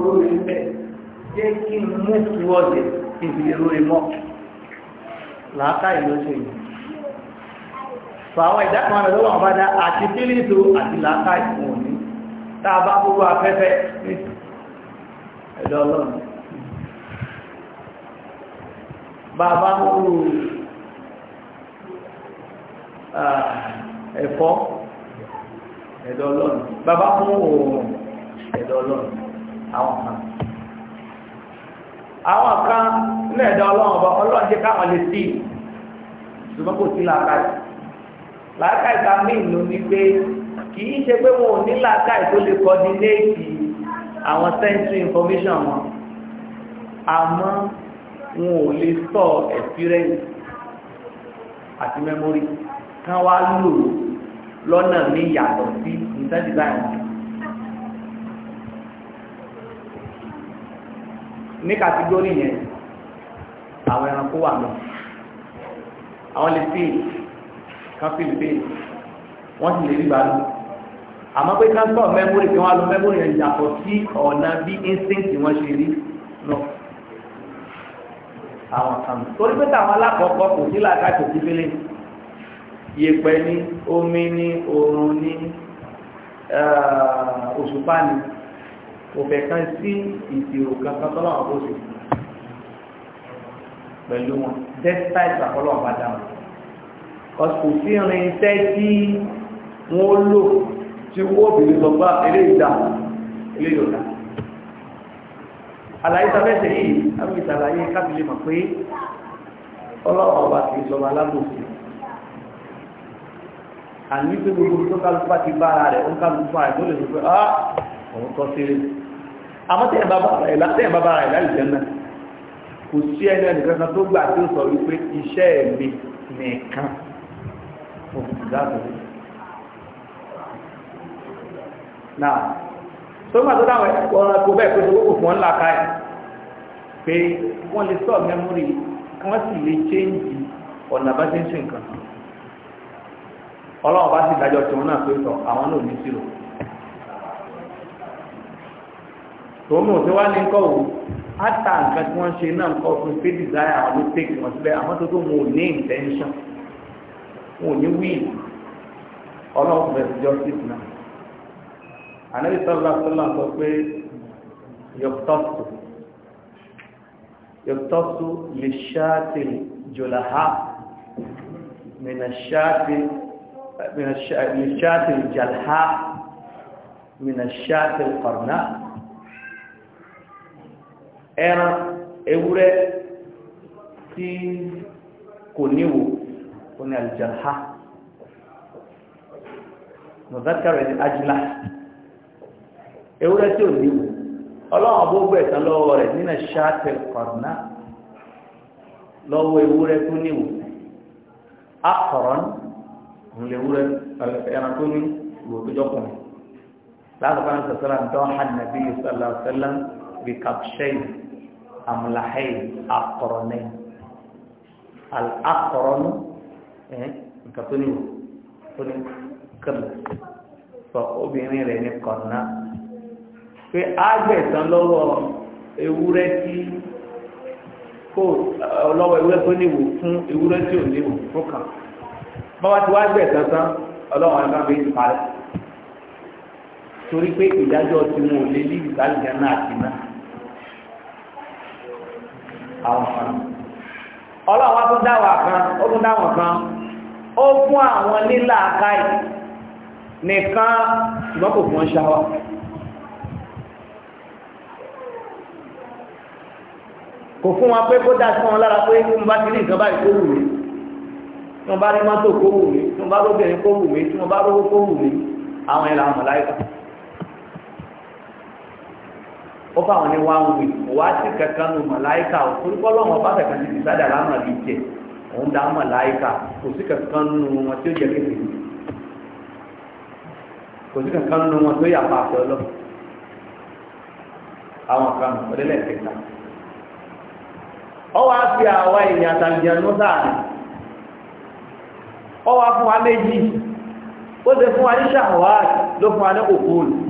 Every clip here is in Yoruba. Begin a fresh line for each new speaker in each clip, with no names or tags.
olórí ń bẹ̀ jẹ́ kí n mú kú ọ̀dẹ̀ kí n fi lè lórí mọ́ làákà ìlú ṣe yìí fà àwọn ìdákan àrẹ lọ́wọ́ àwọn bádá àti fílìtò àti làákà ìfún òní tá bá gbogbo afẹ́fẹ́ ẹ̀dọ́ bàbá fún òòrùn ẹ̀dọ́ àwọn kan àwọn kan ní ẹ̀dá ọlọ́run ọba ọlọ́run jẹ́ káwọn lè sí ṣùgbọ́n kò sí làákàyè làákàyè ká mí ìlú ni pé kì í ṣe pé wọn ò ní làákàyè tó lè kọ́dínéètì àwọn sensory information wọn àmọ́ wọn ò lè sọ experience àti memory kan wá lò lọ́nà mi yàtọ̀ sí intanẹ́tì báyìí ní kàtígórì yẹn àwọn ẹranko wà mọ́ àwọn lè fi káfíìlì bẹ́ẹ̀ wọ́n sì lè rí bàálù àmọ́ pé káńtọ̀ mẹ́mórì kí wọ́n á lo mẹ́mórì yẹn yàtọ̀ sí ọ̀nà bí instinct wọ́n ṣe rí lọ àwọn kan torí pé táwọn alákọ̀ọ́kọ́ kò sí làákà kò sí fẹ́lẹ́ yẹpẹ ní omi ní oòrùn ní òṣùpá ní kò fẹ́ kan sí ìṣirò kankan tọ́lá wọn kó ṣe pẹ̀lú wọn despite àkọlọ́ ọ̀bá dà wọn kò sí irinṣẹ́ tí wọ́n lò tí wọ́n obìnrin sọ pé eré ìdá ilé yọ̀dá àlàyé sábẹ́sẹ̀ yìí àbí ìsàlàyé kábílẹ̀ mọ̀ pé ọlọ́run ọba kìí sọ alábòsí àní pé gbogbo tó kálukú bá ti bára rẹ̀ ó kálukú bá rẹ̀ tó lè sọ pé ah òun tọ́ sílé àmọ́ tẹ́yìn bàbá rẹ̀ láìjẹ́ náà kò sí ẹni ẹnìkan kan tó gbà tí ó sọ wípé iṣẹ́ mi nìkan òfìdádùn náà tó máa tó dáwọn ọ̀rọ̀ kò bẹ́ẹ̀ pé owó fún ọ́nlá ká ẹ̀ pé wọ́n lè sọ mẹ́mórì wọ́n sì lè chéńjì ọ̀nà bá tòun ò tí wá ní kọ́ wò átà nǹkan tí wọ́n ṣe náà nǹkan fún pé desire àwọn ló tèkì wọn síbẹ̀ àmọ́ tó tó wọn ò ní intention wọn ò ní will ọlọ́run bẹ̀rẹ̀ justice náà ànábi sọ́lá sọ́lá sọ pé yọ̀tọ́sù yọ̀tọ́sù lè ṣáàtì jòláhà mìnà ṣáàtì jàlhà mìnà ṣáàtì kọ̀rọ̀nà ẹran ewúrẹ́ tí kò níwò ó ní alìjàlá mọ̀zákàrẹ̀ ní ajílá ewúrẹ́ tí ò níwò ọlọ́run gbogbo ẹ̀sán lọ́wọ́ rẹ̀ nínú ṣáàtẹ̀ kọ̀ọ̀nà lọ́wọ́ ewúrẹ́ tó níwò akọ̀rọ̀n ńlẹ̀ ewúrẹ́ ẹran tó ní ìwò tó jọkùnrin láti fún àwọn sọ̀sọ́ra ń tọ́ hàn nàbí sallallahu bí kàpṣẹ́yìn. Amlahay, akọrọnẹ alakọrọnu ẹ eh, nǹkan tó ní wò tó ní kẹlẹ sọ obìnrin rẹ ní kọ̀ọ̀nà pé àgbẹ̀sán lọ́wọ́ ewúrẹ́ tí kò lọ́wọ́ ewúrẹ́ tó ní wò fún ewúrẹ́ tí ò ní wò fún kan báwa ti wá gbẹ̀sán tán ọlọ́wọ́n ẹ̀ka fi ń parẹ́ torí pé ìdájọ́ tí wọn ò ní ìbálòjá
náà ti náà àwọn kan
ọlọ́run wá tún dáwà kan ó tún dáwọn kan ó fún àwọn nílà káì nìkan ṣùgbọ́n kò fún ṣáwà kò fún wa pé kó dá sí wọn lára pé kí wọ́n bá ti ní nǹkan báyìí kó wù mí tí wọ́n bá rí mọ́tò kó wù mí tí wọ́n bá róbìnrin kó wù tí wọ́n bá rówó kó wù àwọn ẹ̀là ọmọ ó fà wọn ní wá wí wá sí kankan nu màláìka o torípọ́ lọ́wọ́ bá tẹ̀kan ti fi sádà láàmà bíi jẹ òun dá màláìka kò sí kankan nu wọn tí ó jẹ kékeré kò sí kankan nu wọn tó yà pa àpẹ lọ àwọn kan ọdẹlẹ̀ kẹta ọ wá fi àwa èèyàn àtàlìyàn ló sáà ní ọ wa méjì ó ṣe fún wa ní ṣàwáàtì ló fún wa ní òkúùlù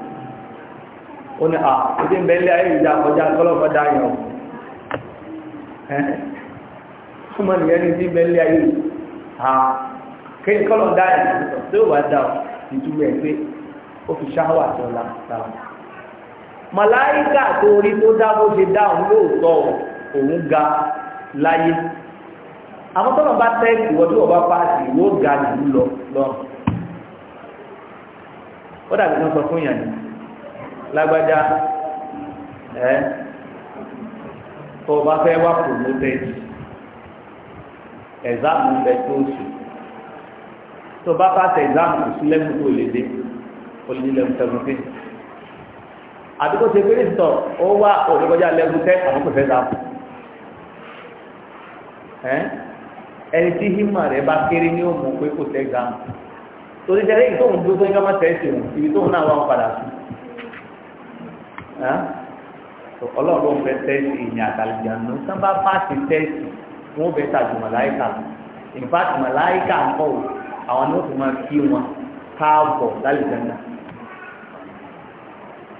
ó ní à ojú ń bẹ́lẹ̀ ayé ìjà kọjá kọ́lọ́fọ́ dáyọ̀ ọmọ nìyẹn ní sí bẹ́lẹ̀ ayé à kí kọ́lọ̀ dáyọ̀ tí ó wà dá ìtumọ̀ ẹ̀ pé ó fi ṣáwà tó láta màláíkà tó rí tó dá bó ṣe dá òun lóòótọ́ òun ga láyé àwọn tọ́lọ̀ bá tẹ́ ìwọ fún yàn lágbájá ẹ tó o bá fẹ́ wá promoted exam bẹ tó o sùn tó o bá pass exam kò sí lẹ́nu tó o lè dé o lè ní lẹ́nu seventeen àdúgbò ṣe pé nítọ̀ ó wá òdìkọjá lẹ́nu tẹ́ àwọn kò fẹ́ dà ẹni tí hímà rẹ bá kéré ní òmùn pé kò tẹ́ exam torí tẹ́lẹ̀ ìtòhùn tó tó ń gbá má tẹ́ sí òun ibi tóhùn náà wà ń padà sùn. ọlọ́run ló fẹ́ tẹ́sì nke àtàlìjànú tán bá pàṣẹ tẹ́sì wọn ò bẹ màláìkà in fact màláìkà ń kọ́ àwọn ni ó fi máa kí wọn káàbọ̀ lálìjànú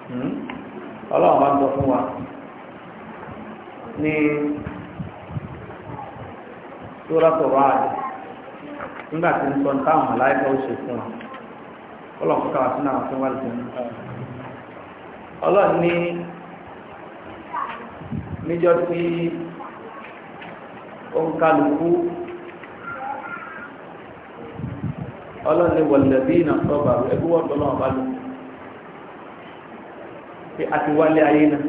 hmm? ọlọ́run bá ń sọ fún wa ní sóràtọ̀ ráàdì nígbà tí ń sọ ní màláìkà ó ṣe fún wa ọlọ́run sínú àwọn tó ọlọ́run ní níjọ́ tí ó ń kálukú ọlọ́run ní wọ̀lẹ̀bí iná sọ́bà ẹgbẹ́ wọ́n tọ́lọ́ ọba lò pé a ti wálé ayé náà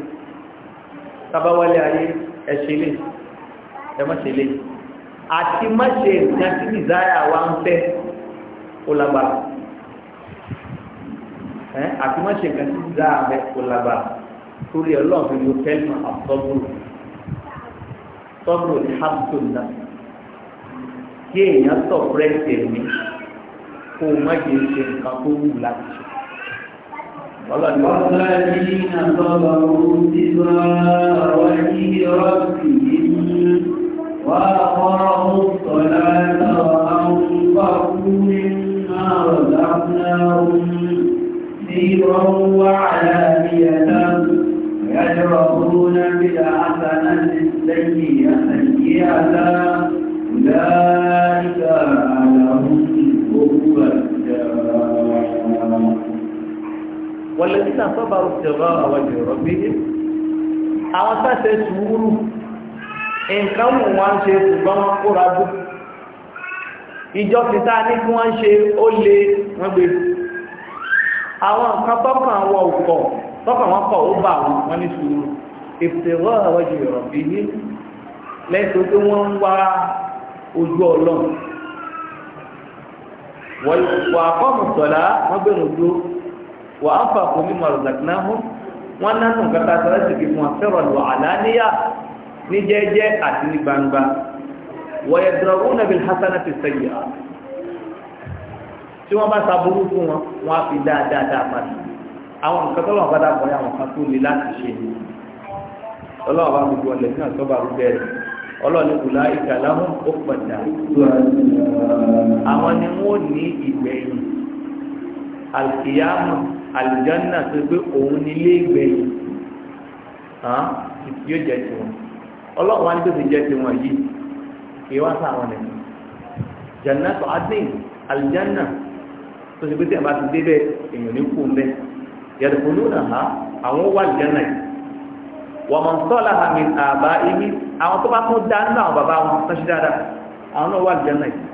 tábá wálé ayé ẹ̀ṣẹ̀lẹ̀ àti má ṣe nǹkan wa ń fẹ́ ó àti má ṣe nǹkan tí dáa bẹ kó lágbà torí ọlọ́run fi lo kẹ́lìmọ̀ àtọ́gbòrò tọ́gbòrò ní hamsun náà kí èèyàn sọ pírẹ́sì ẹ̀mí kó o má jẹ ṣe nǹkan tó wù láti ṣe. Ọlọ́run yìí náà sọ̀rọ̀ ohun tí wọ́n rọ̀ ní
rọ́ọ̀sì yìí wà
á kọ́ ọ́n sọ̀rọ̀ àwọn ọ̀hún wà kú nínú àrọ̀dá náà. سرا وعلانية يجرؤون بالحسنة السيئة سيئة أولئك لهم عقبى والذين صبروا ابتغاء وجه ربهم àwọn tẹ́sẹ̀ sùúrù nǹkan mú wọn ṣe ṣùgbọ́n wọn kóra bú ìjọ fìta ní kí wọ́n ṣe ó lè wọ́n gbé àwọn nǹkan tọ́kàn wọ ọ̀pọ̀ tọ́kàn wọn kọ̀ ó bà wọn ní sùúrù ìfẹ̀rọ̀ ọ̀rọ̀jù ìrọ̀bí yìí lẹ́yìn tó pé wọ́n ń wá ojú ọlọ́run wà àkọ́mù sọ̀lá wọ́n gbẹ̀rù ojú wà á fà kún mímọ̀ wọ́n nánú nǹkan tá a sọ̀rọ̀ sì fún ọ̀fẹ́rọ̀ lọ àlàáníyà ní jẹ́jẹ́ àti ní gbangba wọ́yẹ̀ dọ̀rọ̀ tí wọ́n bá saburú fún wọn wọ́n á fi dáadáa dáa padà àwọn nǹkan tó lọ́wọ́ bá dàgbọ́ yà wọ́n kan tó le láti ṣe ni ọlọ́wọ́ bá gbogbo ọ̀lẹ̀ náà tó bá rúbẹ̀ rẹ̀ ọlọ́ọ̀ni kùlá ìkàlámù ó pàdà àwọn ni wọ́n ní ìgbẹ̀yìn alkiyamu aljanna tó pé òun nílé ìgbẹ̀yìn yóò jẹ́ tiwọn ọlọ́wọ́ wá tó ti jẹ́ tiwọn yìí kí wọ́n sáwọn nìkan jannatu adin aljanna tó ṣe pé tí a bá ti débẹ̀ èèyàn ní kú mbẹ́ yàtọ̀ fún lónà ha àwọn wà lẹ́nà yìí wọ́n mọ̀ sọ́ọ̀lá ha mi àbá ibi àwọn tó bá tún dá nínú àwọn bàbá wọn tó ṣe dáadáa àwọn náà wà lẹ́nà yìí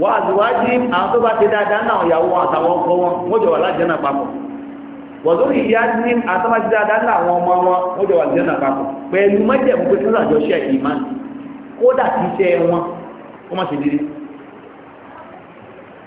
wọ́n àzùwájú àwọn tó bá ti dáadáa nínú àwọn ìyàwó wọn àtàwọn ọkọ wọn wọ́n jọ wà lájẹ́ náà papọ̀ wọ́n lórí ìyá ní àtọ́májú dáadáa nínú àwọn ọmọ wọn wọ́n jọ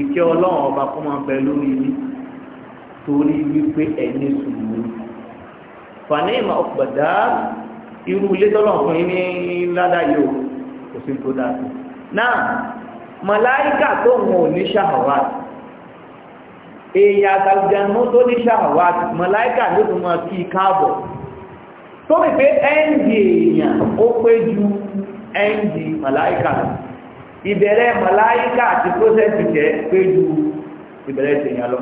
ìkẹ́ ọlọ́run ọba kó máa bẹ lórí mi torí wípé ẹni sùúrù fàní ìmọ̀ ọ̀pọ̀dá irú ilé tọ́lọ̀ fún yín ní ládà yìí o kò sí tó dáa sí náà màláíkà tó wọn ò ní ṣàhàwáàt èèyàn àtàlùjẹ̀nú tó ní ṣàhàwáàt màláíkà ló tún máa kí káàbọ̀ tó fi pé ẹ́ǹdì èèyàn ó pé ju ẹ́ǹdì màláíkà ìbẹ̀rẹ̀ màláyíkà àti pósẹ́sì jẹ́ pé ju ìbẹ̀rẹ̀ ya lọ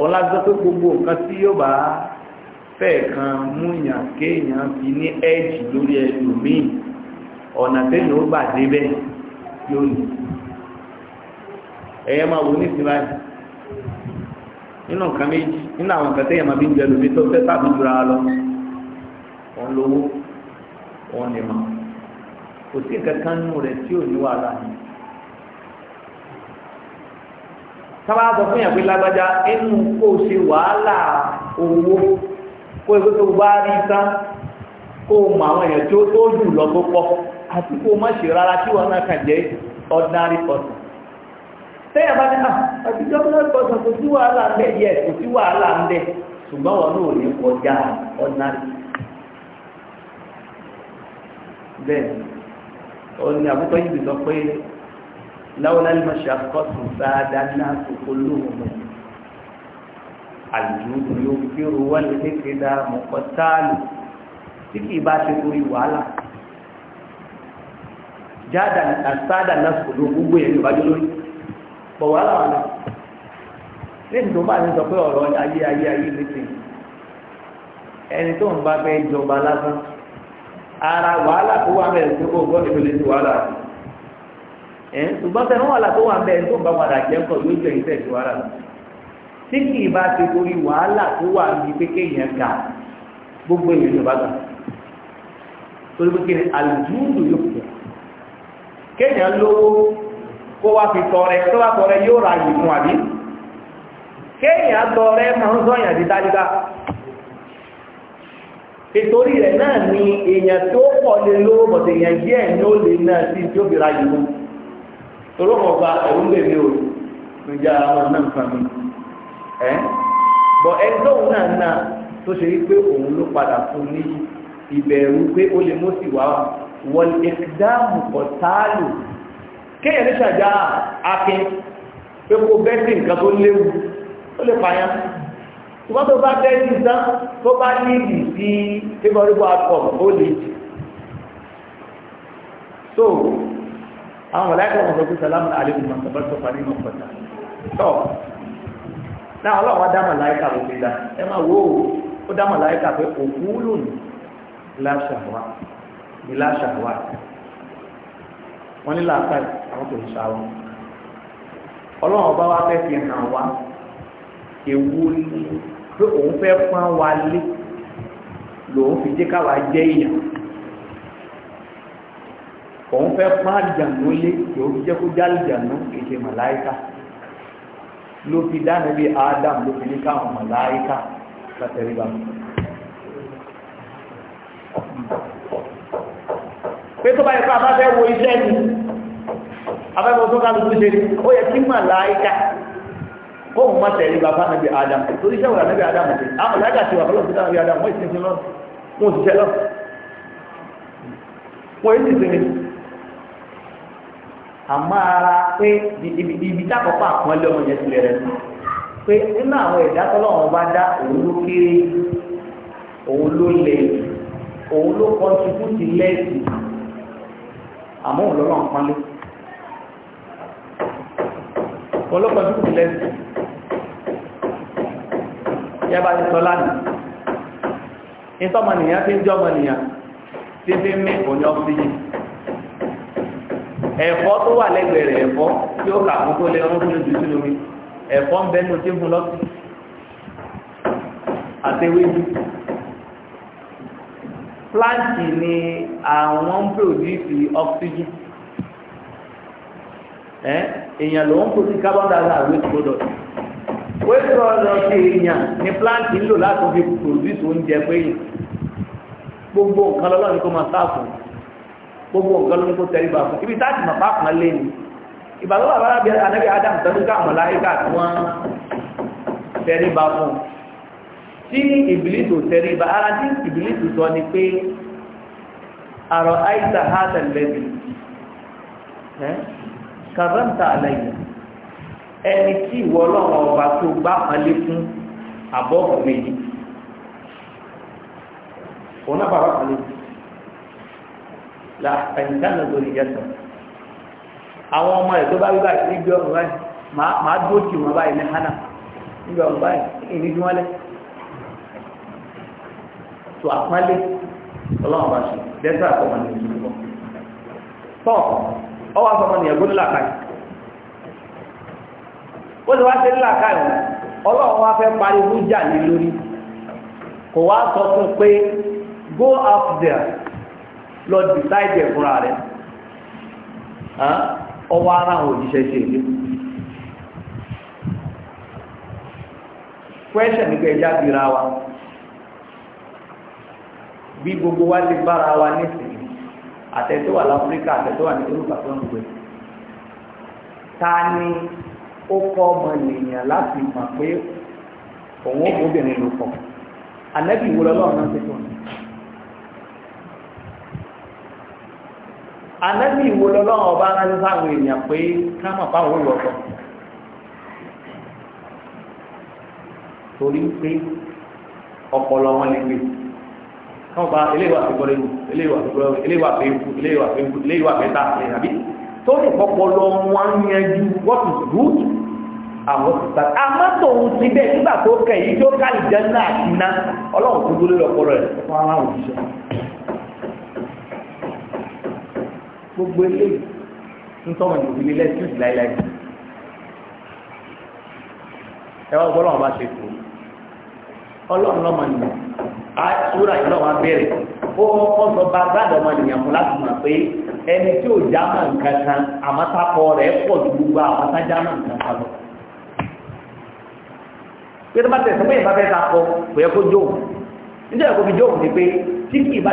òun gbogbo nǹkan tí yóò bá fẹ́ kan múyàn kéèyàn fi ní ẹ́ẹ̀jì lórí ẹlòmíì ọ̀nà téèyàn ó bà débẹ̀ yóò ní ẹ̀yẹ́ máa wò ní ìsinmi nínú nǹkan méjì nínú àwọn nǹkan téèyàn máa fi ń jẹ lómi tó fẹ́ jura lọ òun lówó òun ni mà kò sí nǹkan kan rẹ̀ tí ò sábà sọ fún yàn pé lágbájá inú kò ṣe wàhálà owó kó ebi tó bá rí tán kó o mọ àwọn èèyàn tí ó tó jù lọ tó pọ̀ àti kó o má ṣe rárá tí wọn náà kàn jẹ́ ordinary person tẹ́yà bá ní ah, àti jọ́pínlẹ̀ pọ̀sán kò sí wàhálà ń yẹ kò sí wàhálà ń bẹ̀ wọn náà lè kọjá ọ̀nàrí bẹ́ẹ̀ ọ̀nà àbúkọ́ yìí sọ pé láwọn alimọ̀ṣàkọ́sù sáadá náà tó olóòmù àjùmù yóò kírò wọ́n lè kéda mọ̀kọ́ táàlù tí kìí bá ṣe torí wàhálà jáda sáadá náà tó olóòmù gbogbo yẹn yorùbá jólórí bọ̀ wàhálà wà náà lẹ́yìn tó bá ti sọ pé ọ̀rọ̀ ayé ayé ayé lẹ́sìn ẹni tó ń bá fẹ́ jọba lásán ara wàhálà tó wà mẹ́rin tó kó gbọ́dọ̀ tó lè ti wàhálà rẹ̀ ẹ̀ ṣùgbọ́n tẹnu wà látó wà bẹ́ẹ̀ tó bá padà jẹ́ kọ̀ yóò jẹ́ ìfẹ́ ìṣòwò ara rẹ̀ tí kì í bá ti torí wàhálà tó wà ní pékè yẹn ga gbogbo èèyàn ló bá gbà torí pé kí ni àlùjúùdù yóò fi kéèyàn lówó kó wá fi tọrẹ tó bá tọrẹ yóò ra yìí fún àbí kéèyàn tọrẹ máa ń sọyàn di dájúdá ìtorí rẹ̀ náà ni èèyàn tó pọ̀ lé lówó bọ̀tẹ̀ èèyàn díẹ̀ ní ó lè náà sí tí ó fi ra yìí fún tọ́lọ́ mọ̀ bá ẹ̀rú ń bèèrè o níjà àwọn náà nǹkan mi ẹ́ bọ̀ ẹni tóun náà náà tó ṣe rí pé òun ló padà fún ní ìbẹ̀rù pé ó lè mú sí wàá wọ́n ẹ̀dáàmù ọ̀táàlù kéèyàn ní ṣàjá akin pé kó bẹ́ẹ̀ sí nǹkan tó léwu ó lè pààyàn ṣùgbọ́n tó bá bẹ́ẹ̀ sí ìtàn tó bá níbi sí favourable outcome ó lè jù so àwọn mọ̀láìkà wọn sọ pé sàlámù àlékún máa sọ̀bá sọ̀fà nínú ọ̀pọ̀ta tọ́ náà ọlọ́wọ́ dá mọ̀láìkà ló fi dá ẹ máa wó ó dá mọ̀láìkà pé òkú lónìí láṣàwá ní láṣàwá wọ́n ní láàpá àwọn kò ní ṣàwọ́ ọlọ́wọ́ bá wá fẹ́ fi hàn wá ewu pé òun fẹ́ pọ́n wa lé lòun fi jẹ́ káwa jẹ́ èèyàn òun fẹ́ pọ́n àlìjànú lé yóò fi jẹ́ kó já àlìjànú ètè màláìka ló fi dáná bí Adam ló fi ní káwọn màláìka kàtẹ́rìbà pé tó bá yẹ fún abáfẹ́ wo iṣẹ́ ni abẹ́fẹ́ tó kálukú ṣe ni ó yẹ kí màláìka kóhùn má tẹ̀lé bàbá nàbí adam torí sẹ́wọ̀n nàbí adam ṣe àwọn ìlàjà ti wà fọlọ́ọ̀tì nàbí adam wọ́n ìsinsin lọ́nà wọ́n ti sẹ́ lọ́nà wọ́n ìsinsin àmọ́ ara pé ibi tákọ̀ọ́kọ́ àpọ́nlé ọmọ yẹn tilẹ̀ rẹ̀ pé nínú àwọn ẹ̀dá tọ́lọ́wọ́n bá dá òun ló kéré òun ló lẹ̀ òun ló kọ́ntribútì lẹ́ẹ̀sì àmọ́ òun lọ́nà pọ́nlé òun ló ti sọ lánàá ń tí fi mí òun ẹ̀fọ́ tó wà lẹ́gbẹ̀rẹ̀ ẹ̀fọ́ tí ó kà fún kó lè lórí ẹ̀fọ́ ń bẹ́nu tí ń fún àtẹwéjú ni àwọn ń pòdìsì oxygen èèyàn ló ń pòdìsì carbon dioxide waste product waste ni ń lò láti fi oúnjẹ péye gbogbo nǹkan máa gbogbo nǹkan ló ní kó tẹríba fún ibi táàtì mọ̀ bá kàn lé ní ìbàlọ́ bàbá rábí anábì adam tẹ́lú káàmọ̀ láyíká tí wọ́n tẹríba fún tí ìbìlítò tẹríba ara tí ìbìlítò sọ ni pé àrọ̀ àìsà hátẹ̀lẹ́bì kàrọ́ǹtà àlẹ́yìn ẹni tí ìwọ ọlọ́run ọba tó gbá kan fún àbọ̀ ọ̀gbìn yìí la ẹnìkan lọ lórí ìjẹsọ àwọn ọmọ tó bá wíwá ìdíjọ ọrùn báyìí ma dúró tì wọn báyìí ní hánà níbi ọrùn báyìí ìní dún wọlé tó àpọnlé Ọlọ́run bá ṣe dẹsẹ àkọmọ ní ìlú bọ tọ ọwọ́ àkọmọ ní ẹgbẹ nílà káyì ó ti wá sí nílà káyì wọn Ọlọ́run wá fẹ́ jà ní lórí kò wá sọ fún pé go out there. lọ dìsáìdì ẹ̀fúnra rẹ̀ ọwọ́ ara àwọn òjíṣẹ́ ṣe èdè kwẹ́ṣẹ̀ nígbà ẹja bíra wa bí gbogbo wa ti bára wa nísìnyí àtẹ̀tọ́ wà láfíríkà àtẹ̀tọ́ wà ní tó ń gbé ta ni ó kọ́ ọmọ ènìyàn láti mọ̀ pé òun ó gbóbìnrin lò pọ̀ ìwúrọ̀ náà ti ní. ànábì ìwò lọ́lọ́run ọba ránṣẹ́ sáwọn èèyàn pé ká mọ̀ fáwọn òwò ọ̀tọ̀ torí pé ọpọlọ wọn lè gbé wọn bá eléwà fẹgbọrẹ wù eléwà fẹgbọrẹ eléwà fẹwù eléwà fẹwù eléwà fẹta àbí torí ọpọlọ wọn yanjú what is good and what is bad àmọ́ tòun ti bẹ́ẹ̀ nígbà tó kẹ̀ yìí tó ká ìjẹun náà ti ná ọlọ́run tó dúró lọ́pọlọ rẹ̀ fún aláwọ̀ òṣìṣẹ́. gbogbo eléyìí ntọ́mọ̀ ní òbí lẹ́sí ìsì láíláí ẹ wá gbọ́dọ̀ wọn bá ṣe tó ọlọ́run lọ́mọ nìyẹn àtúrà yìí lọ́wọ́ abẹ́rẹ́ ó kọ́ sọ bá gbádùn ọmọ nìyẹn mú láti mọ̀ pé ẹni tí ò já mọ̀ nǹkan kan àmọ́tàkọ rẹ̀ pọ̀ ju gbogbo àwọn tájá mọ̀ nǹkan kan lọ. pé bá tẹ̀ pé ìfà ta kọ kò yẹ kó jóun nítorí kò fi jóun ni pé tí kì í bá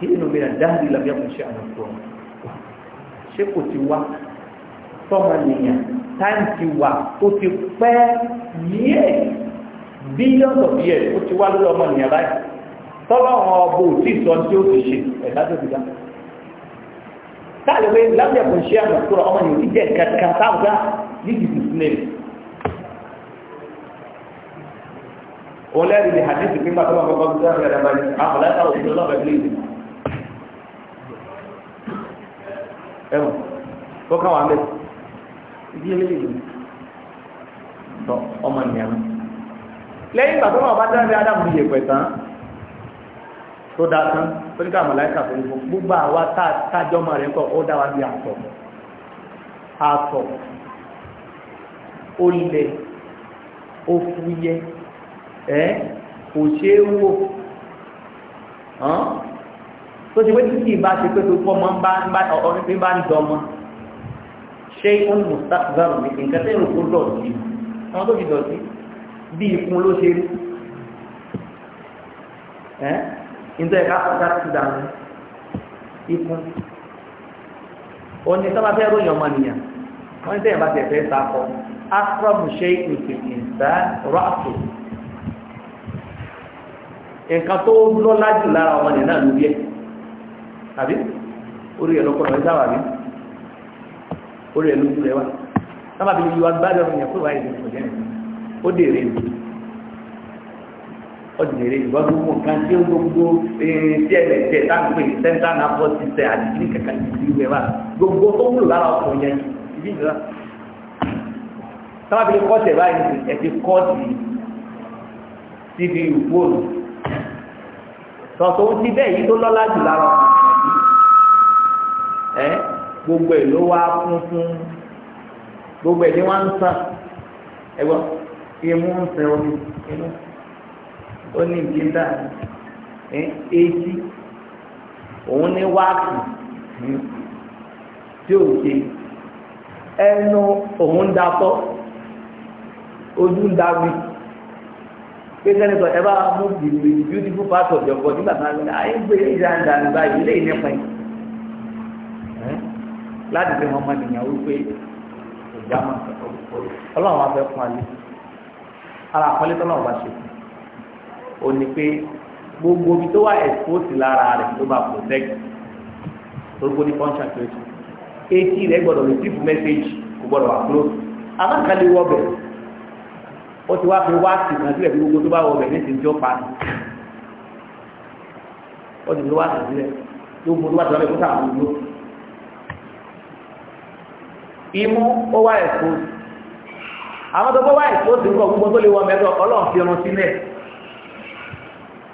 hínú mi náà dáhìrì làbí ọkùnrin ṣe àná fún ọ ṣé kò ti wá tọ́mọ nìyàn táǹkì wà tó ti pẹ́ yíẹ̀ billions of years ó ti wá lórí ọmọ nìyàn báyìí tọ́lọ́wọ́n ọbọ̀ òtí sọ tí ó ti ṣe ẹ̀dá tó ti dá táàlùwé lábí ọkùnrin ṣe àná fún ọmọ nìyàn jíjẹ kankan táwùdá níbi ìsìnlẹ̀ òun lẹ́rìí ni hadith pípa tó wà kọ́kọ́ bí sọ́ọ́ ẹ̀wọ̀n tó káwọn abẹ́ ìdí eléyìí tọ ọmọ nìyà mi lẹ́yìn ìgbà tó náà bá dáná bí Ádámù yẹ pẹ̀ tán tó dá tán tó ní ká màláíkà tó ní fún gbogbo àwa tájọ́ máa rẹ̀ kọ́ ó dá bí àtọ̀ àtọ̀ ó lẹ̀ ó fúyẹ́ ẹ́ kò wò tó ti pé títí ìbá ṣe pé tó pọ́ mọ́ ọdún tí bá ń dọmọ ṣé ń mú sáfìbárò ní nǹkan tẹ́rù kó dọ̀tí àwọn tó fi dọ̀tí bí ikun ló ṣe rí ẹ́ nítorí ẹ̀ka fọ́nká ti dànù ikun òní sábà fẹ́ ròyìn ọmọnìyàn wọ́n ní sẹ́yìn bá tẹ̀ fẹ́ sáfọ asrabu ṣe ìpìlẹ̀ ìsá rọ́ọ̀tù nǹkan tó lọ́lá jù lára ọmọnìyàn náà ló bí ẹ̀ àbí orí ẹ̀ lọ́kọ́ rẹ̀ dáwà bí orí ẹ̀ lójú rẹ̀ wá sábà bí yíwa gbádùn ọ̀run yẹn kó wáyé ní ìpínlẹ̀ ó dèrè ní ọ̀dìnrè ìwọ́n gbogbo nǹkan tí ó gbogbo eh, tí ẹ̀ lẹ́tẹ̀ táǹpé sẹ́ńtà náà bọ́ sí sẹ́ àdìsí kankan ìlú rẹ̀ wá gbogbo tó wúlò lára ọkùnrin yẹn ìbí ìlera sábà bí kọ́ọ̀tì ẹ̀ báyìí ẹ̀ ti kọ́ọ̀tì síbi ti bẹ́ẹ̀ yìí tó lọ́lá jù lára ọkùnrin ẹ gbogbo ẹ ló wá fún fún gbogbo ẹ ní wọn ń sàn ẹ gbọ́ imú ń sẹ omi inú ó ní ìdí dà ẹ etí òun ní wáàkì tí ò ṣe ẹnu òun ń dakọ ojú ń dami pé sẹ́ni sọ ẹ bá mú the beautiful part of your body nígbà tí wọ́n á gbé ayé ń gbé ìjà ń dànù báyìí ilé ìnípa yìí láti fi wọn mọ̀nìyàn wípé ìjà máa ń sọ̀rọ̀ ọlọ́run afẹ́ fún alẹ́ ara àpọ́nlé tọ́lọ́run bá ṣe fún un ó pé gbogbo omi tó wà expose lára rẹ̀ ló máa protect orúkọ ní function creation etí rẹ̀ gbọ́dọ̀ receive message kò gbọ́dọ̀ wà close amákàlẹ̀ wọ́bẹ̀ ó ti wá fi wá sí kan sílẹ̀ gbogbo tó bá wọ́bẹ̀ ní ti pa ni ó ti fi wá sí sílẹ̀ tó mú tó bá ti wá bẹ̀ kó sáà imú ó wá ẹ̀kú àwọn tó bọ́ wá ti gbogbo tó lè wọ mẹ́tọ́ ọlọ́run fi irun sílẹ̀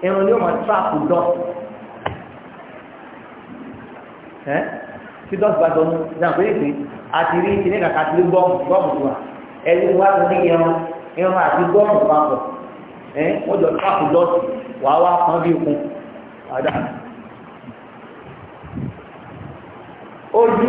irun ni ó mọ̀ tíráàpù dọ́ ẹ́ tí dọ́ọ̀tì bá pé èsì àti rí irun irun àti papọ̀ ẹ́ wọ́n jọ wàá wá pọ́n bí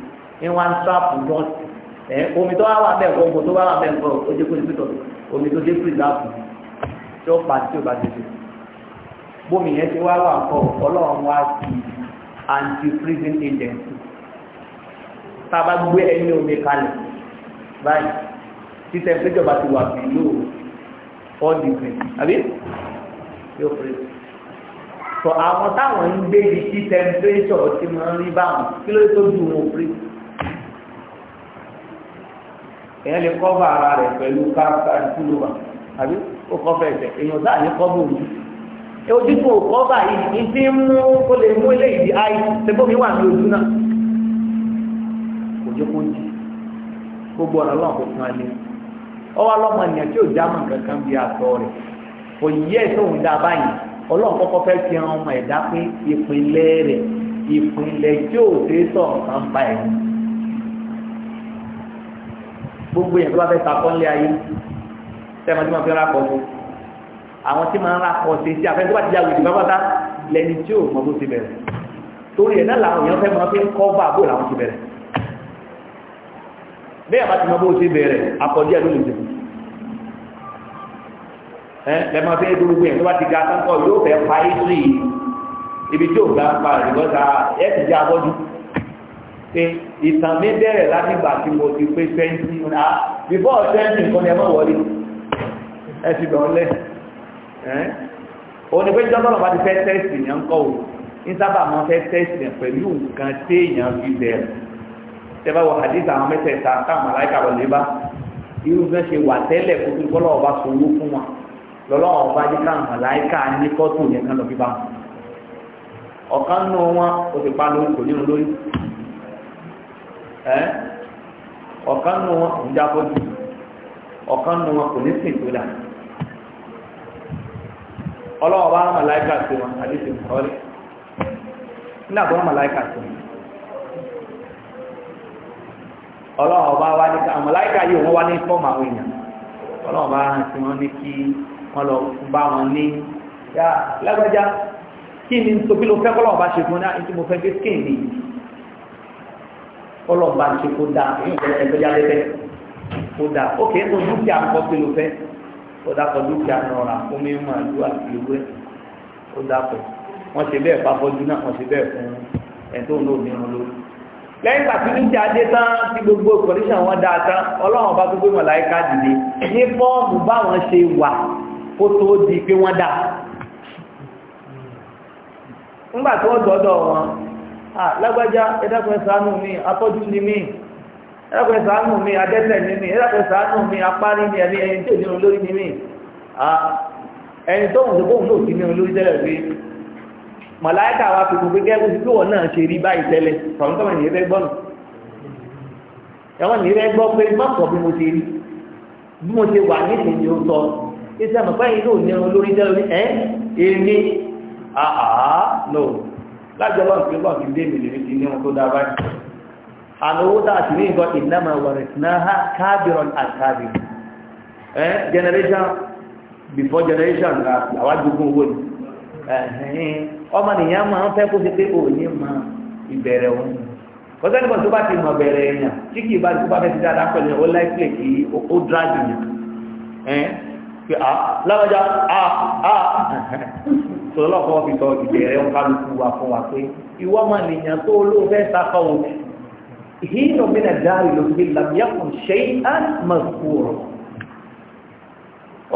ní wá ń sáàpù lọ́ọ̀sì ẹ omi tó wá wà bẹ́ẹ̀ kọ́ ogun tó wá wà bẹ́ẹ̀ kọ́ ó jẹ́ kó ní pítọ̀ omi tó dé pírì láàpù tí ó pa tí ó bá tètè bómi yẹn ti wá wà kọ́ ọlọ́run wá sí anti-freezing agency tá a bá gbé ẹni omi kalẹ̀ báyìí tí temperature bá ti wà below four degrees àbí yóò freeze so àwọn táwọn ń gbé ibi tí temperature ti máa ń rí báwọn kí ló tó ju wọn freeze. èèyàn lè kọ́fà ara rẹ̀ pẹ̀lú káfíńtà ìkúlùwà àbí ó kọ́fà ẹ̀sẹ̀ èèyàn sáà ní kọ́fà òní ojú tó kọ́fà yìí ní mú ó lè mú ilé ìdí mi wà ní ojú náà kò jẹ́ kó jì gbogbo ọ̀nà lọ́wọ́ fún alẹ́ ọwọ́ alọ́mọ tí ò já mọ̀ kankan bí rẹ̀ gbogbo yẹn tó bá fẹ́ sakọ́ ńlẹ̀ ayé sẹ́wọ́n tí wọ́n fi ń rakọ̀ sí àwọn tí máa ń rakọ̀ sí sí àfẹ́ tó bá ti yàgò ìdìbò pátá lẹni tí ò mọ bó ti bẹ̀rẹ̀ torí ẹ̀ náà làwọn èèyàn fẹ́ máa fi ń kọ́ bá bó làwọn ti bẹ̀rẹ̀ bẹ́ẹ̀ bá ti mọ bó ti bẹ̀rẹ̀ akọ̀dí ẹ̀ ló lè dìbò ẹ lẹ́mọ̀ fẹ́ gbogbo yẹn tó bá ti ga sáńkọ̀ yóò fẹ́ pa é sí ibi tí ò gbà ń pa rẹ̀ lọ́ta ẹ̀ ti jẹ́ abọ́jú pé ìtàn mi bẹ̀rẹ̀ láti ìgbà tí mo ti pé twenty na ah, before twenty nǹkan ni ẹ má wọlé ẹ ti dán lẹ òun ni pé jọ́nà ọ̀bá ti fẹ́ tẹ́sì yẹn ń kọ́ o ní sábà máa fẹ́ tẹ́sì yẹn pẹ̀lú nǹkan téèyàn fi bẹ̀rẹ̀ tẹ́bá wọ àdìs àwọn mẹ́tẹ̀ẹ̀ta táwọn àláìka lọ lé bá irú bí wọ́n ṣe wà tẹ́lẹ̀ kó tó kọ́lọ́ ọba sọ̀wọ́ fún wa lọ́lọ́ ọba jẹ́ káwọn àláìka ní kọ́tù o ti pa ẹ́ ọ̀kan nu wọn ń jábọ́ jù ọ̀kan nu wọn kò ní sìn tó dà ọlọ́wọ́ bá màláìka sí wọn àdéhùn ọ̀rẹ́ nígbà tó màláìka sí wọn ọlọ́wọ́ bá wá ní ká màláìka yìí wọ́n wá ní fọ́ọ̀mù àwọn èèyàn ọlọ́wọ́ bá sí wọn ní kí wọ́n lọ bá wọn ní yá lágbájá kí ni tóbi ló fẹ́ kọ́lọ́wọ́ bá ṣe fún náà fẹ́ skin ọlọ́ọ̀bá ń ṣe kó da èyí ìjẹ́ ẹgbẹ́ yálé bẹ́ẹ̀ kó da ó kéé kó dúkìá ń kọ́ pé ló fẹ́ ó dàpọ̀ dúkìá nọ̀ra kó mi máa lu àti ewé ó dàpọ̀ wọ́n ṣe bẹ́ẹ̀ bá fọ́jú náà wọ́n ṣe bẹ́ẹ̀ fún ẹ̀tọ́ òun lómi irun lórí. lẹ́yìn ìgbà tí dúkìá dé tán tí gbogbo kọ̀díṣàn wọn dáa tán ọlọ́run bá gbogbo màláíkà dìde ní fọ́ọ̀mù báwọn ṣe wà kó tó di pé wọ́n dà. ńgbà tó dọ́dọ̀ wọn lágbájá ẹ̀dàpẹ̀ ṣàánú mi apọ́jú ni mí ẹ̀dàpẹ̀ ṣàánú mi adẹ́tẹ̀ ni mí ẹ̀dàpẹ̀ ṣàánú mi apárí ni ẹ̀mí ẹni tí ò ní olórí ni mí ẹni tó ń sọ́kóhùn náà ti ní olórí tẹ́lẹ̀ pé màláíkà wa fi gbogbo gẹ́gẹ́ bí wọ́n náà ṣe rí báyìí tẹ́lẹ̀ tọ̀rọ̀ tọ́mọ̀ ní ẹgbẹ́ gbọ́nù ẹwọ́n ní ẹgbẹ́ gbọ́ pé má sọ bí mo ṣe rí bí mo ṣe wà ní ìṣèjì ó sọ iṣẹ́ àmọ́ báyìí lájọ lọ́n fi lọ́n fi dé mi lèmi ti ní ohun tó dá báyìí àmì owó tá a sì ní nǹkan ìnáma wọ̀rẹ̀ náà ha káàbìrọ̀ àkáàbì ẹ generation before generation la àwa jogún owó ni ọmọ nìyẹn máa ń fẹ́ kó ṣe pé òní máa ìbẹ̀rẹ̀ òun kọ́sẹ́ nígbà tó bá ti mọ̀ bẹ̀rẹ̀ èèyàn tí kì bá ti bá fẹ́ ti dáadáa pẹ̀lú ó láìpẹ́ kí ó dráàgì yẹn ẹ̀ pé ah, ah, ah. sọlọ́kọ́ fi tọ́ ìbẹ̀rẹ̀ ń kálukú wa fún wa pé ìwọ ọmọ nìyàn tó olóòfẹ́ sáfà òkè ìhìnà mìíràn dárí ló gbé làmìyàkùn ṣe án mọ̀kúrọ̀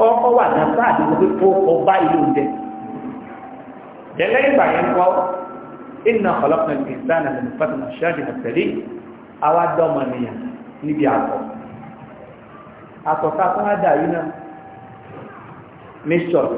ọkọ̀ wà ní sáàdì wípé kó ọba ìlú ń jẹ jẹlẹ ìgbà yẹn kọ iná ọlọ́pàá ní ìsáàdì àti ìfàtà náà ṣáàdì àtẹ̀lé àwa dọ́mọ nìyàn níbi àtọ̀ àtọ̀ká fún àdá yìí náà mẹ́ṣọ̀rọ̀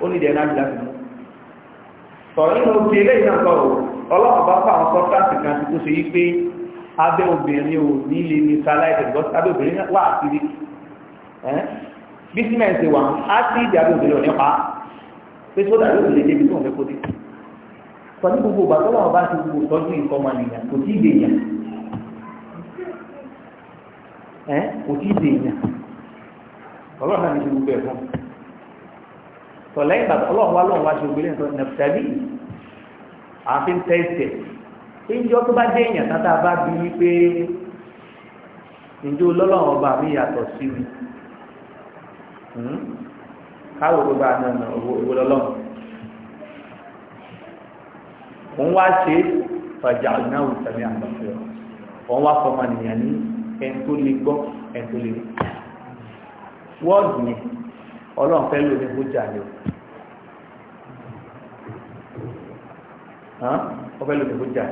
ó ní ìdẹ̀ láti láti mú sọ̀rọ̀ nínú oṣù eléyìí náà sọ̀rọ̀ ọlọ́run bá fà àwọn sọ́tàǹtì kan ti kó ṣe yí pé abẹ́ obìnrin ò ní lè ní sáláìtẹ̀ because abẹ́ obìnrin wà àkiri bísímẹ̀ǹsì wà á sí ìdí abẹ́ obìnrin ò ní pa pé sódà yóò lè débi tó ń fẹ́ kó dé sọ ní gbogbo ìgbà tó lọ́wọ́ bá ti gbogbo tọ́jú nǹkan ọmọ nìyàn kò tí ì dè yàn kò tí ì dè yàn ọlọ́run náà ní ti gbogbo ẹ̀ fún un tọ̀lẹ́yìn bàbá ọlọ́run wá lọ́run wá ṣe ògbélé nǹkan nàfẹ́lì àfi ń tẹ́sẹ̀ ìjọ tó bá dé èèyàn tata bá bí wípé ìjọ lọ́lọ́run ọba mi yàtọ̀ sí mi hmm? káwọ gbogbo àdánù owó lọ́lọ́run òun wá ṣe fàjà náà sàmì àgbàfẹ́ òun wá fọmọ nìyàn ní ẹni tó lè gbọ́ ẹni tó lè wọ́ọ̀dù yẹn. ọlọ́run fẹ́ lò ní bójà ni o fẹ́ lò ní bójà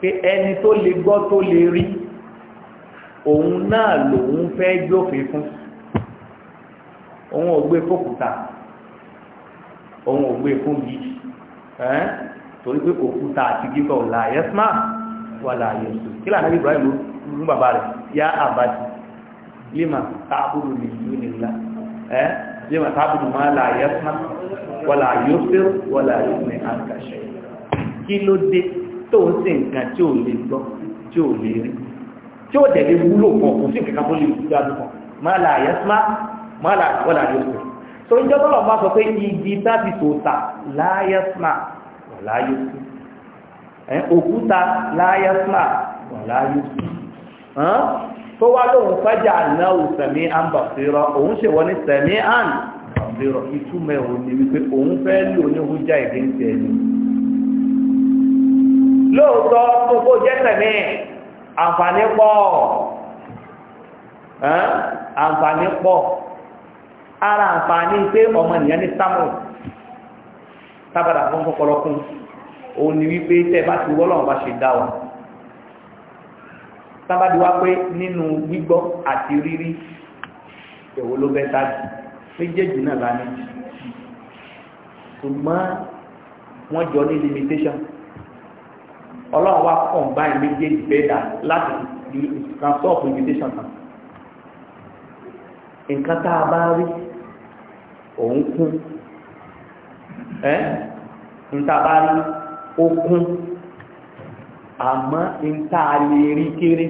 pé ẹni tó lè gbọ́ tó lè rí òun náà lòun fẹ́ jófin fún òun ò gbé fòkúta òun ò gbé fún yìí torí pé òkúta àti gígọ̀ là yẹ́sùmá wà là yẹ́sù kí là nàbí Ibrahim mú bàbá rẹ̀ yá lima nìyí lima tábùdù máa là yẹ́sùn wọ́là yóò fẹ́ wọ́là yóò ní àǹkàṣẹ́ kí ló dé tó ń ṣe nǹkan tí ò lè gbọ́ tí ò lè rí tí ó tẹ̀lé wúlò kan kò sí nǹkan tó lè gbá lùkàn máa là yẹ́sùn máa là wọ́là yóò fẹ́ so ìjọ tó lọ bá sọ pé igi tábì tó ta láyẹ́sùn wọ́là yóò fẹ́ òkúta láyẹ́sùn wọ́là yóò tó wá lóhun fẹ́jà náà ò sẹ̀mí àn bàfẹ́rọ òun ṣe wọ́n ní sẹ̀mí àn bàfẹ́rọ ìtumọ̀ òun ni wípé òun fẹ́ lò ní ohun já ìdí ń tẹ̀ ní. lóòótọ́ tó kó jẹ́ sẹ̀mí àǹfààní pọ̀ àǹfààní pọ̀ ara àǹfààní pé ọmọ nìyẹn ní samuel tábàdà fún kọkọlọkún òun ni wípé tẹ́ bá ti wọ́lọ́run bá ṣe dá wa sábàdì wá pé nínú gbígbọ́ àti rírí èwo ló bẹ́ sáàdì méjèèjì náà bá ní ṣùgbọ́n wọ́n jọ ní limitation ọlọ́run wá combine méjèèjì bẹ́ẹ̀dà láti di transport limitation kan nǹkan tá a bá rí òun kún ẹ́ nǹkan tá a bá rí ó kún àmọ́ ń tá lè rí kéré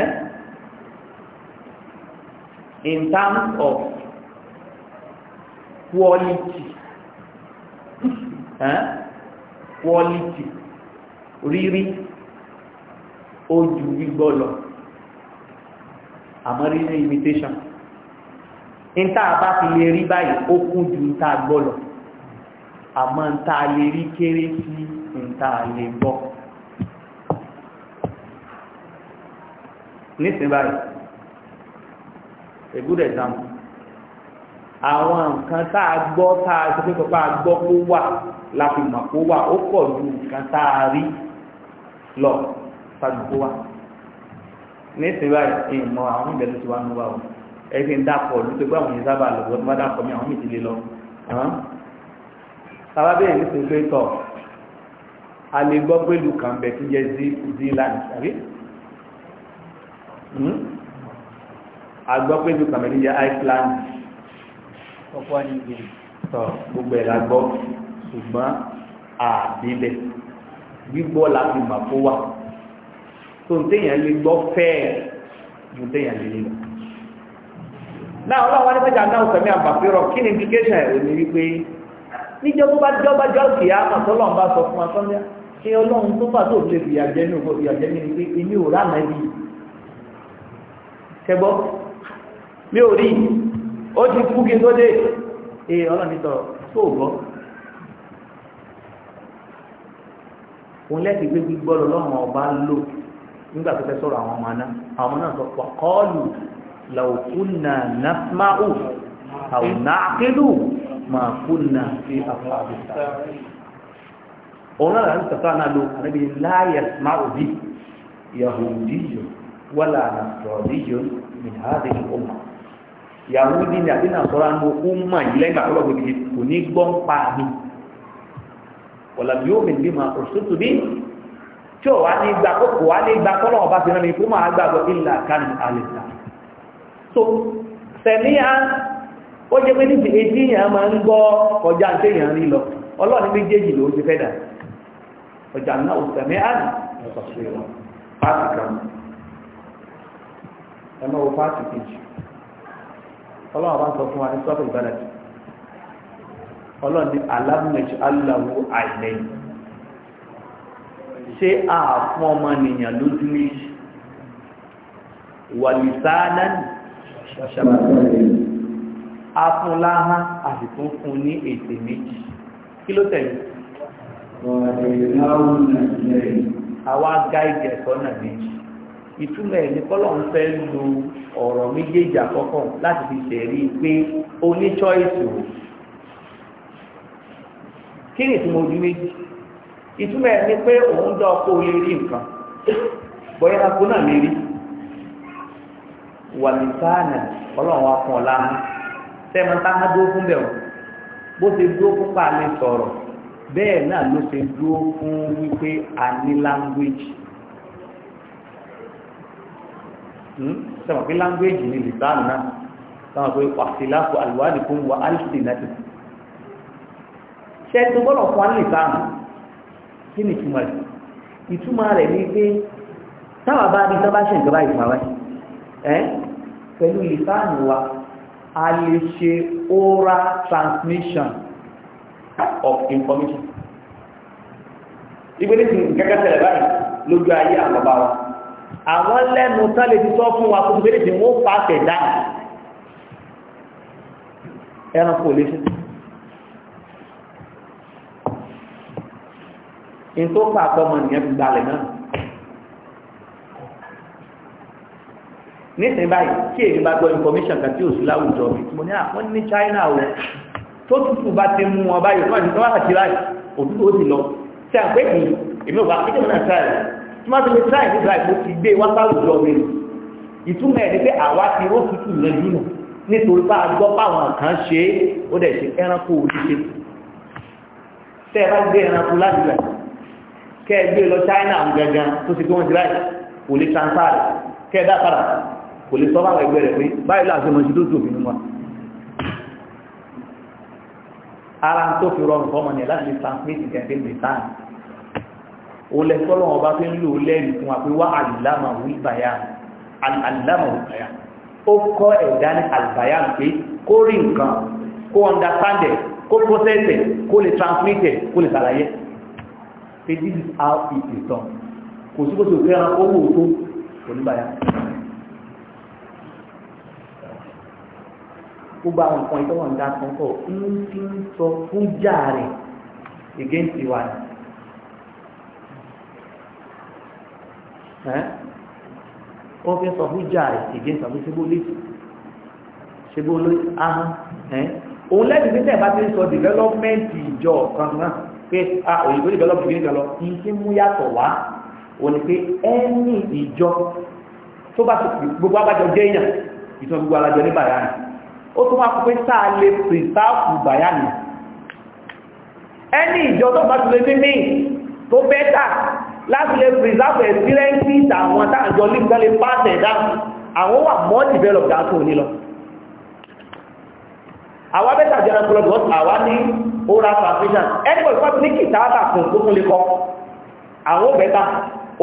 eh? in terms of quality eh? quality rírí ojú gbígbọ́ lọ àmọ́ rírí limitation ń tá a bá ti lè rí báyìí ó kún ju ń tá a àmọ́ ń ta lè rí kéré sí ń ta lè bọ́ nísìnyí báyìí a good example àwọn nǹkan tá a gbọ́ tá a sọ pé a gbọ́ kó wà la fi mọ̀ kó wà ó pọ̀ ju nǹkan tá a rí lọ sáájú kó wà nísìnyí báyìí ìmọ̀ àwọn ìbẹ̀rẹ̀ tí wàá nù wà o ẹ ti ń dàpọ̀ lóṣù pé àwọn yẹn sábà lọ wọ́n ti bá dàpọ̀ mi àwọn mi sábà bẹ́ẹ̀ ní sinpé tọ̀ a lè gbọ́ pẹ̀lú kan bẹ̀ tí jẹ́ zealand àbí hmm? a gbọ́ pẹ̀lú kan bẹ̀ tí jẹ́ iceland ọ̀pọ̀ ní ìgbìmọ̀ tọ̀ gbogbo ẹ̀ la gbọ́ ṣùgbọ́n àbílẹ̀ gbígbọ́ la fi mà kó wà tó ń téèyàn lè gbọ́ fẹ́ẹ̀ ju téèyàn lè nílò náà ọlọ́run wá ní fẹ́jà náà sọ̀mí àbàfẹ́rọ̀ kí ni implication ẹ̀ ò ní wípé níjọ́ tó bá jọba jọ kì á mà tọ́lọ̀ ń bá sọ fún wa sọ́ndẹ́ ṣé ọlọ́run tó fà tó lè fìyà jẹ ní òkò fìyà jẹ ní pé èmi ò ránà ibi ṣẹgbọ́ mi ò rí ó ti kú kí n tó dé ee ọlọ́run ní sọ̀rọ̀ tó gbọ́ òun lẹ́sìn pé gbígbọ́ lọ́wọ́ ọba lò nígbà tó fẹ́ sọ̀rọ̀ àwọn ọmọ náà àwọn ọmọ náà sọ pọ̀ kọ́ọ̀lù làwùkúnà náfmáù àwọn máa kúnnà sí àfààbí òun náà láti tàtà náà ló ànábi láyé máòbí yahudiyo wàlà nàṣọ̀ríyo ní àádé ọmọ yahudi ni àti nàṣọ̀rọ̀ àwọn ọmọ yìí lẹ́gbà tó wọ́n gbèdé kò ní gbọ́n tí ò wá ní gbà kó wá ní gbà tọ́lọ̀ ọba sí náà ni kó gbàgbọ́ ìlà kan àlè sẹ̀míyàn ó jẹ́ pé níbi etí èèyàn máa ń gbọ́ ọjà tí èèyàn rí lọ ọlọ́ọ̀ni méjèèjì ló ti fẹ́ dà ọjà náà ò tẹ̀mí àná pàtì kan ẹ máa wo pàtì kejì ọlọ́wọ́ bá ń sọ fún wa ní sọ́kùn ìbálẹ̀ ọlọ́ọ̀ni alámùnẹ̀jì afúnláhán àsìkún fún ní ètè méjì kí ló tẹ̀lé àwa gáìdì ẹ̀kọ́ náà méjì ìtumọ̀ ẹ̀ ní kọ́lọ́n fẹ́ lu ọ̀rọ̀ méjèèjì àkọ́kọ́ láti fi ṣẹ̀rí pé oníṣọ́ìsì o kí ni ìtumọ̀ ojú méjì ìtumọ̀ ẹ̀ ní pé òun dọ́ ọkọ̀ olè rí nǹkan bọ́yá kakú náà lè rí wàlìsáànà ọlọ́run wa fún sẹ́mi tá ha dúró fún bẹ́ẹ̀ o bó ṣe dúró fún pa lè sọ̀rọ̀ bẹ́ẹ̀ náà ló ṣe dúró fún wípé a ní language sẹ́mi hmm? pé language ni lìbáàmù náà sọ́wọ́n pé wàsíláàfù àlùwádìí fún wa alìsì náà ti ṣe tó gbọ́dọ̀ fún wa lisan. lìbáàmù kí ni ìtumọ̀ rẹ̀ ìtumọ̀ rẹ̀ ni pé táwa bá ní sábà ṣe ìjọba ìfúnra wáyé pẹ̀lú lìbáàmù wa a lè ṣe oral transmission of information ìgbélé ti gẹ́gẹ́ tẹ̀lẹ̀ báyìí lójú ayé àwọn bàbá wa àwọn lẹ́nu tán lè ti sọ fún wa kó ìgbélé ti wọ́n fà tẹ̀ dáhùn ẹranko lè ṣe nítorí pàpọ̀ ọmọ nìyẹn gbalẹ̀ náà nísìnyí báyìí tí èyí bá gbọ́ information kan tí ò sí láwùjọ mo ní àwọn ah, ní China o tó tútù bá ti mú wọn báyìí wọ́n ti wọ́n àti báyìí òtútù ó ti lọ tí a pé kì í èmi ò bá kí tèmi náà try tí wọ́n ti lè try ní báyìí mo ti gbé e wá sáwùjọ mi ìtumọ̀ ẹ̀ ni pé àwa ti ró tútù lẹ́yìn nù nítorí bá gbọ́ báwọn kan ṣe ó dẹ̀ ṣe ẹranko oríṣẹ́ tẹ́ bá gbé ẹranko láti rẹ̀ kẹ́ gbé e lọ China gangan tó ti gbé wọn ti láì kò lè transfer kẹ́ ẹ kò lè sọ́wọ́ ẹgbẹ́ rẹ̀ pé báyìí láti mọ̀ sí tó tò nínú wa ara tó fi rọrùn fọ́mọ ní láti translate kẹfẹ́ britain ó lẹ sọ́lọ́ ọba fi ń lò lẹ́rìí fún wa pé wá àlìlámà wíbàyà àlìlámà wíbàyà ó kọ́ ẹ̀dá ní àlìbàyà pé kó rí nǹkan kó understand it kó process it kó lè translate it kó lè ṣàlàyé pé this is how it is done kò sí kó sì fẹ́ràn owó tó oníbàyà. gbogbo àwọn nǹkan ìtọ́wọ̀n ń dá kọ́kọ́ ń fi ń sọ fún jà rẹ̀ against ìwà ni. ó fi ń sọ fún jà rẹ̀ against àbí ṣébó lè ṣébó lè ahọ́n òun lẹ́yìn tí tẹ̀ bá ti ń sọ development ìjọ kan náà pé òyìnbó development ìgbìyànjú lọ ní kí mú yàtọ̀ wá òun ni pé ẹni ìjọ tó bá gbogbo abájọ jẹ́ èèyàn ìtàn gbogbo alájọ ní bàyà rẹ̀ ó tó máa pín sáà lè pìtàkù bàyánì ẹni ìjọ tó bá tilẹ̀ mímí tó bẹ́tà láti lè pìtàkù ẹ̀sílẹ́ǹsì ìtàwọn táàjọ lígbọ́n lè pàṣẹ dáhùn àwọn wà mọ́ develop dáàtò nílọ àwọn abẹ́ta jẹ́ ọ̀pọ̀lọpọ̀ àwa ní oral foundation ẹgbẹ́ ìfọ́tí ní kìtàátà fún tó tún lè kọ́ àwọn bẹ́ta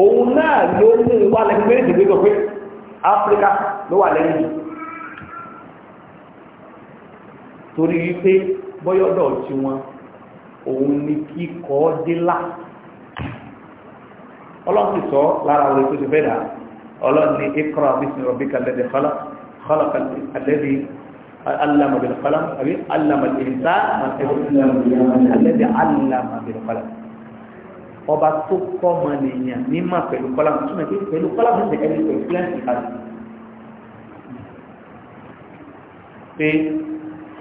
òun náà ló ní wà lẹ́gbẹ́rẹ́ ìdìgbẹ́gbẹ́ Áfíríkà ló wà lẹ́yìn torí wípé bọ́yọ́dọ̀ tí wọn òun ni kíkọ́ délà ọlọ́run ti sọ lára orí tó ti fẹ́ dà ọlọ́run ni ikra bísí rabbika alladhi khalaq khalaqa alladhi allama bil qalam àbí allama al-insana alladhi allama bil ọba tó kọ́ ọmọ nìyẹn mímọ̀ pẹ̀lú qalam túnmọ̀ pé pẹ̀lú qalam ti ẹni pẹ̀lú fúlẹ́ǹsì kan pé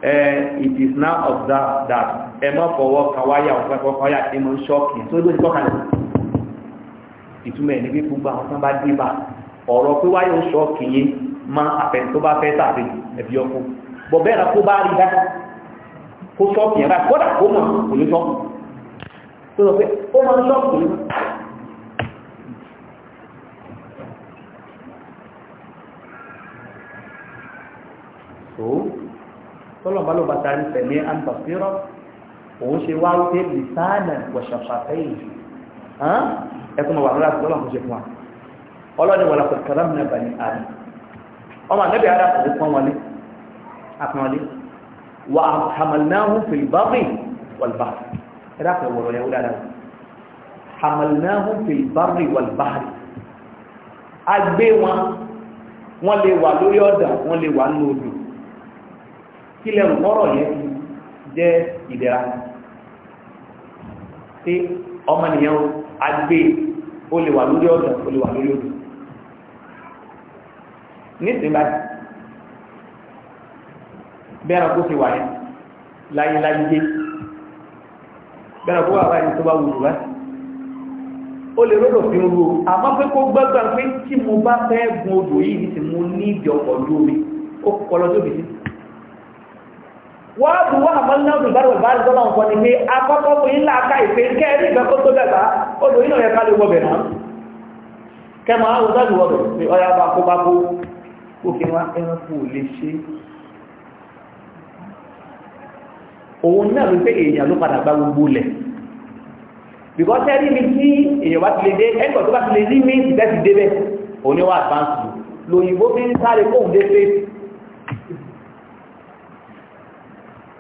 uh, it is now observed that ẹ mọ́ fọwọ́ kawáyà ọ̀pẹ́pọ̀ kawáyà ẹ mọ́ ló ń tọ́kalẹ̀ ìtumọ̀ ní bí gbogbo àwọn tán bá dé bá ọ̀rọ̀ pé wáyà ń ma yín àfẹn tó bá fẹ́ tàbí ẹ̀bí ọkọ bọ̀ bẹ́ẹ̀ náà kó bá rí dá kó yẹn kódà kó tọ́lọ̀ bá ló bá tarí tẹ̀lé àǹtọ̀fírọ́ òun ṣe wá wípé lìsáànà wọ̀ṣọ̀fàtẹ́yìn ẹkùn wà lọ́la tọ́lọ̀ kò ṣe fún wa ọlọ́ni wọ̀lá kò kàrà mìíràn bá ní àdì ọmọ anábì ara kò pọ́n wọlé àpọ́nlé wà hàmàlnáhù fìlbárì wàlbà ẹ̀rá kò wọ̀rọ̀ yẹwò dáadáa hàmàlnáhù fìlbárì wàlbà wọn wọn lè wà lórí ọ̀dà wọn lè wà nínú odò kílẹ̀ ọ̀rọ̀ yẹn ti jẹ́ ìdẹ̀ra tí ọmọnìyàn agbé ó lè wà lórí ọ̀dọ̀ ó lè wà lórí odò nísìnyí báyìí bẹ́ẹ̀ náà kó fi wà yẹn láyéláyé bẹ́ẹ̀ náà kó wà báyìí tó bá wù wá ó lè rọ́dọ̀ fi ń ro àmọ́ pé kó gbọ́gbà pé tí mo bá fẹ́ gun odò yìí ti mo ní ìdí ọkọ̀ lómi ó kọ́ lọ tóbi wọ́n bu wọ́n àmọ́ náà dùn bára bára tọ́lá nǹkan ni pé akọ́kọ́ fún ilá aká ìpé kẹ́ẹ̀rí ìgbà kó tó dẹ̀gbà odò yìí náà yẹ ká lè wọ́bẹ̀ náà kẹmọ àwọn sáàdù wọ́bẹ̀ pé ọya bá kó bá kó kó kí wá ẹran kú ò lè ṣe òun náà ló pé èèyàn ló padà gba gbogbo lẹ̀ bìkọ́ sẹ́rí mi tí èèyàn bá ti lè dé ẹgbẹ̀ tó bá ti lè rí mi ìgbẹ́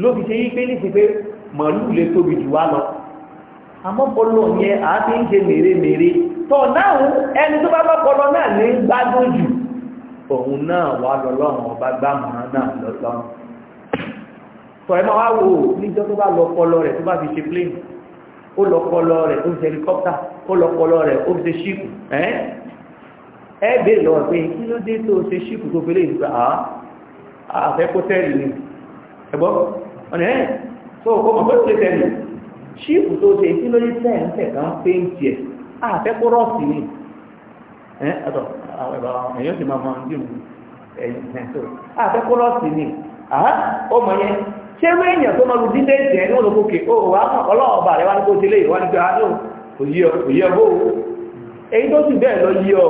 ló fi ṣe yí pé nísìnyí pé màálù lè tóbi jù wá lọ àmọ́ bọ́lọ̀ yẹn a ti ń ṣe mèremère tọ̀ náà ẹni tó bá bọ́lọ̀ náà ní gbádùn jù òun náà wà lọ́lọ́run ọba gbàmọ̀ràn náà lọ́lọ́run tọ̀ ẹ máa wá wò ó níjọ́ tó bá lọ pọlọ rẹ̀ tó bá fi ṣe plane ó lọ pọlọ rẹ̀ ó fi ṣe helicopter ó lọ pọlọ rẹ̀ ó fi ṣe ṣíìpù ẹ bèèrè lọ́wọ́ pé kí ló dé tó ṣe ṣíìpù tó fi lè gbà á àfẹ́kọ́tẹ́rì ni ẹ̀gbọ́n ọ̀nà ẹ̀ tó o mọ̀ bóyá tẹ̀ ní ṣíìpù tó ṣe kí lórí tẹ̀ǹtẹ̀ kan péǹtì ẹ̀ àfẹ́kọ́ rọ́ọ̀sì ni ẹ̀ ọ̀tọ̀ ẹ̀yọ́ ti máa mọ ní ìlú ẹ̀yìn tó àfẹ́kọ́ rọ́ọ̀sì ni ó mọ̀ yẹn ṣé wé èèyàn tó máa lu dídé ìtẹ̀ ní olùkókè ó wà ọlọ́ọ̀bà rẹ̀ wá ní kó ṣe léyìí wá ní gbà á òye ọgbó èyí tó sì bẹ́ẹ̀ lọ yí ọ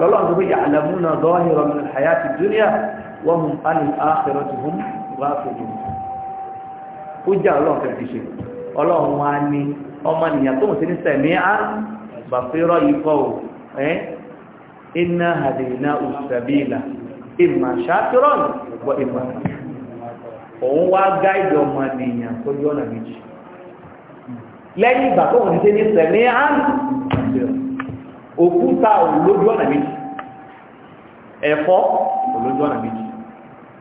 lọ́lọ́run tó fi yà àlàmúnà lọ́hìnrọ̀ wọ́n ani àfẹ́rọ́ ti hùn wá fèrè ó jẹ́ ọlọ́run fẹ́ fi ṣe ọlọ́run wa ni ọmọ nìyàn tó ń ṣe ní sẹ̀mí á bàfẹ́rọ́ ikọ̀ ò ẹ́ iná àdènà òṣìṣàbílà ìmà ṣàtúrọ̀ ẹ̀fọ́ òun ọ̀nà méjì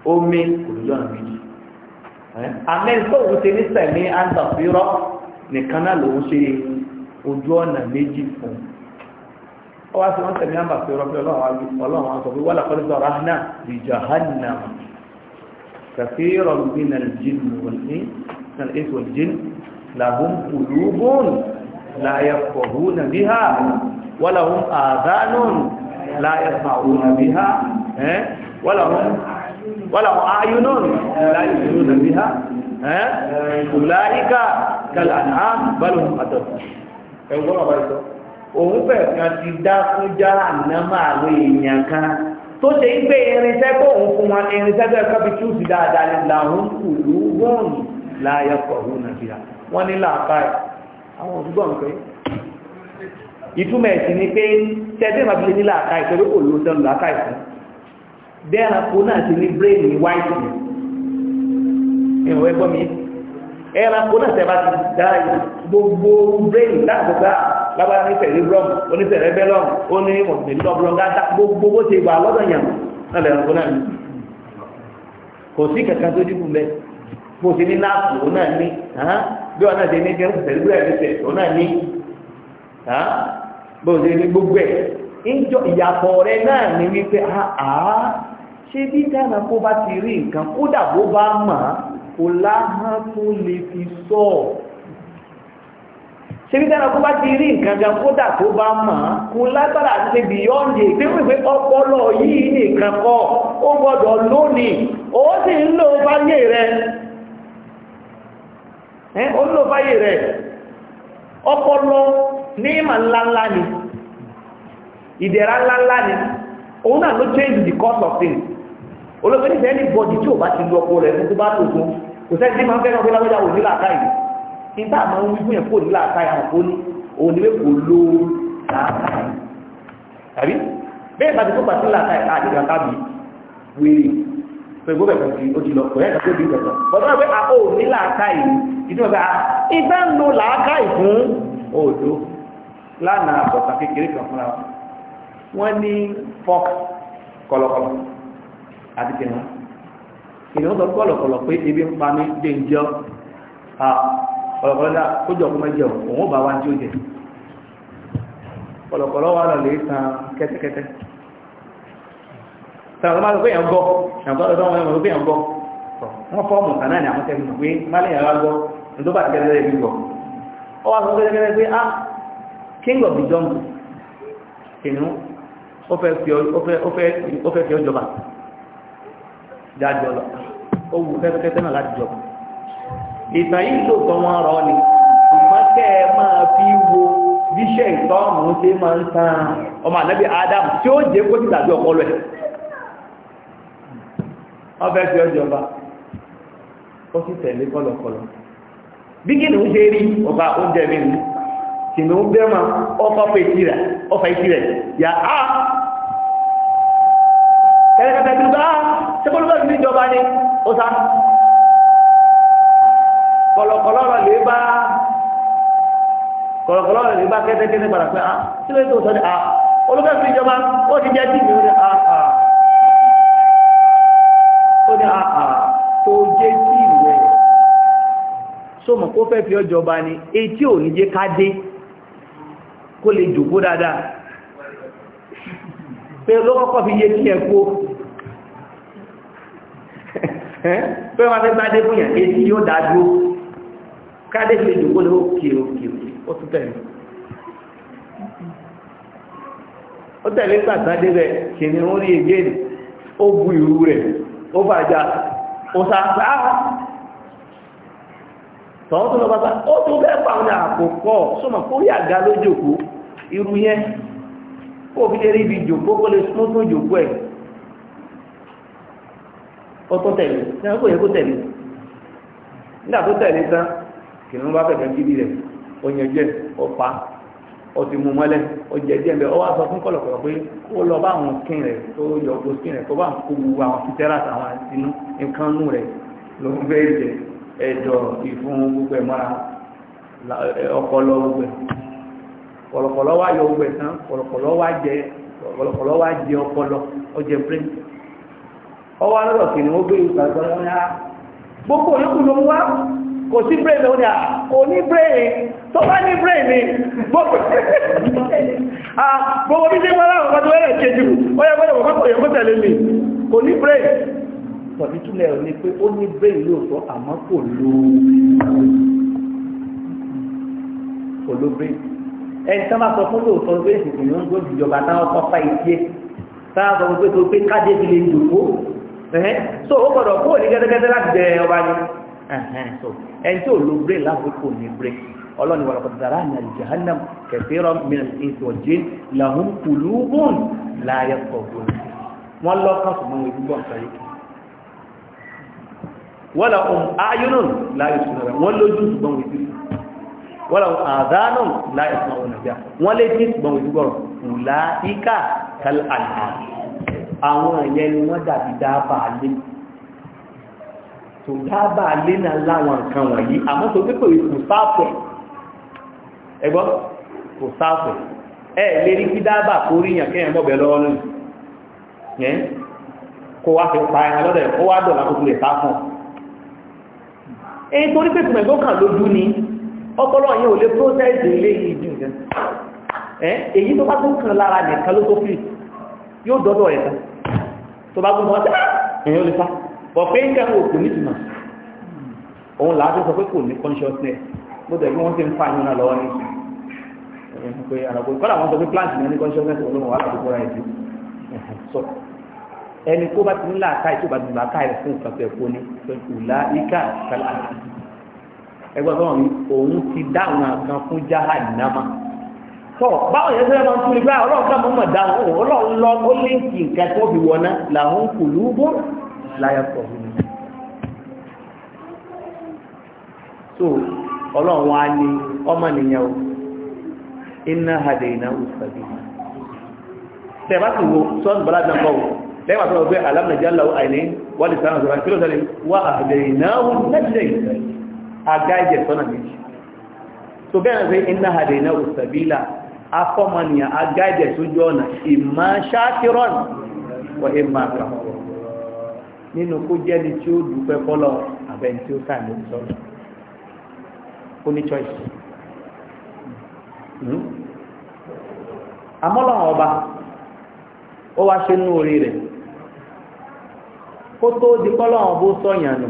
omi òjò ọ̀nà méjì amẹ́ríkà òun ṣe ní sẹ̀mí àǹtàfírọ́ nìkan náà lòun ṣe ojú ọ̀nà méjì fún ọ wá sí wọ́n sẹ̀mí àǹtàfírọ́ pé ọlọ́run wa sọ pé wọ́n làkọ́lé sọ rahna li jahannam kathiran min al-jinn wal-ins wal-jinn lahum qulubun la yafqahuna biha wọ́n làwọn ayú náà láyé ìlú nàbí ha ọ̀láyíká kàlà náà bálùn àtọ̀ ẹ̀wọ́n ọ̀bá ìtọ́ òun fẹ̀ kan ti dá fún jára nàmà àwọn èèyàn kan tó ṣe ń gbé irinṣẹ́ kó òun fún wọn irinṣẹ́ tó ẹ̀kọ́ fi túùsì dáadáa ní làwọn kùlù bọ́ọ̀nù láyé pọ̀lú nàìjíríà wọ́n ní láàpá ẹ̀ àwọn òṣùgbọ́n pé ìtumẹ̀ sí ni pé ṣẹ́dẹ́ màbílẹ̀ ní láàká ìṣẹ́lẹ́ kò lóòótọ́ láàká ìfún dẹ́ranko náà ti ní brain white ni ẹ̀wọ̀n ẹgbọ́n mi ẹranko náà tẹ́ bá ti dá gbogbo brain láàbùkà lábára ní cerebrum onífẹ̀rẹ̀ cerebellum ó ní mọ̀tìlélọ́gbọ̀n gádà gbogbo bó ti wà lọ́dọ̀ yàn náà lẹ́ranko náà ni kò sí kankan tó dínkù bẹ́ẹ̀ bó ti ní náàpù òun náà ni bí wọn náà ti ní kẹrù cerebrum ẹ̀rẹ́sẹ̀ òun náà ní bó ti ní gbogbo ẹ̀ ìyàpọ̀ rẹ náà ní wípé àá ah, ah, ṣe bí dáranko bá ti rí nǹkan kódà bó bá mọ̀ kò láhán tó sọ ṣe bí dáranko bá ti rí nǹkan gan bá mọ̀ kò lágbára ṣe ọpọlọ yìí nìkan kọ́ ó lónìí ó sì ń lò fáyé ọpọlọ ní ìmọ̀ ńláńlá ni ìdẹ̀ra ńláńlá ni òun náà change the course of things olóògbé ní sẹ́ni bọ́dí tí ò bá ti lu ọkọ rẹ̀ tó bá tó fún kò sẹ́ni tí máa ń fẹ́ràn pé lábẹ́jà ò ní làákàyè ní tá àmọ́ ń wíwú yẹn kò ní làákàyè àwọn kò ní òun ni pé kò lo làákàyè tàbí bẹ́ẹ̀ bá ti tó pàtó làákàyè láti ìgbà tábì wèrè pé gbọ́dọ̀ kan ti ó ti lọ kọ̀yẹ́ kan tó di ìgbàgbọ́ bọ́dọ̀ pé àpò ò ní làákàyè ìdí ọ̀gá ìgbà ń lo ní fọ́ọ̀kì kọlọkọlọ àti kìnìún kìnìún sọ kọlọkọlọ pé ebi ń pa mí dé ń jẹ ọ kọlọkọlọ dá kójú ọkọ mẹjẹ òun ò bá wá ń tí ó jẹ kọlọkọlọ wà lọ lè tan kẹtẹkẹtẹ sọ̀rọ̀ tó máa lọ pé yẹn gbọ́ yàtọ̀ ọ̀dọ́ wọn lọ pé yẹn gbọ́ wọn fọ́ọ̀mù kan náà ni àwọn tẹ́lẹ̀ pé máàlẹ̀ yẹn wá gbọ́ ní tó bá ah, king of the jungle kìnìún ó fẹ́ fi ọjọba jájọ lọ ó wù kẹ́kẹ́kẹ́ náà láti jọ ìtàn yìí ló tọ́ wọn rọ ni ṣùgbọ́n kẹ́ ẹ máa fi wo bíṣẹ́ ìtọ́ọ̀mù ṣe máa ń tan ọmọ ànábì Adam tí ó jẹ́ kó ti dàbí ọpọlọ ẹ̀ wọ́n fẹ́ fi ọjọba ó sì tẹ̀lé kọlọkọlọ bí kí ni ó ṣe rí ọba oúnjẹ mi nù kì ní ó bẹ́ẹ̀ máa ọkọ̀ pé ti rẹ̀ ọfà ìtì rẹ̀ yà á kẹ́lẹ́kẹ́lẹ́ bí bá á ẹgbẹ́ olùbẹ̀rù ní ìjọba ni ó sá kọ̀lọ̀kọ̀lọ̀ rẹ̀ lè bá kọ̀lọ̀kọ̀lọ̀ rẹ̀ lè bá kẹ́tẹ́kẹ́tẹ́ padà pé ah kí ló ń tó sọ ni ah olùbẹ̀rù ìjọba
ó ti jẹ́ tíì ó ní ah ah
ó ní ah ah tó jẹ́ tíì rẹ̀ sọmọ kó fẹ́ fi ọjọba ni etí ò ní jẹ́ ká dé kó lè jòkó dáadáa pé olókọ́kọ́ fi yé kí ẹ kó pé wọ́n fẹ́ gbádé fún yóò fi ìdòkó ló kìrò kìrò ó tún tẹ̀lé ó tẹ̀lé gbàgbádé rẹ̀ kìrì ó rí egéèrè ó bú ìrú rẹ̀ ó bàjá ó sàásá tọ́wọ́ tó lọ ó tún àkókò súnmọ̀ kó lójòkó irú yẹn kó fi lè ibi jòkó kó lè súnmọ́ tó jòkó ẹ̀ ọtọ́ tẹ̀lé náà kò yẹ kó tẹ̀lé nígbà tó tẹ̀lé tán kìnnìún bá fẹ̀fẹ̀ bíbí rẹ̀ ọ̀yànjẹ́ ọ̀pá ọtí mú mọ́lẹ̀ ọjẹ́ díẹ̀ bẹ́ẹ̀ ọwọ́ sọ fún kọ̀lọ̀kọ̀lọ̀ pé ó lọ bá àwọn kín rẹ̀ tó yọ ọgbó kín rẹ̀ tó bá ń kó gbogbo àwọn fitẹ́ràtì àwọn àtinú nǹkan nù rẹ̀ ló ń fẹ́ jẹ
ẹ̀dọ̀ ìfún
gbogbo ẹ̀ mọ́ra ọpọlọ gbogbo ẹ̀ kọ̀lọ̀kọ̀lọ̀ wá yọ gbogbo ẹ̀ tán ọwọ́ alọ́rọ̀ sí ni wọ́n gbé ìgbà sọ wọn yá gbogbo olókù ló ń wá kò sí brain lónìí à kò ní brain tó bá ní brain ni gbogbo bí ṣe mọ́lá ọ̀pọ̀ tó wẹ́rẹ̀ kejì ó yẹ gbọ́dọ̀ kọ́kọ́ yẹ kó tẹ̀lé mi kò ní brain tọ̀bí túnlẹ̀ ò ní pé ó ní brain lóòótọ́ àmọ́ kò ló kò ló brain ẹni tán bá sọ fún lóòótọ́ brain kò ní ó ń gbójú ìjọba táwọn kọ́ fà ìdíyẹ táwọn so
ó gbọ́dọ̀ kó ní gẹ́gẹ́gẹ́ láti bẹ
ọba ni so ẹni tí ò lo brain lákòókò ní brain ọlọ́ni wà lọ́kọ̀tà rà ní jahannam kẹfẹ́rọ mìíràn ètò ọ̀jẹ́ làwọn kùlùbùn láyé kọ̀ọ̀bùn wọn lọ́kàn fún wọn ìdúgbò nǹkan yìí wọ́n làwọn ayọ́nùn láyé sùnrẹ̀ wọ́n lójú ṣùgbọ́n wọn ìdúgbò wọ́n làwọn àdánù láyé sùnrẹ̀ wọn lè dín ṣùgbọ́n wọn àwọn ìyẹn ni wọ́n dàbí dábà lé tó dábà lé náà láwọn nǹkan wọ̀nyí àmọ́ tó pé kò sáfẹ̀ ẹgbọ́n kò sáfẹ̀ ẹ lè rí kí dábà kó rí yàn kéèyàn mọ̀bẹ̀ lọ́wọ́ nù kó wá fi pa lọ́dẹ̀ ó wá sáfọ̀n èyí tó rí pé tùmẹ̀ ni ọpọlọ yẹn ò lè ilé yìí jù èyí tó bá tó kàn lára nìkan ló tó fi tó bá gbọ́n wọn tẹ́ ẹ̀yìn ah! ó lè sá bọ̀ pé ń kẹ́kọ̀ọ́ kò ní ìtumọ̀ òun làá tó sọ pé kò ní consciousness bó tẹ̀ bí wọ́n ti ń fa ìyún náà lọ́wọ́ ní ìsìn pé àràkó kọ́lá wọn sọ pé plant ní consciousness olóhùn wà láti kóra ẹ̀jú sọ ẹni kó bá ti ní làákà ètò ìbàdí làákà ẹ̀ fún ìkàfẹ́ kó ní ìlà ìkà kálá ẹgbẹ́ ọ̀sán òun ti dá àwọn fún jáhà náà tọ báwọn yẹn sẹ́yìn máa ń tún ní báyìí ọlọ́run káàmù mọ̀ dáhùn ó ọlọ́run lọ ó líǹkì nǹkan tó fi wọ̀ náà làwọn kò lúbọ̀ láyà pọ̀ so ọlọ́run wa ni ọmọ nìyẹn o iná hàdè iná òsàbí tẹ̀bá sì wo sọ́ọ̀nù bọ́lá dàn bọ́ọ̀ lẹ́wà tó gbé alámìnàjálà àìní wà lè sára ọ̀sọ̀rọ̀ kílò sẹ́lẹ̀ wà àdè iná òsàbí àgá ìjẹ̀ sọ́nà méjì so bẹ́ẹ̀ ni pé iná hàdè iná òsàbí afọ́mọnìyàn agáìdẹ̀ sójú ọ̀nà ìmá ṣáàkìrọ̀nì wọ ìmá kàfọ́ nínú kó jẹ́ni tí ó dúpẹ́ fọ́lọ́ abẹ́ni tí ó sàmì sọ́nà ó ní choice hmm? àmọ́lọ́wọ́ ọba ó wá ṣe nú orí rẹ̀ kó tó di kọ́lọ́wọ́ bó sọ̀yàn nù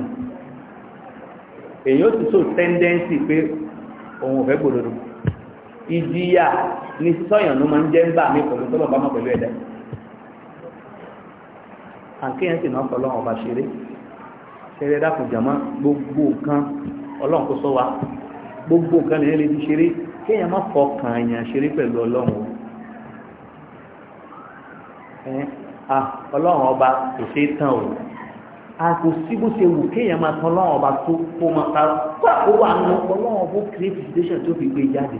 èyí ó sì so tendency pé òun ò fẹ́ gbòdòdò ìjìyà ní sísọyàn ló máa ń jẹ́ ń bà mí pẹ̀lú tó bàbá mọ́ pẹ̀lú ẹ̀dá àkéyàn sì náà fọlọ́ ọba ṣeré ṣeré dákun jàmá gbogbo nǹkan ọlọ́run kó sọ wa gbogbo nǹkan lè lè fi ṣeré kéèyàn má fọkàn èèyàn ṣeré pẹ̀lú ọlọ́run o ọlọ́run ọba kò ṣeé tán o àkò síbúṣe wù kéèyàn máa tan ọlọ́run ọba tó kó máa parọ́ kó àwọn ọlọ́run ọba create situation tó fi gbé jáde.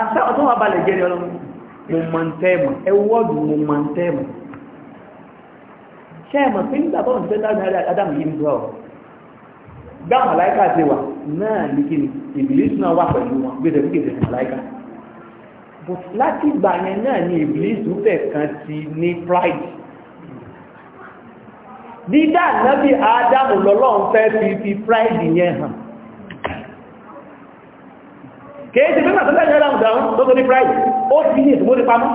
àṣà ọ̀tọ́ wà balẹ̀ jẹ́ ọlọ́run mo mọ̀ tẹ́ẹ̀mọ̀ ẹwọ́dù mo mọ̀ tẹ́ẹ̀mọ̀ ṣẹ́ẹ̀mọ̀ pé nígbà bọ́ ní pẹ́lá ní adam yìí ń bọ̀ gbá màláíkà ti wà náà ní kí ni ìbìlísì náà wà pẹ̀lú wọn gbé tẹ̀lú kìí màláíkà but láti ìgbà yẹn náà ni ìbìlísì fẹ̀ kan ti ní pride dídá náà bí adam lọ́lọ́run fẹ́ fi fi pride yẹn hàn kéèsì pẹ́mà tó lẹ́yìn ẹ̀rọ ìdáhùn tó tó ní price ó ti ní ìsìnkú ní pamọ́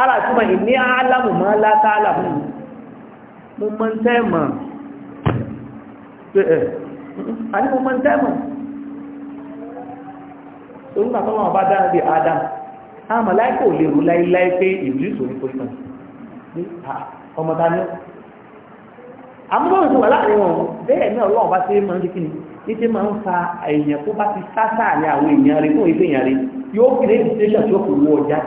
ara ìtumọ̀ ìní alámù máa látà alámù mo mọ́ ń tẹ́ẹ̀mọ̀ àní mo mọ́ ń tẹ́ẹ̀mọ̀ torí bàbá wọn bá dára bí adam àmọ̀ láìpẹ́ lè rú láíláí pé ìlú ìsòrí pé
àmúlòrò ti wà láàrin wọn
bẹ́ẹ̀ náà lọ́wọ́ bá ṣe máa ń dikini títí máa ń fa èèyàn tó bá ti sáṣà ní àwọn èèyàn rẹ̀ fún ọjà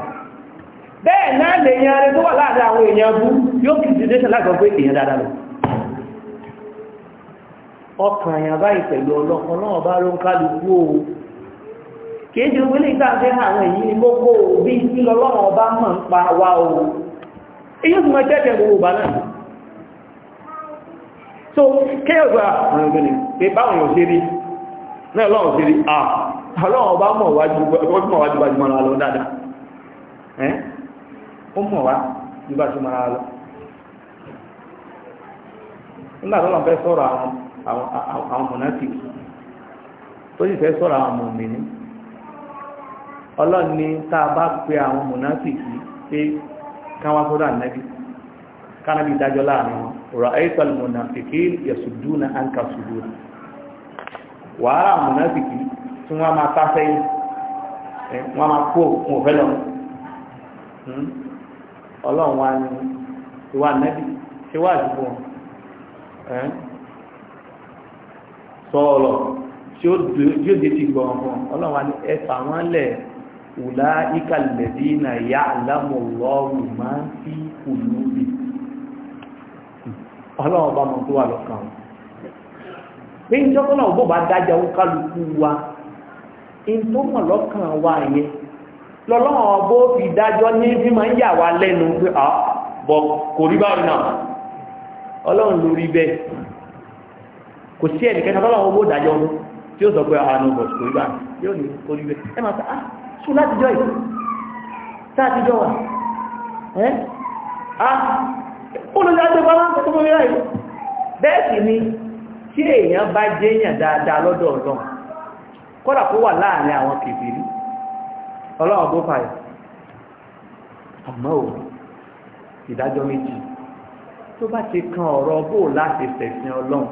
bẹ́ẹ̀ náà lè rẹ̀ tó wà láàrin àwọn èèyàn bú yóò ìdíṣẹ́ṣà láàrin pé èèyàn dáadáa lọ ọkàn báyìí pẹ̀lú ọlọ́kan náà bá ló ń kálukú o kéde wílé àwọn èyí ni gbogbo bí ọba mọ̀ ń pa so kéèyàn àwọn ẹgbẹ́ ni pé báwọn yóò ṣe rí náà lọ́wọ́ ṣe rí àlọ́wọ́ bá mọ̀ wájú wájú mọ́ra lọ dáadáa ẹ́ ó mọ̀ wá nígbà tí tó lọ́n fẹ́ sọ̀rọ̀ àwọn monastic tó sì fẹ́ sọ̀rọ̀ àwọn awọn ọlọ́ni tá pe monastic ra'aita al-munafiqin yasudduna anka sudura wà á munafiki tí wọ́n máa ta sẹ́yìn wọ́n máa kó òkun òfẹ́ lọ hmm? ọlọ́run wa ni ìwà nẹ́bí ṣe wà àdúgbò sọ̀rọ̀ tí ó dé ti gbọ̀n fún ọlọ́run wa ni ẹ fà wọ́n lẹ̀ wùlá ìkàlẹ̀dínà ya'lamu Allahu ma fi qulubi ọlọ́run bá mọ̀ tó wà lọ́kàn wọn pé wa in tó mọ̀ lọ́kàn wa fi dájọ́ ní bí ń yà wá lẹ́nu pé à bọ̀ kò rí báyìí náà ọlọ́run ló rí bẹ́ẹ̀ kò sí dájọ́ tí ó sọ pé kò rí
báyìí yóò ní
olùdájọ́ bá láti tó mọ́lẹ́ ráyìí bẹ́ẹ̀ sì ni tí èèyàn bá jẹ́yàn dáadáa lọ́dọ̀ ọlọ́run kọ́dà kó wà láàrin àwọn kèfèrí ọlọ́run bó fàyè àmọ́ ò ìdájọ́ méjì tó bá ti kan ọ̀rọ̀ bó láti ṣẹ̀sìn ọlọ́run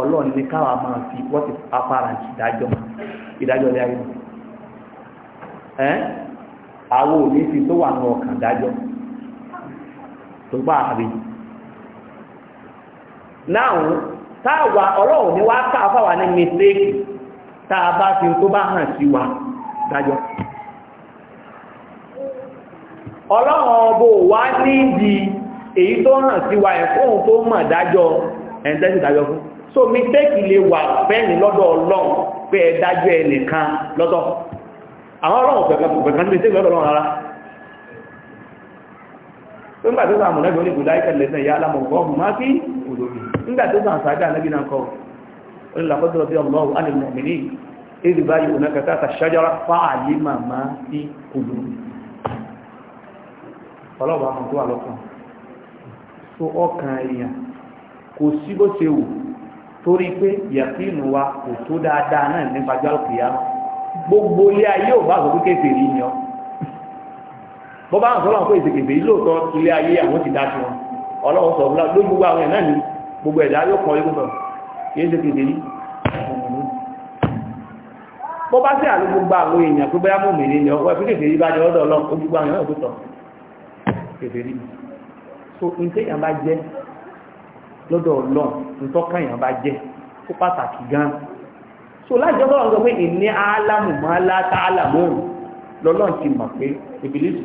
ọlọ́run ní káwa máa fi wọ́n ti afárá ìdájọ́ ìdájọ́ lẹ́yìn ẹ́ àwọn òní fi tó wà ní ọkàn dájọ́ gbogbo àbí náà táàwà ọlọ́run ni wá káàfàwà ní mistake táà bá fi tó bá hàn sí wa dájọ́ ọlọ́run ọbọ̀ wá ní ìdí èyí tó hàn sí wa ẹ̀fóhun tó mọ̀ dájọ́ ẹ̀ntẹ́sì dájọ́ fún so mistake lè wà fẹ́ni lọ́dọ̀ ọlọ́run pé ẹ̀dájọ́ ẹnìkan lọ́tọ̀ àwọn ọlọ́run pẹ̀kan mistake lọ́dọ̀ ọlọ́run rárá tó ńgbà tó sọ àmọ̀ lẹ́gbẹ̀ẹ́ onígbò láìka lẹ́sẹ̀ ìyá alámọ̀ ọ̀gọ́ọ̀mù máa fi òdòdó ńgbà tó sọ àṣàjá alẹ́bí náà kọ́ onílàkọ́tọ̀ bí ọlọ́wọ́ alìmọ̀mìnì èdè báyìí òun kàkà àṣàjára fáàlì màmá sí òdòdó ọlọ́wọ́ àwọn tó wà lọ́kàn tó ọkàn èèyàn kò sí bó ṣe wù torí pé yàtínú wa kò bó bá ń sọ lọ́wọ́ pé ìsèkèbè lóòótọ́ ilé ayé àwọn ti dá sí wọn ọlọ́run sọ fúnra lójú gbogbo àwọn ẹ̀ náà ní gbogbo ẹ̀dá yóò kọ́ ikú náà kì í ṣèkèbè yìí bó bá sí àlú gbogbo àwọn èèyàn pé bóyá mòmìn ní ọwọ́ ẹ̀fí kèfèé rí bá jẹ ọ̀dọ̀ ọlọ́run ojú gbogbo àwọn so n tẹ́ so láti ọlọ́run sọ pé ìní álámù máa látàálà mọ́rùn lọ́lọ́run ti mọ̀ pé ìbílísì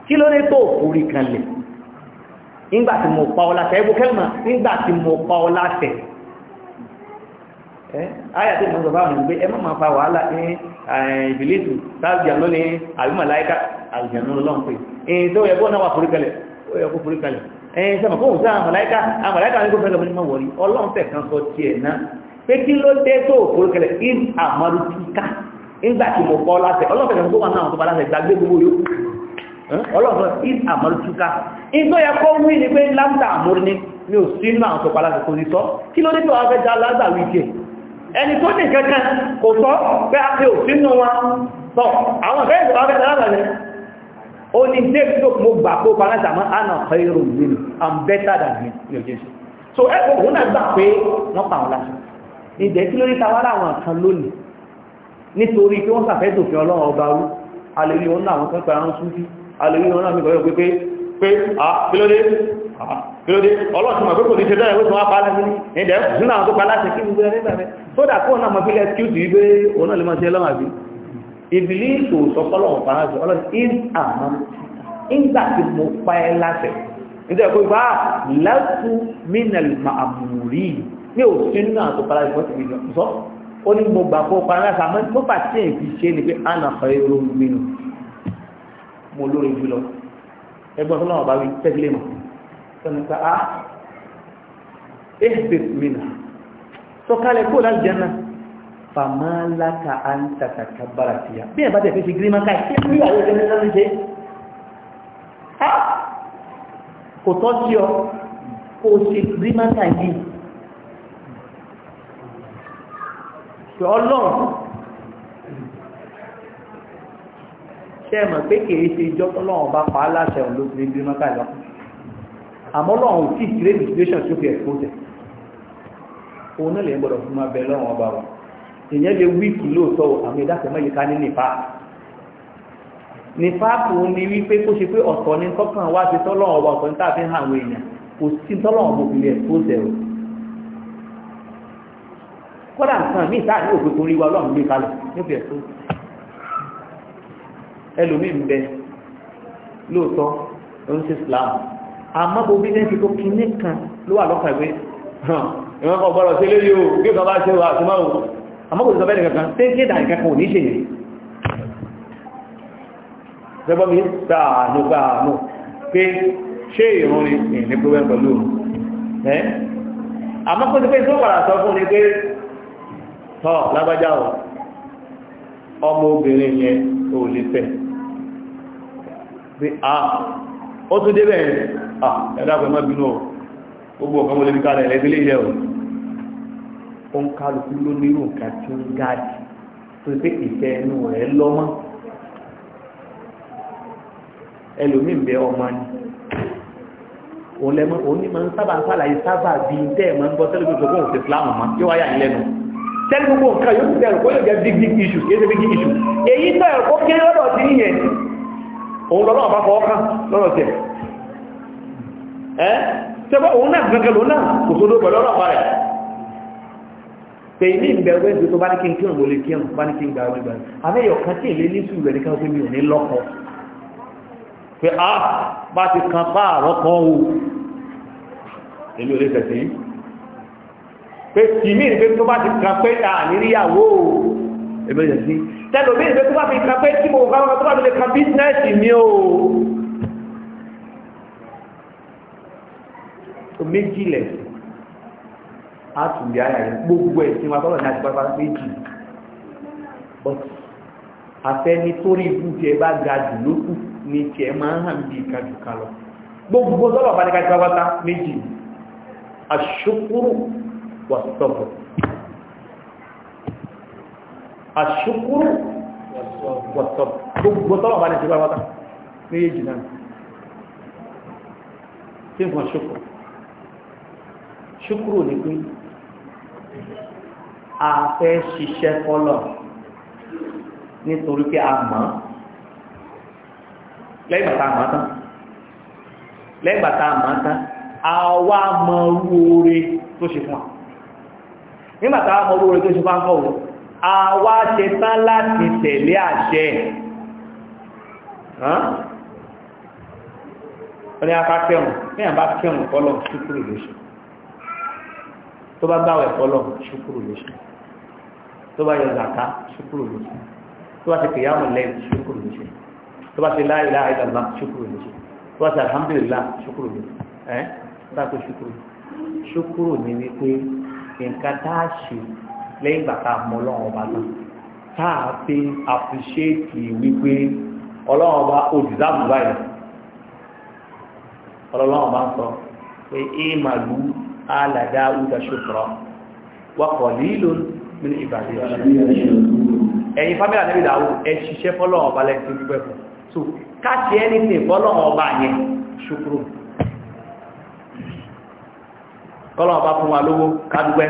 kí ló dé tó forí kanlẹ̀ nígbà tí mo pa ọlá tẹ̀ ẹgbó kẹ́lùmọ̀ nígbà tí mo pa ọlá tẹ̀ ayà tí mo sọ fáwọn ìgbé ẹ máa fa wàhálà ní ìbìlẹ̀tù sáàbìyànú ní àbímọ̀láíkà àbìyànú lọ́npẹ̀ èyí tó yẹ kó náà wà forí kanlẹ̀ ó yẹ kó forí kanlẹ̀ ẹ̀yìn sẹ́mọ̀ fóòmù sí àwọn mọ̀láíkà ní kó fẹ́ mọ̀ wọ̀rí ọlọ́run tẹ̀ kan náà tó in àmọ́rútíkà nígbà tí mo pọ́ láṣẹ ọlọ́run tẹ̀ kan sọ wà náà tó bá láṣẹ gbàgbé gbogbo yòókù ọlọ́run is àmọ́lùtúká in tó yẹ kó wí ní pé láńtà àmúrí ní ní ò sí náà tó pàlá kò ní sọ kí ló ní tó wáfẹ́ já láńtà wíjẹ ẹni tó ní kankan kò sọ pé a pé ò sí nù wọn tọ́ àwọn ìfẹ́ ìjọba fẹ́ láńtà rẹ̀ ó ní dé tó mo gbà pé pàlá tàmọ́ àná ọ̀hẹ́rù mi i'm better than me ní òjé so ẹ kò hún náà gbà pé wọ́n pa àwọn láṣọ ìdẹ́ kí ló ní tawárà àwọn kan lónìí nítorí pé wọ́n sàfẹ́ tòfin alèrí wọn náà mi kọ́ pé
pé ah kílódé
ọlọ́sùn mọ̀ pé kò ní ṣe lọ́rẹ̀ wípé wọ́n pa láti ní ẹ̀dẹ̀ sínú àwọn tó pa láti kí gbogbo ẹ̀rẹ́ ìgbàmẹ́ tó dà kó náà mọ̀ fílẹ̀ kíùtù wípé òun náà lè máa ṣe lọ́wọ́ àbí ìbìlí ìṣò sọpọ́lọ́wọ́ pa láti ọlọ́sùn ìgbàmọ́ ìgbà tí mo pa ẹ́ láti nítorí pé bá lẹ́kù mínàlì màmúrí ní òsín náà ó ní mo gbà kó pa láti àmọ́ tó bá tí èyí fi ni pé ànà ọ̀rẹ́ ìròyìn mìíràn mo lórí jùlọ ẹgbọ́n tó náà bá wí tẹ́gílẹ̀ mọ̀ sọ́nìkà á ehbet ah, mina sọ̀kalẹ̀ kó láti jẹ́ náà fàmálàkà á ń tàkàkà bára sí ya bí ẹ̀ bá tẹ̀ fi fi gírí máa káì tí ó yàwó ẹgbẹ́ náà kò tọ́ sí ọ kó ṣe gírí máa káì yìí ọlọ́run tẹ́ẹ̀mọ̀ pé kìí ṣe ìjọ tọ́lọ́wọ́n bá pa á láṣẹ òun ló ti lè bímọ káì lọ àmọ́ lọ́wọ́n ò tí ì kéré situation tó fi expose òun náà lè gbọ́dọ̀ fún ma bẹ lọ́wọ́n ọba wa èèyàn lè wíìkì lóòótọ́ àmì ìdáfẹ́ mọ́ yìí ká ní nípa nípa kò ní wípé kó ṣe pé ọ̀tọ̀ ní tọ́kàn wá sí tọ́lọ́wọ́n ọba ọ̀tọ̀ ní tàbí àwọn èèyàn kò sí tọ́lọ́wọ́n bò ẹlòmí ń bẹ lóòótọ́ ló ń ṣe Islam àmọ́ bo bíjẹ́sì tó kinní kan ló wà lọ́kàn ìwé ìwọ́n kan bọ́rọ̀ sí lórí o bí kan bá ṣe wà àtúmọ̀ o àmọ́ kò sí sọ́bẹ́ nìkan kan tí kí ìdá nìkan kan ò ní ṣe yẹn sẹ́gbọ́n mi sàánú gbàánú pé ṣé ìrún ni ní pẹ́wẹ́ pẹ̀lú ẹ̀ àmọ́ kó ti pé tó padà sọ fún ni pé tọ́ lágbájá o ọmọ obìnrin yẹn ò lè fẹ́ pé a ah, ó tún débẹ̀ ah, ẹ̀dàpẹ̀ má bínú gbogbo ọ̀kan wọlé bí kálẹ̀ ẹ̀lẹ́gbẹ̀lẹ́ ilẹ̀ ọ̀ ó ń kálukú ló nírò nǹkan tí ó ń gáàdì tó pé ìfẹ́ ẹnu rẹ̀ lọ́mọ́ ẹlòmíì ń bẹ ọmọ ni òun lẹ́mọ́ òun ní máa ń sábà ń sàlàyé sábà bí i tẹ́ ẹ̀ máa ń gbọ́ tẹ́lẹ̀ gbogbo òun ti fìlàmù mọ́ yóò wáyà nílẹ̀ nù tẹ́lẹ̀ gbogbo nǹkan yóò kó yóò big big issue é ṣe big issue èyí tẹ́lẹ̀ kó kéré lọ́dọ̀ sí nìyẹn òun lọ́nà ọ̀bá fọ́ ọkàn lọ́rọ̀ tẹ̀ ẹ́ tẹ́bọ́ òun náà gẹ́gẹ́ lónà kò sódó pẹ̀lú ọ̀rọ̀ ọ̀pá rẹ̀ pé ní ìbẹ̀rù ẹ̀sìn tó bá ní kí n kírun mo lè kírun bá ní kí n gba ọdún gbà àmẹ́yọ̀ kan tí èlé ní sùúrù rẹ̀ nìkan pé mi ò ní lọ́kọ pé a bá ti kan bá àrọ́ kan o èmi ò lè tẹ̀sí pé tìmí ìpé tó bá ti kan pé a èmi ò lè tẹ̀sí tẹ́lò bí ìgbé tó bá fi kan pé tí mo bá wọn tó bá lè kan bísínẹ́sì mi o tó méjì lẹ̀ á tún bí ara rẹ̀ gbogbo ẹ̀ tí wọn tọ́lọ̀ ní àti pápá méjì but afẹ́ni torí ibú tí ẹ bá ga jù lókù ni tí ẹ máa ń hàn bí ìkàjù kan lọ gbogbo tọ́lọ̀ bá ní kájú pápá méjì àṣùkúrù wà àṣùkúrù wọ̀tọ̀ gbogbo tọ́lọ̀ bá ní ṣe bá wọ́ta ní èjì náà tí wọ́n ṣùkúrù ṣùkúrù ní pé a fẹ́ ṣiṣẹ́ kọ́lọ̀ nítorí pé a mọ̀ lẹ́yìn bàtà àmọ́ tán lẹ́yìn bàtà àmọ́ tán a wá mọ orú oore tó ṣe fún wa nígbàtà àmọ́ orú oore tó ṣe fún wa ń kọ́ àwa ṣetán láti tẹ̀lé àṣẹ ọ̀rẹ́ apá kẹrùn ní àbá kẹrùn kọlọ̀ ṣúkúrù lóṣù tó bá gbáwẹ̀ kọlọ̀ ṣúkúrù lóṣù tó bá yọ zàká ṣúkúrù lóṣù tó bá ṣe kìyàmù lẹ́yìn ṣúkúrù lóṣù tó bá ṣe la ilaha illallah ṣúkúrù lóṣù tó bá ṣe alhamdulillah ṣúkúrù lóṣù ẹ́ bá ṣe lẹ́yìn ìgbà tá a mọ ọlọ́run ọba náà tá a fi àpìṣéètì wípé ọlọ́run ọba òdìdáàbò báyìí ọlọ́run ọba ń sọ pé éèmàlú alàdá udaṣọ́tọ̀rọ̀ wakọ̀ lílo nínú ìbàdí ẹ̀yin fámílà níbi ìdáwó ẹ ṣiṣẹ́ fọ́lọ́run ọba lẹ́sìn gbígbẹ́ fún so káṣí ẹni tí fọ́lọ́run ọba yẹn ṣukuru kọ́lọ́run ọba fún wa lówó kádùgbẹ́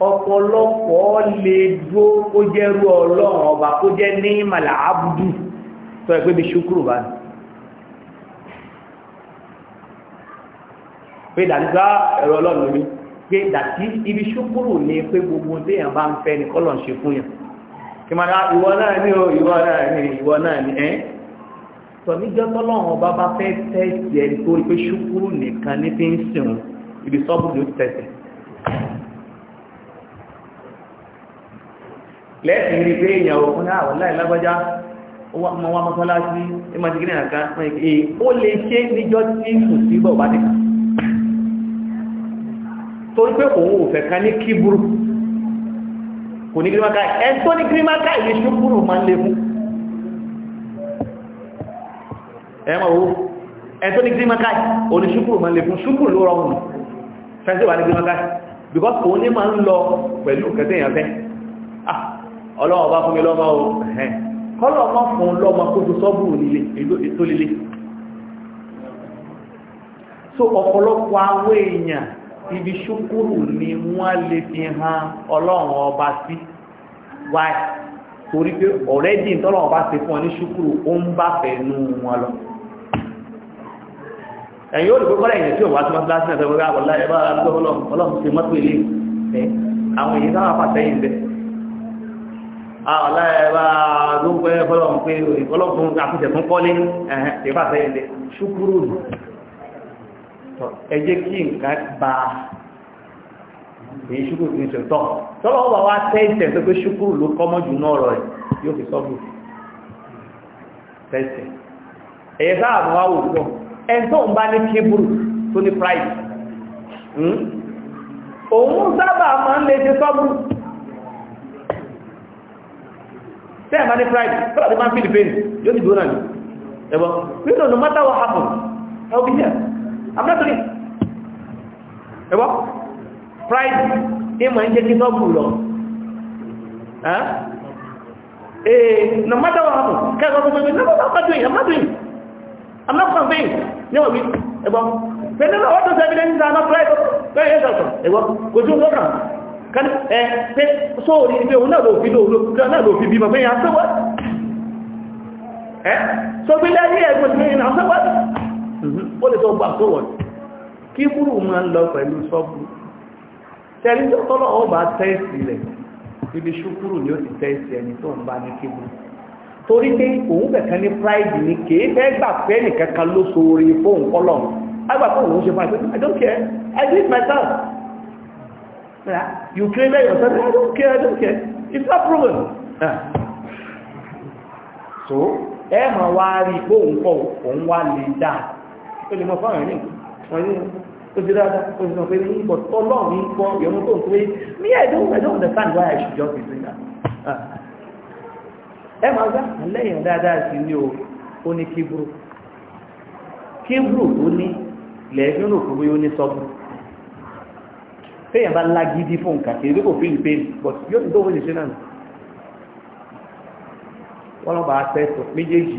ọ̀pọ̀lọpọ̀ lè dúó kó jẹ́ rú ọlọ́run ọba kó jẹ́ ní ìmàlà àbùdù tó ẹgbẹ́ bí ṣúkúrù bá ní pé dàtígbà ẹ̀rọ ọlọ́run ní pé dàtí ibi ṣúkúrù ní pé gbogbo téèyàn bá ń fẹ́ ní kọ́lọ̀ ń ṣe fún yàn kí máa ìwọ náà o ìwọ náà ní ìwọ náà ní ẹ́ tọ̀ níjọ́ tọ́lọ́run ọba bá fẹ́ tẹ́ẹ̀sì ẹni tó rí pé ṣúkúrù nìkan ní fi ń sìn ibi sọ́bùdù tẹ̀sẹ̀ lẹ́sìn rí pé èèyàn ò fún àwọn láìlágbájá ọmọ wa mọ́sálásí ìmọ̀síkí náà kan èè ó lè ṣe níjọ́ tí kò sí bọ̀ bá nìkan torí pé òun ò fẹ́ ká ní kíburú kò ní gírímáká ẹ tó ní gírímáká ìlú ṣúkúrù máa ń lè fún ẹmọ̀ owó ẹ tó ní gírímáká òní ṣúkúrù máa lè fún ṣúkúrù ló because òun ní máa ń lọ pẹ̀lú kẹtẹ́yàn ọlọ́wọ́n bá fún mi lọ́mọ o kọ́lọ̀ mọ́ fún lọ́mọ kó tó sọ́bù nílé tó lélé so ọ̀pọ̀lọpọ̀ àwọn èèyàn ibi ṣúkúrù ni wọ́n lè fi hàn ọlọ́run ọba sí wáyé torí pé ọ̀rẹ́dì tọ́lọ́run ọba ṣe fún ọ ní ṣúkúrù ó ń bá fẹ̀ẹ́nu wọn lọ ẹ̀yìn ó lè gbogbo ẹ̀yìn tí ó wá tí wọ́n ti láti náà tẹ́wọ́ aláìwá lóńgbẹ́ fọlọ́n pé ìfọlọ́fún àkúṣẹ̀ fún kọ́lé ìfàṣẹ ilẹ̀ ṣúkúrú nù ẹ jẹ́ kí nǹkan bá èyí ṣúkúrú ti ń ṣe tọ́ tọ́lọ́ ọba wa tẹ́ ìtẹ̀ tó pé ṣúkúrú ló kọ́mọ́ jù náà rọ̀ yóò fi sọ́bù tẹ́sẹ̀ ẹ̀yẹ sáà mọ́ wá wò pọ̀ ẹ̀ tó ń bá ní kébùrù tó ní pride hmm? òun sábà máa ń lè ṣe sọ́bù tẹ́ẹ̀ bá ní pride fọ́lá ti máa feel pain yóò ti gbóná ní ẹ̀bọ́ nínú no matter what happen I will be here I'm not doing ẹ̀bọ́ pride ní ma ń jẹ́ kí sọ́ọ̀bù lọ ee no matter what happen kẹ́ẹ̀kọ́ tó gbẹ́gbẹ́ no matter what doing I'm not doing I'm not conveying ní wọ̀n mi ẹ̀bọ́ pẹ̀lú ọ̀tọ̀ sẹ́bílẹ̀ ní sàn kan ẹ pé sóòrí ní pé òun náà ló fi lóòrò náà ló fi bímọ pé yàn sọ́wọ́ ẹ́ sọ pé lẹ́yìn ẹgbẹ́ tí yàn sọ́wọ́ ó lè sọ gbà sọ́wọ́ kí búrú ma ń lọ pẹ̀lú sọ́bù tẹ́rí tọ́lọ́ ọba tẹ́ẹ̀sì rẹ̀ ibi ṣúkúrù ni ó ti tẹ́ẹ̀sì ẹni tó ń bá ní kí bú
torí pé òun kẹ̀kẹ́
ní pride ní kìí fẹ́ gbà pé nìkankan ló so orí fóun kọ́lọ̀ agbàkọ́ òun ṣe fún àìsàn I don't care I do it myself Yeah. You claim that I don't care, I don't care. It's not proven. Yeah. So, ẹ wá rí pé òun òun wá lè dáa. Ó lè ó ti dáadáa, ó ní ní tó ń me I don't understand why I should just be doing that. Ah. Ẹ gbá lẹ́yìn o, ó ní ní téèyàn bá lágídí fún nǹkan kìí kò feel pain but yóò ti dóhùn ìṣe náà wọ́n lọ́ba àtẹ́sọ̀ méjèèjì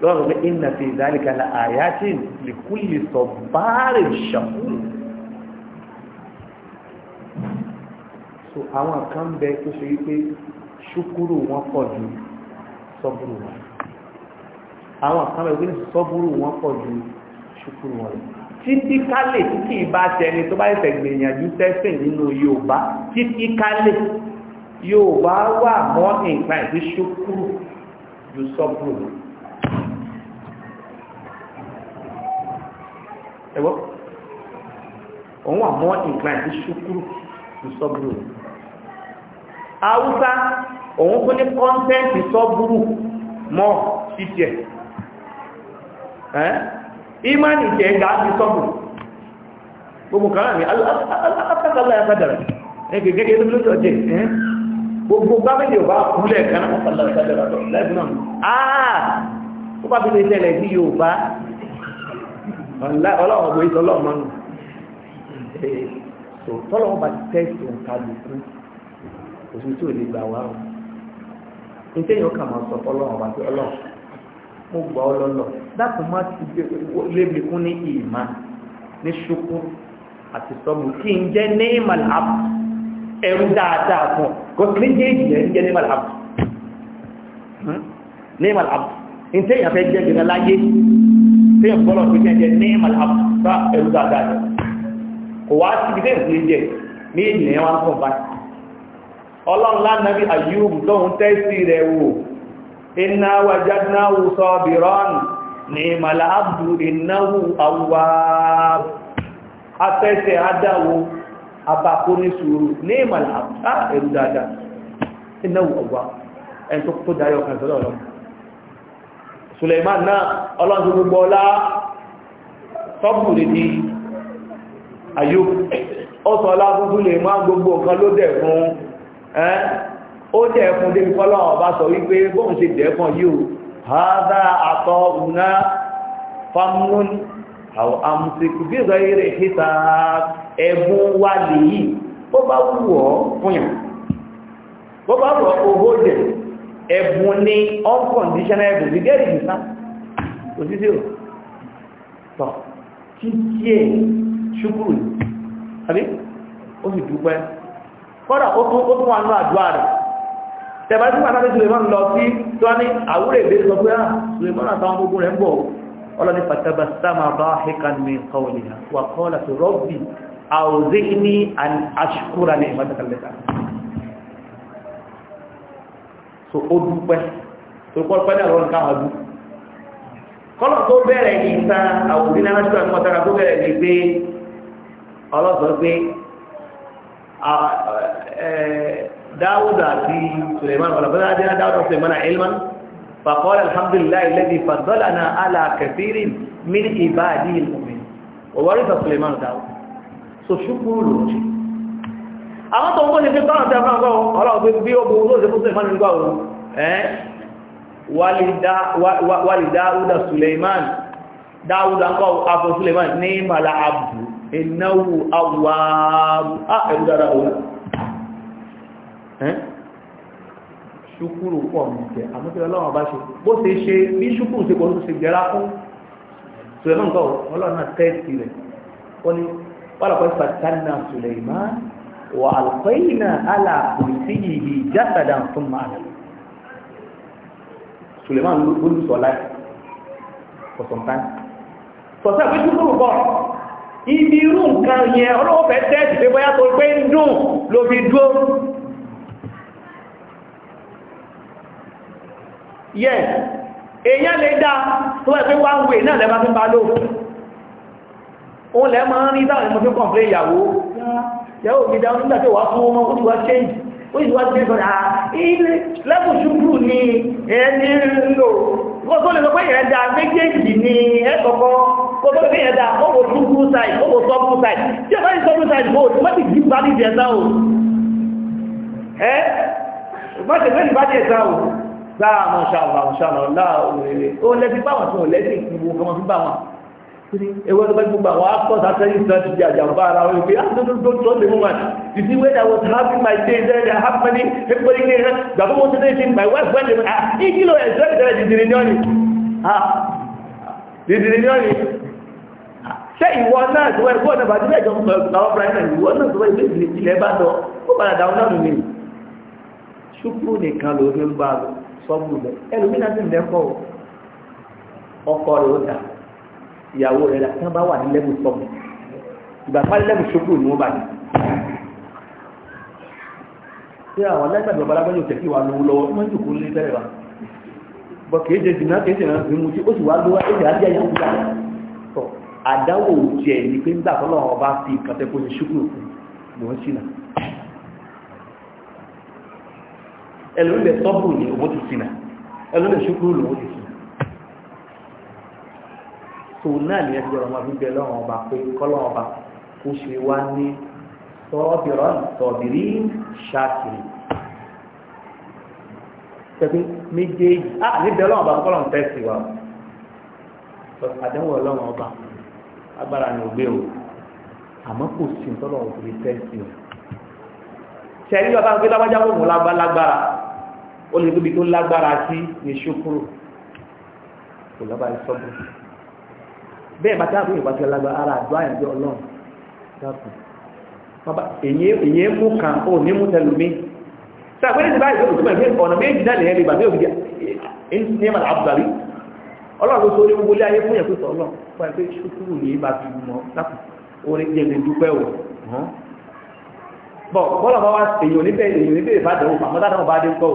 lọ́rọ̀ pé inna fi dhalika la ayatin li kulli sabarin shakur so àwọn kan bẹ tó ṣe wípé ṣúkúrù wọn pọ̀ ju sọ́búrù wọn àwọn kan bẹ wípé sọ́búrù wọn pọ̀ ju ṣúkúrù wọn lọ títí kálẹ̀ tí kìí bá tẹni tó bá ìfẹ̀ gbìyànjú tẹ́sìn nínú Yorùbá títí kálẹ̀ Yorùbá wà mọ́ nǹkan ìdí ṣókúrù ju sọ́kúrù ẹ̀wọ́ òun wà mọ́ nǹkan ìdí ṣókúrù ju sọ́kúrù Haúsá òun kún ní kọ́ńtẹ́ǹtì sọ́kúrù mọ́ títí ẹ̀ imani ke ga an sabu gbogbo kan ni alákàtàkàlá ya kádàrà ẹgbẹ̀ gẹ́gẹ́ tó lóṣọ̀ jẹ́ gbogbo gbámẹ́lì ọba kúlẹ̀ kan alákàtàkàlá ya kádàrà lọ lẹ́bùn náà àà ó bá fi lè tẹ́lẹ̀ sí yorùbá ọlọ́ọ̀gbọ̀ ìtọ́ lọ́mọ́nù tọ́lọ́wọ́ bá ti tẹ́sì òǹkàlùkù ka tí so tolo gbà ti ọ̀ mo gbà ọ lọ́lọ́ dákun má ti lébi kún ní ìmá ní ṣukú àti sọ́mù kí n jẹ́ ní màláàbù
ẹ̀rù dáadáa
fún ọ gọ́sì méjèèjì ẹ̀ ń jẹ́ ní màláàbù ní màláàbù ní tẹ́yìn afẹ́ jẹ́ gẹ̀gẹ́ láyé tẹ́yìn bọ́lọ̀ pé jẹ́ ní màláàbù bá ẹ̀rù dáadáa jẹ́ kò wá síbi tẹ́yìn fún jẹ́ méjèèjì ẹ̀ wá ń kọ̀ báyìí ọlọ́run lánàá bí àyíwò tóun inna wajadnahu sabiran ni'mal abdu innahu awwab afese adawo abako ni ni'mal abdu ah dada innahu awwab en to ko dayo kan solo na gbogbo ọlá tọ́pù di Ayub gbogbo ó dẹ̀ fún débi fọ́lọ́ ọba sọ wípé bóun ṣe dẹ̀ẹ́kùn yíò hádá àtọ́ òná fámúnún àwọn bí ìzọ eré kíta ẹ̀bùn wà O bó bá wù ọ́ fúnyàn bó bá wù ọ́ owó dẹ̀ ẹ̀bùn ní unconditional ẹ̀bùn bí ó tún wà ní tẹ̀bá tí wà lábẹ́ Suleiman lọ sí tó ní àwúrẹ̀ ìbéèrè sọ pé ah Suleiman àtàwọn gbogbo rẹ̀ ń bọ̀ ọlọ́ni pàtàbà sáma bá hẹ́kan mi kọ́wọ́ nìyà wà kọ́ láti rọ́bì àwòzíní àṣùkúra so ó dúpẹ́ tó kọ́ pẹ́ náà lọ́nà káwọn dú kọ́lọ̀ tó bẹ̀rẹ̀ ní ta àwòzíní àṣùkúra ní mọ̀tàkà tó داود في سليمان ولقد آتينا داود وسليمان علما فقال الحمد لله الذي فضلنا على كثير من عباده المؤمنين وورث سليمان داود so شكر لوجه àwọn tó ń gbọ́n ní pé tọ́nà tí a fún àgbà ọlọ́ọ̀gbé bí ó gbogbo olóòsè fún Suleiman nígbà òun ẹ́n wàlì dáúdà Suleiman dáúdà ń kọ́ àfọ́ Suleiman ní màlá àbù ìnáwó àwọ̀ àbù ẹ̀rù dára òun ṣukúrù pọ̀ ní jẹ́ àmọ́tí ọlọ́run bá ṣe bó ṣe ṣe bí ṣukúrù ṣe pọ̀ ló ṣe jẹ́ra fún sùlẹ̀mọ́ nǹkan ọlọ́run náà tẹ́ẹ̀tì rẹ̀ wọ́n ní wàlọ́pọ̀ ìfàtánà Sulaiman wà alqayna ala kursiyyihi jasadan fún màálà Sulaiman ló ń sọ láì for some time sọ̀tẹ́ àpé ṣukúrù pọ̀ ibi irú nǹkan yẹn ọlọ́wọ́ fẹ́ tẹ́ẹ̀tì pé bóyá tó pé ń dùn ló fi dúró yes èyàn lè dá tó ẹ̀fẹ́ one way náà lẹ́bàá fún bá lò oun lẹ́ máa ń rí dáwọn ẹmọ fún kọ̀m̀plé ìyàwó yàwó mi dáwọn nígbàtí wà fún ọmọ ó ti wá change ó ti wá change ọ̀dá ilé lẹ́bùn ṣubú ni ẹni lò wọ́n tó lè sọ pé ìrẹ́dà méjèèjì ni ẹ́kọ̀ọ́kọ́ kò tó lè fi ìrẹ́dà owó ṣubú side owó sọ́bù side tí ẹ side bó má ti gbí parí ìjẹta o ẹ́ má ti gbé ìbájẹ̀ láà mọ̀ṣàlá mọ̀ṣàlá láà òrèrè ó lẹ́sí báwọn tí wọ́n lẹ́sí ìgbìmọ̀ ọmọ fún báwọn ewé tó bá gbogbo àwọn akọ́sà sẹ́yìn sàn ti di àjàmbá ara wọn pé àtúntò tó lè mú wọn you see when I was happy my day there they have money everybody dey rẹ gbàgbọ́ mo ti dé sí my wife wẹ́n lè ah ìdí lọ ẹ̀sọ́ ìtẹ̀lẹ̀ dìdìrì ní ọ̀nì ah dìdìrì ní ọ̀nì ṣé ìwọ náà tó wẹ́ gbọ́dọ̀ bàtí bẹ́ẹ̀ jọ àwọn prime minister ìwọ náà tó wẹ́ ìwé ìdílé ilẹ̀ bá lọ ó padà dáwọn náà nù sọ́gbù bẹ̀ ẹlòmínà sì lẹ́kọ̀ ọkọ rẹ̀ ó dà ìyàwó rẹ̀ láti wọ́n bá wà ní lẹ́bù sọ́gbù ìgbà pálí lẹ́bù ṣókù ni wọ́n bá ní. ṣé àwọn lẹ́gbẹ̀ẹ́ babaláwo yóò tẹ̀sí wa lọ́wọ́ wa bọ́ jìnnà mú ó sì wá ẹ̀jẹ̀ á jẹ́ ìyàwó àdáwò jẹ́ ẹlòmíbẹ̀ sọ́bù ní owó ti sinà ẹlòmíbẹ̀ ṣúkúrú lówó ti sinà tó náà ní ẹgbẹ́ ọmọ bíbẹ̀ lọ́wọ́ ọba pé kọ́lọ́ ọba kó ṣe wá ní sọ́ọ̀bìrán sọ̀bìrí ṣáàkiri pẹ̀lú méjèèjì á níbẹ̀ lọ́wọ́ ọba kọ́lọ́ ń fẹ́ sí wa àdéhùn ọlọ́wọ́ ọba agbára ni ò o àmọ́ kò sí ń tọ́lọ̀ òkúri fẹ́ o ṣẹ̀rí ọba gbé lágbájá wò wọ́n lágbára ó lè tóbi tó lágbára sí ní ṣókúrò kò lábàá ìsọ́bù bẹ́ẹ̀ bá táàbù ìwà tí lágbára ara àdó àyànjẹ́ ọlọ́run dákùn èyí mú kan ó ní mú tẹlùmí sàpẹ́lẹ̀ ti báyìí tó túnmọ̀ ìfẹ́ ọ̀nà méjì náà lẹ́yìn ìgbà tí ó fi jẹ́ ní ẹ̀mà àbúgbàrí ọlọ́run tó sórí gbogbo ilé ayé fún ìyẹ̀kú sọ̀rọ̀ fún ẹgbẹ́ ṣókúrò ní ìbá fi mọ́ lápò orí jẹ́mi dúpẹ́ wọ̀ bọ́ bọ́lọ̀ bá wá èyí ò ní bẹ́ẹ̀ èyí ò ní bẹ́ẹ̀ bá dẹ̀wò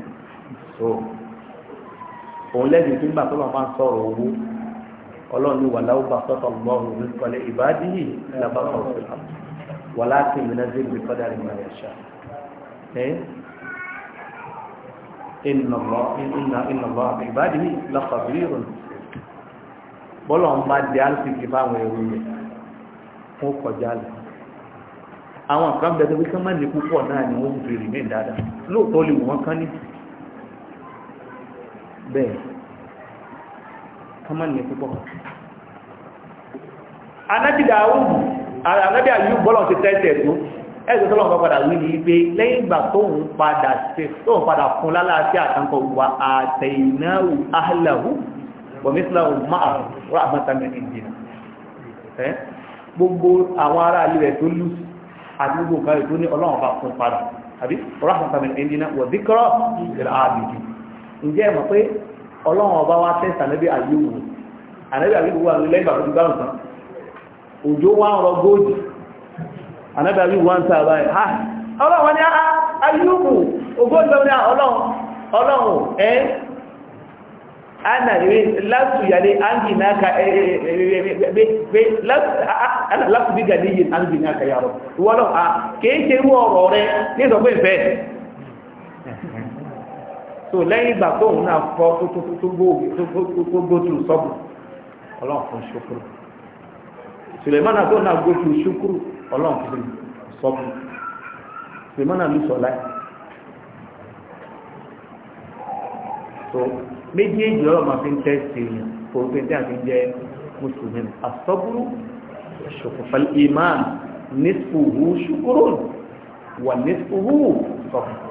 tó òun lẹ́yìn tí nígbà tó lọ́wọ́ máa ń sọ̀rọ̀ owó ọlọ́run ní wàlá ó bá sọ́tọ̀ lọ́rùn ní kọ́lé ìbádí yìí lábá sọ̀rọ̀ sí i wàlá tí ìmìnà zé lè kọ́dà ní ìmọ̀ ẹ̀ṣá. inna Allah ìbádí yìí lọ́kọ̀ọ́bí rùn bọ́lọ̀ ń bá di alùpùpù fáwọn ẹ̀rù rẹ̀ fún kọjá lọ àwọn kan bẹ̀rẹ̀ pé kí ní púpọ̀ náà ni wọ́n fi rìn bẹ́ẹ̀ kọ́mọ̀ ní púpọ̀ anábì Dáúdù anábì àyú bọ́lọ̀ ti tẹ́ẹ̀tẹ̀ tó ẹ̀sẹ̀ tó lọ́wọ́ padà wí ní pé lẹ́yìn ìgbà tóun padà ṣe tóun padà fún lálàáfíà àtàkọ̀ wà àtẹ̀yìnáwó ahlahu wa ǹjẹ́ ẹ mọ̀ pé ọlọ́run ọba wa tẹ́ sànẹ́bí àyíwò ànẹ́bí àyíwò wà lẹ́yìn bàbá tó gbárùn tán òjò wá ń rọ góòdì ànẹ́bí àyíwò wá ń sá àbáyé ha ọlọ́run ní ah, ah, àyíwò ògóòdì ah, ọlọ́run ọlọ́run ẹ́ ana lasu yale be ana bi gani yin na aka yaro a ruo ọrọ tó lẹ́yìn ìgbà tó òun náà fọ́ tó tó tó tó gbótù sọ́bù ọlọ́run fún ṣukuru Suleiman náà tó náà gbótù ṣukuru ọlọ́run fún sọ́bù Suleiman náà ló sọ láì tó méjèèjì ọlọ́run máa fi ń tẹ́sí èèyàn kò fi ń tẹ́ àti jẹ́ mùsùlùmí asọ́bùrù ṣukuru fal iman nisfuhu ṣukurun wà nisfuhu sọ́bù.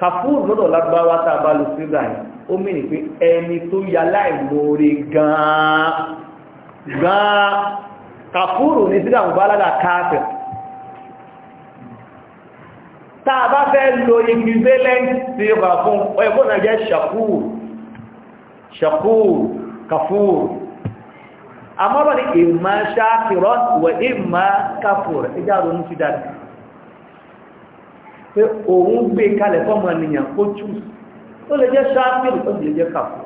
kàfúrù lọ́dọ̀ lágbáwá tá a bá lo sílá yìí ó mìíràn pé ẹni tó ya láìmoore gan-an gan-an kàfúrù ní sílá mú bá lára káàtẹ̀ tá a bá fẹ́ lo ìgbìzélẹ́ǹsì rà fún ẹ̀kọ́ náà jẹ́ ṣàkúrù kàfúrù àmọ́bọ̀ ni ìmá ṣáàkìrọ̀ wẹ̀ ìmá kàfúrù ẹjá pé òun gbé kalẹ̀ fọ́mọ ènìyàn kó jù ó lè jẹ́ ṣáàpìlì ó lè jẹ́ kàfù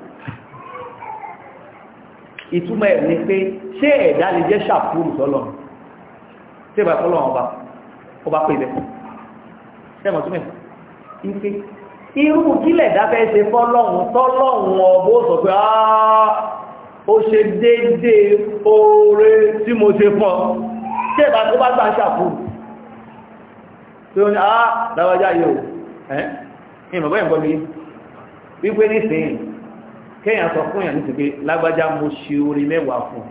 ìtumọ̀ ẹ̀ ni pé ṣé ẹ̀dá lè jẹ́ ṣàpùrù sọ́lọ́run tí ìbá fọ́lọ́run ọba ọba pè lẹ́ sẹ́mọ̀ túmẹ̀ ife irú kílẹ̀ dáfẹ́ ṣe fọ́lọ́run tọ́lọ́run ọba ó sọ pé ó ṣe déédéé oore tí mo ṣe fọ́ tí ìbá tó bá gbà ṣàpùrù pé ó ní àá ah, láwájá yóò ẹ́ ìmọ̀bọ́ ìgbọ́ mi wípé nísìnyí kéèyàn sọ fún yàn nítorí lágbájá mo ṣe orin mẹ́wàá fún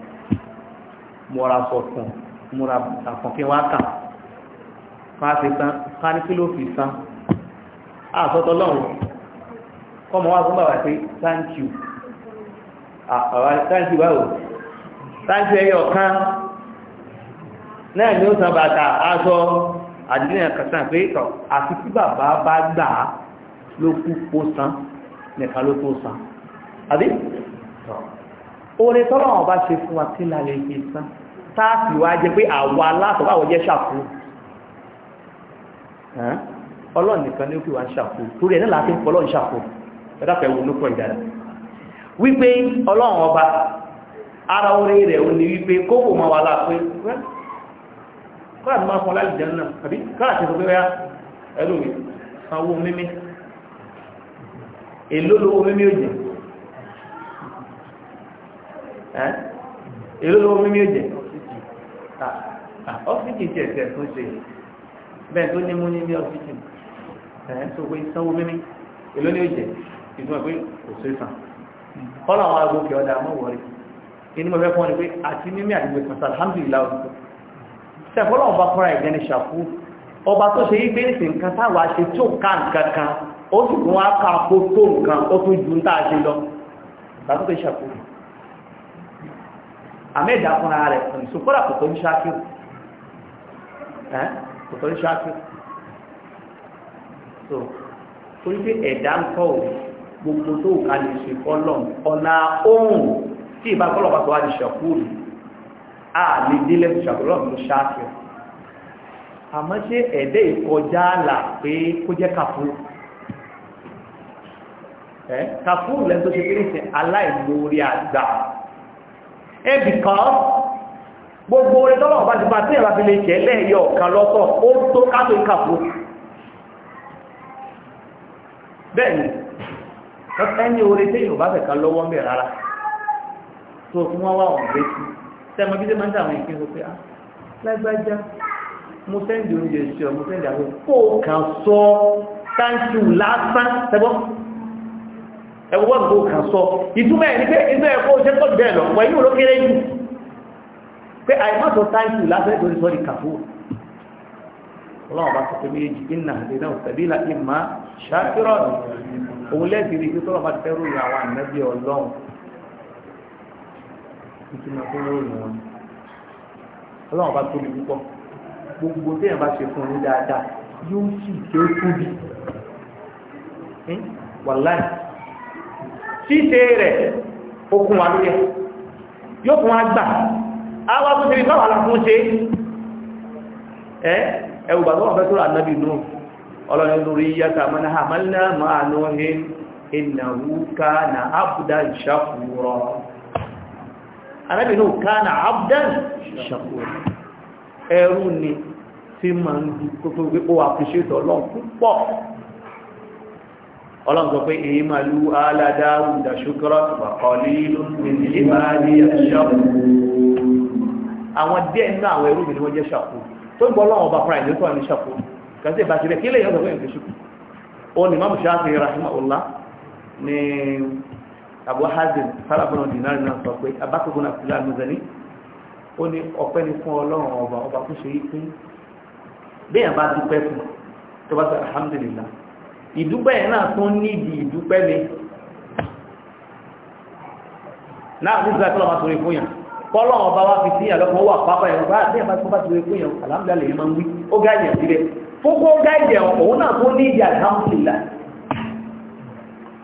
mọ́ra sọ fún mọ́ra àkànkí wá kà ká tán ká kí ló fi tán àsọtọ́ kọ́mọ wá fún bàbá pé thank you àbá thank you báwo thank you ẹyọ kan náà ni ó bàtà aṣọ àdínlẹ̀ kàtàn pé ìtọ̀ àti tí bàbá bá gbà á ló kú kó san nìkan ló tó san àbí oore tọ́lọ̀ wọn bá ṣe fún wa tí lálẹ́ ìgbé san táàfì wá jẹ pé àwa látọ̀ báwọ̀ jẹ́ ṣàkó ọlọ́run nìkan ní ó pè wá ṣàkó torí ẹ̀ kọ́lá tó máa fọ́ láì jẹun náà àbí kọ́lá tó fẹ́ ẹlò rẹ̀ sanwó mímí èlò lówó mímí òjè èlò lówó mímí òjè ọ́fíìkì tí ẹ̀sẹ̀ tó ṣe bẹ́ẹ̀ tó ní mú ní ní ọ́fíìkì ẹ̀ tó pé sanwó mímí èlò ní òjè ìtumọ̀ pé kò sí sàn kọ́lá àwọn agbókè ọ̀dà mọ́wọ́ rẹ̀ kí fẹ́ fọ́n ni pé àti mímí àti gbèsè alhamdulillah sẹ́fọ́lọ́ ọba fúnra ẹ̀gẹ́ ni ṣàkú ọba tó ṣe yígbé ní nǹkan táwà ṣe tí ó ká nǹkan kan ó sì kún wá ká kó tó nǹkan ó tún ju tá a ṣe lọ bá tó ṣe ṣàkú àmẹ́ẹ̀dá fúnra rẹ̀ ìṣòkọ́lá kò so torí pé ẹ̀dá ń kọ́ ò gbogbo tó kà lè ṣe kọ́ lọ́n ọ̀nà ohun tí ìbá kọ́lọ̀ tó wá di ṣàkúrì àlè délẹ̀ ṣàkólọ́ ló ṣáàkì àmọ́ ṣé ẹ̀dẹ́ ìkọjá àlà pé kó jẹ́ kàfú ẹ̀ kàfú lẹ́nu tó ṣe pé nìṣẹ́ aláìmoore àgbà ẹ̀ bìkan gbogbo orin tọ́lọ̀ ọba ti bá tí ìwà fi lè jẹ́ lẹ́yọ ọ̀kan lọ́tọ̀ ó tó kátó ìkàfú bẹ́ẹ̀ni ẹni orin tí yóò bá fẹ̀ kan lọ́wọ́ mẹ́ rárá tó fún wọn wá ọ̀gbẹ́sí sẹ́mọ̀ bí sẹ́mọ̀ sáwọn ìpín sọ pé á ah, lágbájá mo sẹ́ndì oúnjẹ sí ọ mo sẹ́ndì àwọn kó kàn sọ táǹkì lásán tẹ́gbọ́ ẹgbọ́ kó kàn sọ ìtumọ̀ ẹ̀ ní pé inú ẹ̀kọ́ oṣẹ́ pọ̀ jù bẹ́ẹ̀ lọ pẹ̀lú ló kéré jù pé àìmọ́sọ táǹkì lásán ìtorí sọ́ọ̀dì kàfó ọlọ́run bá sọ pé méjì iná lè náà tẹ̀bí là ìmá ṣáàkìrọ̀ òun lẹ́sìn rí títí máa fún ròyìn wọn ọlọ́run bá tóbi púpọ̀ gbogbo téèyàn bá ṣe fún un ní dáadáa
yóò sì tí ó
tóbi wàláì ṣíṣe rẹ̀ okun wa yóò fún wa gbà báwa fún ṣe ẹ ẹwù bàbá wọn fẹ́ tó rà nábì nù ọlọ́run lórí máa nù ìnáwó ká na àbúdá arábìnú kánà abdan ṣàkóò ẹrù ni tí ma ń di kókó wípó àpìṣẹ́tọ̀ ọlọ́n púpọ̀ ọlọ́n sọ pé èyí ma lú aládáwù ìdàṣúkọ́rọ̀ pàkọlí lónìí ìbáàdí ṣàkóò àwọn díẹ̀ nínú àwọn ẹrù mi ni wọ́n ní ṣàkóò Abu Hazim sábàbọ̀nà dínárì náà sọ pé abákòókòó náà fìlà nùzẹ̀lì ó ní ọpẹ́ ní fún ọlọ́run ọba ọba tó ṣe yípe bẹ́ẹ̀ bá dúpẹ́ fún tó bá sọ alhamdulillah ìdúpẹ́ yẹn náà tún nídìí ìdúpẹ́ mi náà ní ìgbà tọ́lọ́ máa torí fún yàn kọ́lọ́ ọba wa fi sí àlọ́kọ̀ wà pápá yẹn bá bẹ́ẹ̀ bá tún bá torí fún yàn alhamdulillah yẹn máa ń alhamdulillah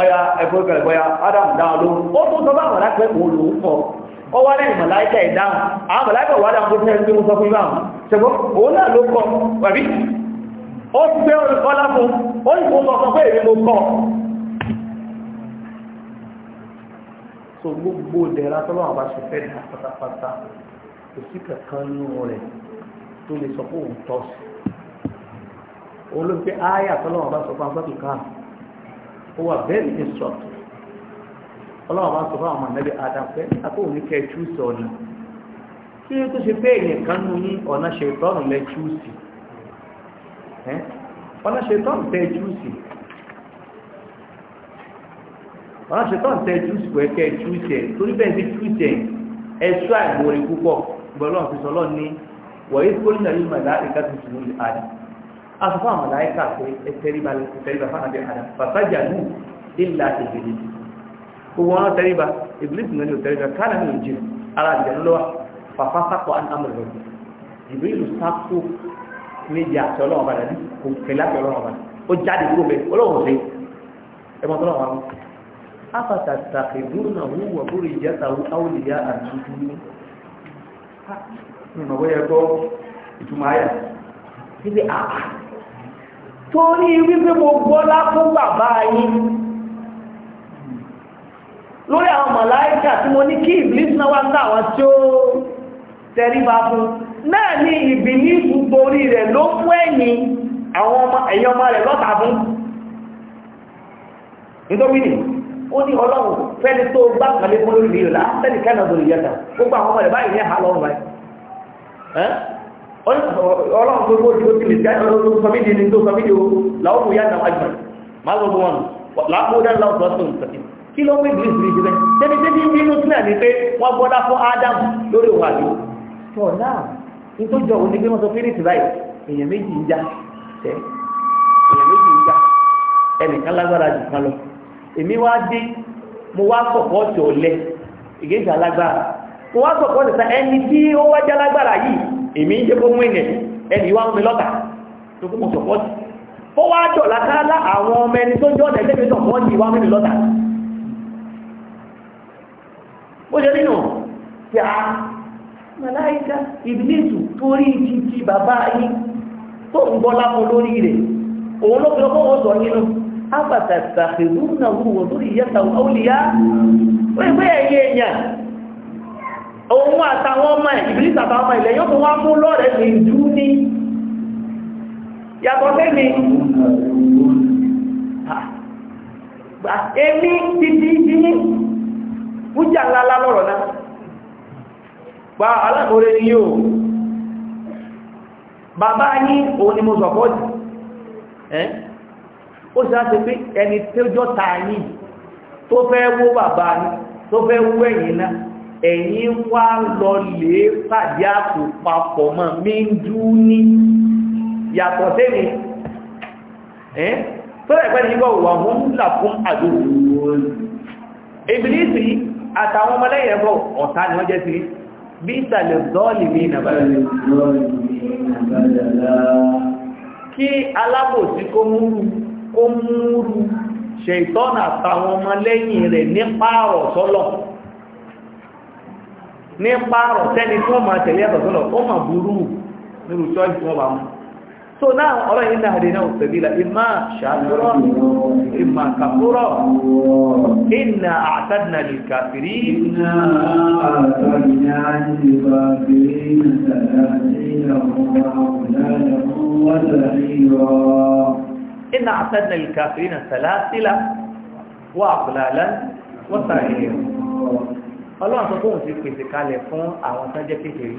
ọya ẹgbẹ́gbẹ́ ìgbọ́ya adam dáa ló ó tó sọ bá àmàlá pé òun lòun fọ́ ó wá lẹ́yìn màláìkà ìdáhùn àwọn màláìkà wà dáa fún ẹgbẹ́ mú sọ fún ìbáhùn ṣẹgbọ́n òun náà ló kọ́ pẹ̀bí ó ti pé ọlá fún ó sì fún sọ pé èmi mo kọ́ so gbogbo dẹ̀ra tọ́lọ́ àwọn aṣọ fẹ́ dà pátápátá kò sí kankan nínú rẹ̀ tó lè sọ pé òun tọ́ sí olóńgbé ááyà tọ́lọ́ àwọn aṣọ fún agbátùká ó wà very instruct. ọlọ́wọ́ bá sọ fún àwọn ànábì adam pé àkóò ní kẹ́ chúùsì ọ̀nà kí ló tó ṣe pé èèyàn kan nù yín ọ̀nà ṣètọ́nù lẹ chúùsì ọ̀nà ṣètọ́nù tẹ chúùsì ọ̀nà ṣètọ́nù tẹ chúùsì pé kẹ́ chúùsì ẹ̀ torí bẹ́ẹ̀ sí chúùsì ẹ̀ ẹ̀ṣọ́ àìmọ̀rin púpọ̀ gbọ́dọ̀ fi sọ lọ́ wọ̀nyí kó nínú ẹ̀yìn màdá ìkàtúntì ní àdìs asọ́fà màláíkà pé ẹtẹ́ríba fánàbí àdá fàtàjà nù ìlà ìgbèlè gbogbo wọn tẹ́ríba ìbílẹ̀ ìgbìmọ̀ ní òtẹ́ríba kánà ní òjì ara ìjẹun lọ́wọ́ fàfá sápọ̀ àmọ̀lẹ̀ ìbílẹ̀ sápọ̀ méjì àti ọlọ́wọ́ padà ní kò kẹlẹ́ àti ọlọ́wọ́ padà ó jáde kúrò bẹ́ẹ̀ ọlọ́wọ́ ṣe ẹmọ tó lọ́wọ́ afata tàkìdúnà wúwọ̀ búrú ìjẹta áwòlìyà àtúntú ní ìmọ̀wọ́ yẹ gbọ́ ìtumọ̀ ayà níbi àà torí wípé mo gbọ́lá fún bàbá yín lórí àwọn màláíkà tí mo ní kí ìbílísì náà wá ń tí ó tẹríba fún náà ní ìbílísì borí rẹ̀ ló mú ẹ̀yìn àwọn ẹ̀yìn ọmọ rẹ̀ lọ́ta fún nítorí ni ó ní ọlọ́run fẹ́ni tó gbá kàlẹ́ lórí ìlú látẹ́nìkẹ́ náà lórí yẹta gbogbo àwọn ọmọ rẹ̀ ọlọ́run tó gbóòdì ó ti lè jáde ọlọ́run tó sọmídìí ni tó sọmídìí o láwọn òyà náà àjùmọ̀ máa lọ bọ́ wọn láàpọ̀ dá láwọn tó sọ̀tún sọ̀tún kí ló ń gbé ìlú ìlú rẹ̀ tẹ́bi tẹ́bi ń bínú sílẹ̀ ni pé wọ́n Adam lórí òun àjò tọ́ náà ní tó jọ òní pé wọ́n sọ fírìtì báyìí èèyàn méjì ń já tẹ́ èèyàn méjì ń já ẹnìkan lágbára jù kan lọ èmi wá dé mo wá sọ̀pọ̀ọ̀tì èmi ń jẹ́ kó mú ènìyàn ẹni wá ń mi lọ́ta tó kó mọ̀ sọ̀pọ́tì ó wá jọ látàlá àwọn ọmọ ẹni tó jọ́ tẹ̀lé sọ̀pọ́tì wá mímì lọ́ta ó jẹ́ nínú tí a màláìka ìbílísù torí títí bàbá yìí tó ń gbọ́ lápò lórí rẹ̀ òun ló fi ọkọ̀ sọ nínú àbàtà ìsàkèrú náà wúwo lórí ìyẹ́ta òlìyá ó ìgbé ẹ̀yẹ èèyàn òun àtàwọn ọmọ ẹ̀ ìbílísì àtàwọn ọmọ ilẹ̀ yóò fún wá mú lọ́rẹ̀ ní ìdú ní yàtọ̀ tẹ́mi èmi títí tí ní wújà ńlá lọ́rọ̀ náà gba alákòrẹ́ ni yóò bàbá yí òun ni mo sọ̀pọ̀tì ẹ́ ó sì láti pé ẹni tí ó jọ́ta yìí tó fẹ́ wó bàbá ní tó fẹ́ wó ẹ̀yìn náà ẹ̀yin wá lọ lè pàdé àpò papọ̀ mọ́
mi ń dú ní
yàtọ̀ sẹ́mi ẹ́ tó rẹ̀ pẹ́ni gbọ́ wà mú nílà fún àdúgbò ìbìlísì àtàwọn ọmọlẹ́yìn ẹ̀bọ̀ ọ̀tá ni wọ́n jẹ́ sí bí ìsàlẹ̀ zọ́ọ̀lì ní kí alábòsí kó
múrú
ṣe ìtọ́nà àtàwọn ọmọlẹ́yìn rẹ̀ nípa ọ̀sọ́lọ̀ ní ọ̀rọ̀ tẹ́ni tó wọ́n máa tẹ̀lé ẹ̀tọ̀ sọ́lọ̀ ó máa burú nínú ṣọ́ọ̀ṣì tí wọ́n bá mú so náà ọ̀rọ̀ yìí náà dènà òsèlélà ìmá ṣàdúrọ̀ ìmá kàfúrọ̀ iná àtàdínà lè kàfìrí iná àtàdínà lè
kàfìrí
na sàlásílà wà àkùlálá wọ́n sàrẹ̀ ọlọ́run tó kóhùn ti pèsè kalẹ̀ fún àwọn tó ń jẹ́ kékeré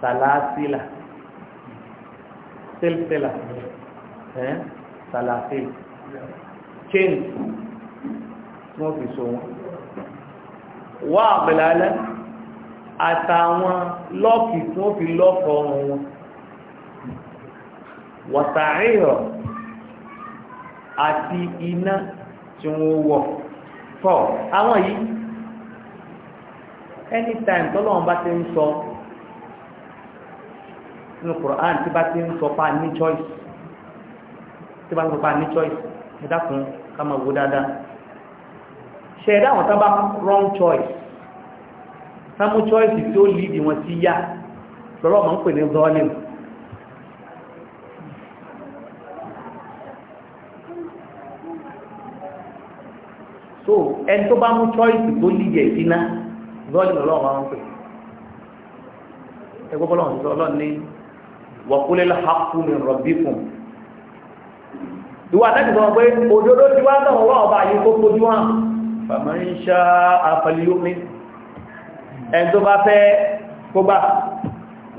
sàlásílà sílsílà sàlásílà chain tí wọ́n fi so wọn wá àpẹlẹ́lẹ́ àtàwọn lọ́ọ̀kì tí wọ́n fi lọ́ọ̀kọ̀ ọrùn wọn wọ̀tàríhọ̀ àti iná tí wọ́n wọ̀ fọ́ àwọn yìí anytime tọ́lọ́wọ́n bá ti ń sọ nínú Qur'an tí bá ti ń sọ pa ní choice tí bá ń sọ pa ní choice ẹ dákun ká máa wo dáadáa ṣe ẹ̀dá àwọn tán bá wrong choice sámú choice tí ó lead wọn sí yá lọ́rọ̀ máa ń pè ní zọ́ọ̀lìm so ẹni tó bá mú choice tó lead ẹ̀ sí náà zọ́ọ̀lì lọ́wọ́ máa ń pè é gbogbo lọ́wọ́ sọ ọlọ́run ní wọ́kúlẹ̀ lọ́hàkú ní rọ̀bí fún ìwà àtẹ́kùn sọ pé òdodo ti wá náà wọ́n ọba yìí kó kojú wọn bàmá ń ṣá àfẹlẹ́yọ́mí ẹni tó bá fẹ́ kó gbà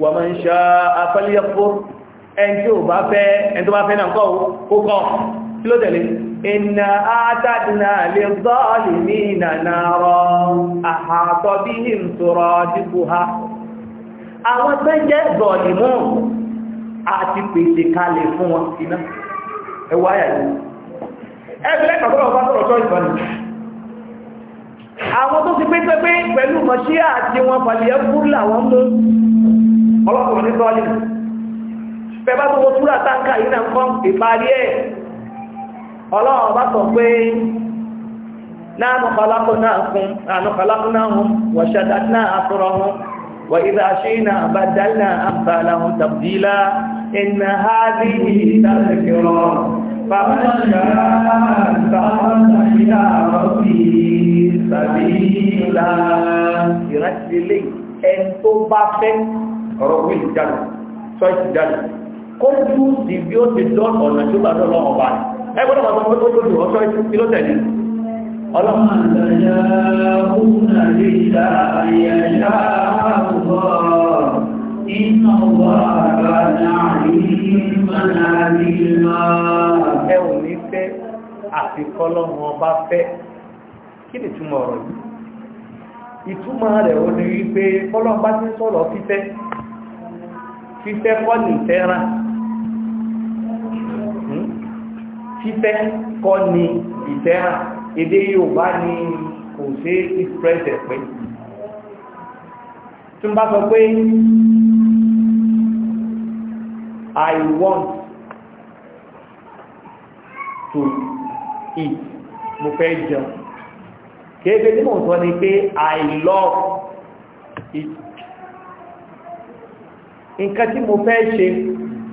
wọ́n máa ń ṣá àfẹlẹ́yọ́pọ̀ ẹni tó bá fẹ́ náà kọ́ kó kí ló tẹ̀lé إنا أعتدنا للظالمين نارا أحاط بهم سرادقها àwọn tó jẹ́ zọ̀lìmọ́ àti pèsè kalẹ̀ fún wọn iná ẹwà ayàyà ẹgbẹ̀lẹ́ kàkọ́lọ̀ bá sọ̀rọ̀ tọ́ ìfàní àwọn tó ti pé pẹ́pẹ́ pẹ̀lú mọ̀ṣí àti wọn pàlẹ̀ fúrúlà wọn mú ọlọ́pùrù ọlọ́run bá sọ pé náà kọlákúnáhùn wọ̀ṣẹ̀dátná àtúrọ̀hún wà ìdá ṣíná àbájálá àbáláhùn tàbílá iná ha bí ìdáṣẹ̀kẹ̀rọ̀ ìrántí ẹni tó bá fẹ́ ọ̀rọ̀ wí ìjálù choice ìjálù kó tú sí bí ó ti dọ́ọ̀nà tó bá dọ́ọ̀lọ́wọ́ báyìí ẹgbọ́n ọmọ tó tó tó ọ̀ṣọ́ ìlú tẹ̀lé ọlọ́run àtàyà òun àríṣà àyẹ̀ṣà àwọ̀
iná wà àgbàdà ìmọ̀nà àríṣà ẹ ò ní
fẹ́ àfikọ́lọ́run ọba fẹ́ kí ni túmọ̀ ọ̀rọ̀ yìí ìtumọ̀ rẹ̀ ó ní wípé kọ́lọ́ bá ti sọ̀rọ̀ fífẹ́ fífẹ́ kọ́ nìfẹ́ràn fífẹ́ kọ́ ni ìfẹ́ràn èdè Yorùbá ni kò ṣe express ẹ̀ pé tí n bá sọ pé I want to eat mo fẹ́ jẹun kéèké tí mo sọ ni pé I love it nǹkan tí mo fẹ́ ṣe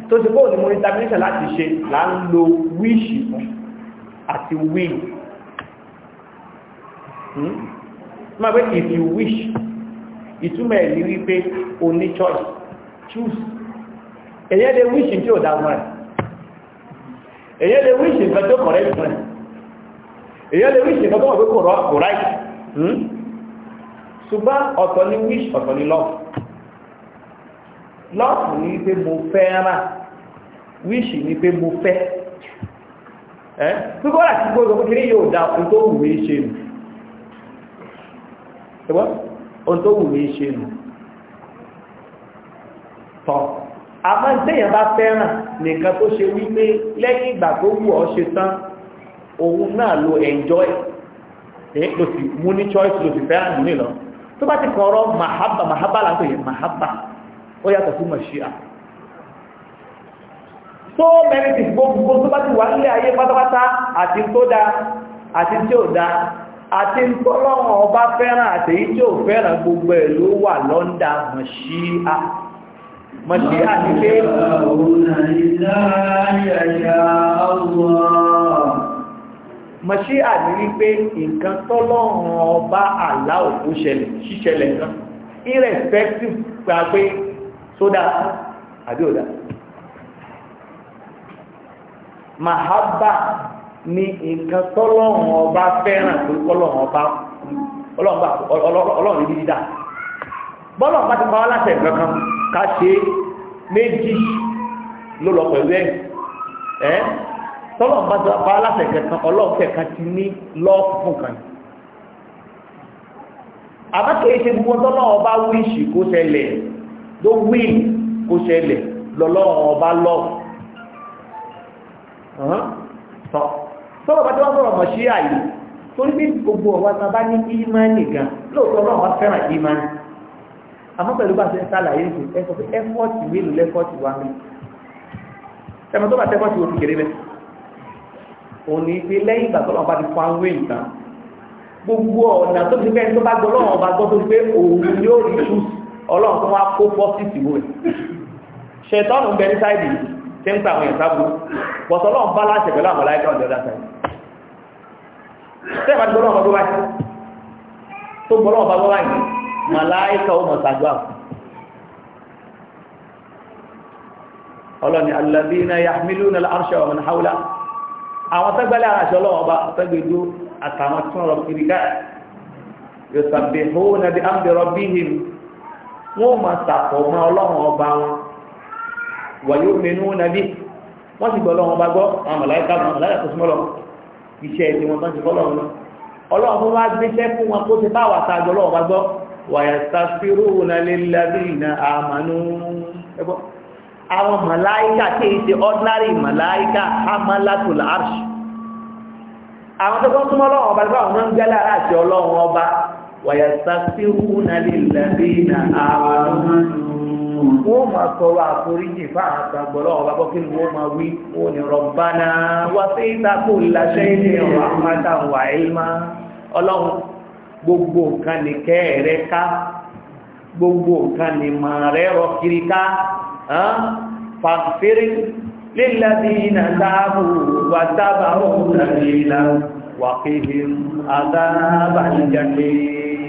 tó ti bóò ní mo determination láti ṣe là ń lo wish fún àti will ma hmm? pé if you wish ìtumọ̀ ẹ̀ ní wípé o ní choice choose èyẹ́ lè wish tí ò dágbọ́n rẹ̀ èyẹ́ lè wish nǹkan tó correct fún rẹ̀ èyẹ́ lè wish nǹkan tó wà pé kò right hmm? ṣùgbọ́n ọ̀tọ̀ ni wish ọ̀tọ̀ ni love lọ́ọ̀fù ní pé mo wíṣì ní pé mo fẹ́ ẹ́ tí kọ́ láti gbogbo kékeré yóò dá ohun tó wù ṣe nù ohun tó wù nù tọ́ àmọ́ ìtẹ́yàn bá fẹ́ràn nìkan tó ṣe wípé lẹ́yìn ìgbà tó wù ọ́ ṣe tán òun náà lo enjoy ní choice ó yàtọ̀ sí mọ̀ṣíà so many things gbogbo tó bá ti wà nílé ayé pátápátá àti tó da àti tí ò da àti tọ́lọ́wọ́n ọba fẹ́ràn àtèyí tí ò fẹ́ràn gbogbo ẹ̀ ló wà lọ́ndà mọ̀ṣíà mọ̀tí àti pé mọ̀ṣí àti wípé nǹkan tọ́lọ́run ọba àlá òkú ṣẹlẹ̀ ṣíṣẹlẹ̀ náà irrespective pàpé sódà àbí òdà mahaba ni nǹkan tọ́lọ́run ọba fẹ́ràn pé kọ́lọ́run ọba ọlọ́run ní dídá bọ́lọ̀ bá ti pàwọ́ láti ẹ̀gbọ́n kan ká ṣe méjì ló lọ pẹ̀lú ẹ̀ ẹ́ tọ́lọ̀ bá ti pàwọ́ láti ẹ̀gbọ́n kan ọlọ́ọ̀fẹ́ kan ti ní lọ́ọ̀fún kan àbákẹ́ ìṣe gbogbo tọ́lọ́run ọba wíṣì kó ṣẹlẹ̀ ló wí kó ṣẹlẹ̀ lọ́lọ́run ọba lọ sọ́rọ̀ bá tí wọ́n sọ̀rọ̀ mọ̀ sí àyè torí bí gbogbo ọ̀wá ta bá ní ìmánì gan lóòótọ́ náà wá fẹ́ràn ìmánì àmọ́ pẹ̀lú bá ṣe ń sálàyé ní ẹ̀fọ́ pé ẹ́fọ́ọ̀tì mélòó lẹ́fọ́ọ̀tì wá mi ẹ̀mọ́ tó bá tẹ́fọ́ọ̀tì wo ti kéré mẹ́ òun ní pé lẹ́yìn ìgbà tọ́lọ́ bá ti fọ́ àwọn èèyàn gbogbo ọ̀nà tó ti fẹ́ tó bá gbọ́ lọ́wọ́ bá gbọ́ tó pé òun ni ó rí ṣùs ọlọ́run tó wá kó pọ́sìtì wò ṣètọ́nù ń bẹ ní sáìdì tí ń pàwọn èèyàn sábú bọ̀tọ̀ ọlọ́run bá láṣẹ pẹ̀lú àwọn aláìkà ọ̀dọ̀ ọ̀dọ̀ sáìdì tẹ́ẹ̀bà tí ọlọ́run ọdún wáyé tó gbọ́ bá wọ́n wáyé màláìkà ó mọ̀ sàdúrà ọlọ́ni alladhina yahmiluna al-arsha wa wọn ò máa sàpọ̀ mọ́ ọlọ́run ọba wọn wàyó mẹ́nu nàbí wọ́n sì gbọ́ ọlọ́run ọba gbọ́ àwọn ma àwọn màláíkà tó súnmọ́ lọ iṣẹ́ ẹ̀sìn wọn tán ti fọ́lọ́ wọn ọlọ́run fún wọn kó ti bá ọlọ́run ọba gbọ́ wàyà sàfírù nàlélàbìnà àmànú ẹgbọ́ àwọn í ṣe ordinary arsh àwọn tó kọ́ súnmọ́ ọlọ́run ọba gbọ́ wàyàtàkìrúnà lílàbí na
àmàlú
wọ́n máa sọ̀rọ̀ àforíjì fáwọn àtàgbọ̀rọ̀ ọba bọ́kí ni wọ́n máa wí wọ́n ní rọ̀bánà wá sí ìtàkù làṣẹ ilé ọ̀rọ̀ àpáta wà ilmá ọlọ́run gbogbo nǹkan ní kẹ́ẹ̀rẹ́ ká gbogbo nǹkan ní màá rẹ́ rọ kiri ká fàfírí lílàbí na táàbù wà tábà ọ̀hún nàìjíríà wà kéhìm àdáàbà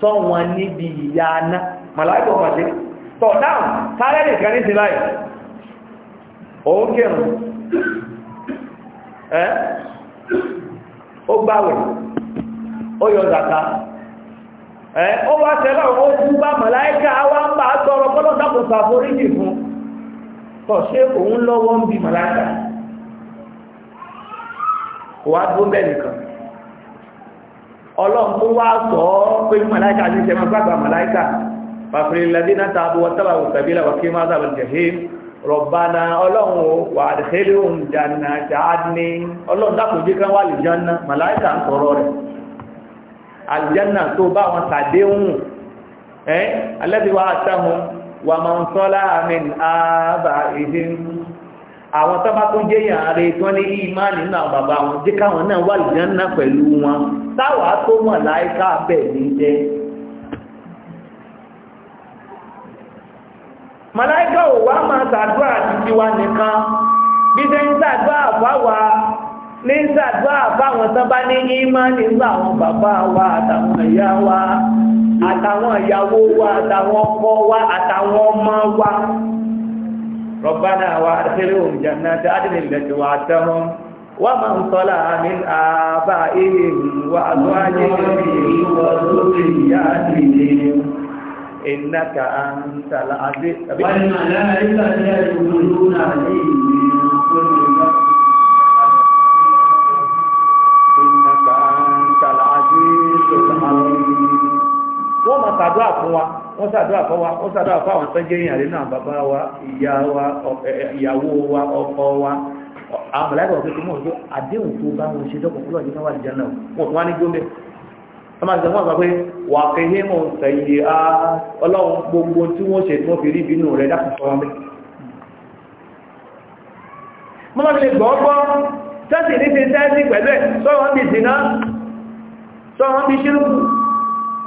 sọ níbi ìyá aná màláìkọ̀ pàṣẹ tọ̀ náà sáré nìkan ní ti láì ẹ́ ó gbáwẹ̀ ó yọ ẹ́ ó wá tẹ́lá ó kú bá màláìkà wá ń bá tọrọ kọ́lọ̀ foríjì ọlọ́run tó wá sọ pé màláìkà ní ṣe máa gbàgbà màláìkà fàfèrè lẹ́dínà tààbù wọ́tàbà òsàbílà wà kí máa sábà jẹ̀hé rọ̀bánà ọlọ́run wà àdìsẹ́lẹ̀ òun jàǹnà jàádìní ọlọ́run dákòjé kan wà lìjánná màláìkà ń àwọn sábà tó jẹ́ yàn rẹ̀ tí wọ́n ní ìmáàlì nínú àwọn bàbá wọn jẹ́ káwọn náà wà lìjẹ́ ńlá pẹ̀lú wọn táwà tó mọ̀ láìka bẹ́ẹ̀ ní jẹ́ màláìka ò wá máa ṣàdúrà títí wa nìkan bí ṣe ń ṣàdúrà fáwa ní ṣàdúrà fáwọn sábà ní ìmáàlì nínú àwọn bàbá wa àtàwọn ìyá wa àtàwọn ìyàwó wa àtàwọn ọkọ wa àtàwọn ọmọ wa. ربنا وادخلهم جنات عدن التي وعدتهم ومن طلع من آبائهم وأزواجهم وذرياتهم إنك أنت العزيز والملائكة يدخلون عليهم إنك أنت العزيز الحكيم وما تدعى wọ́n sàdúrà fọ́wá wọ́n sàdúrà fáwọn tán jẹ́ ìyàrí náà bàbá wa ìyàwó wa ọkọ wa àwọn mọ̀láìkọ̀ ọ̀fẹ́ tó mọ̀ sí àdéhùn tó bá wọn ṣe dọ́kọ̀ fúlọ̀ ní káwà ìjẹ́ náà wọ́n tó wá ní gómẹ̀ ọmọ àti àwọn àgbàgbé wà pé hémọ̀ sẹ̀yẹ ọlọ́run gbogbo tí wọ́n ṣe tí wọ́n fi rí ìbínú rẹ̀ dákùn sọ́wọ́n mi mọ́nà lè gbọ́ gbọ́ tẹ́sì ní ti tẹ́sì pẹ̀lú ẹ̀ sọ́wọ́n ti dìná sọ́wọ́n ti ṣírùkù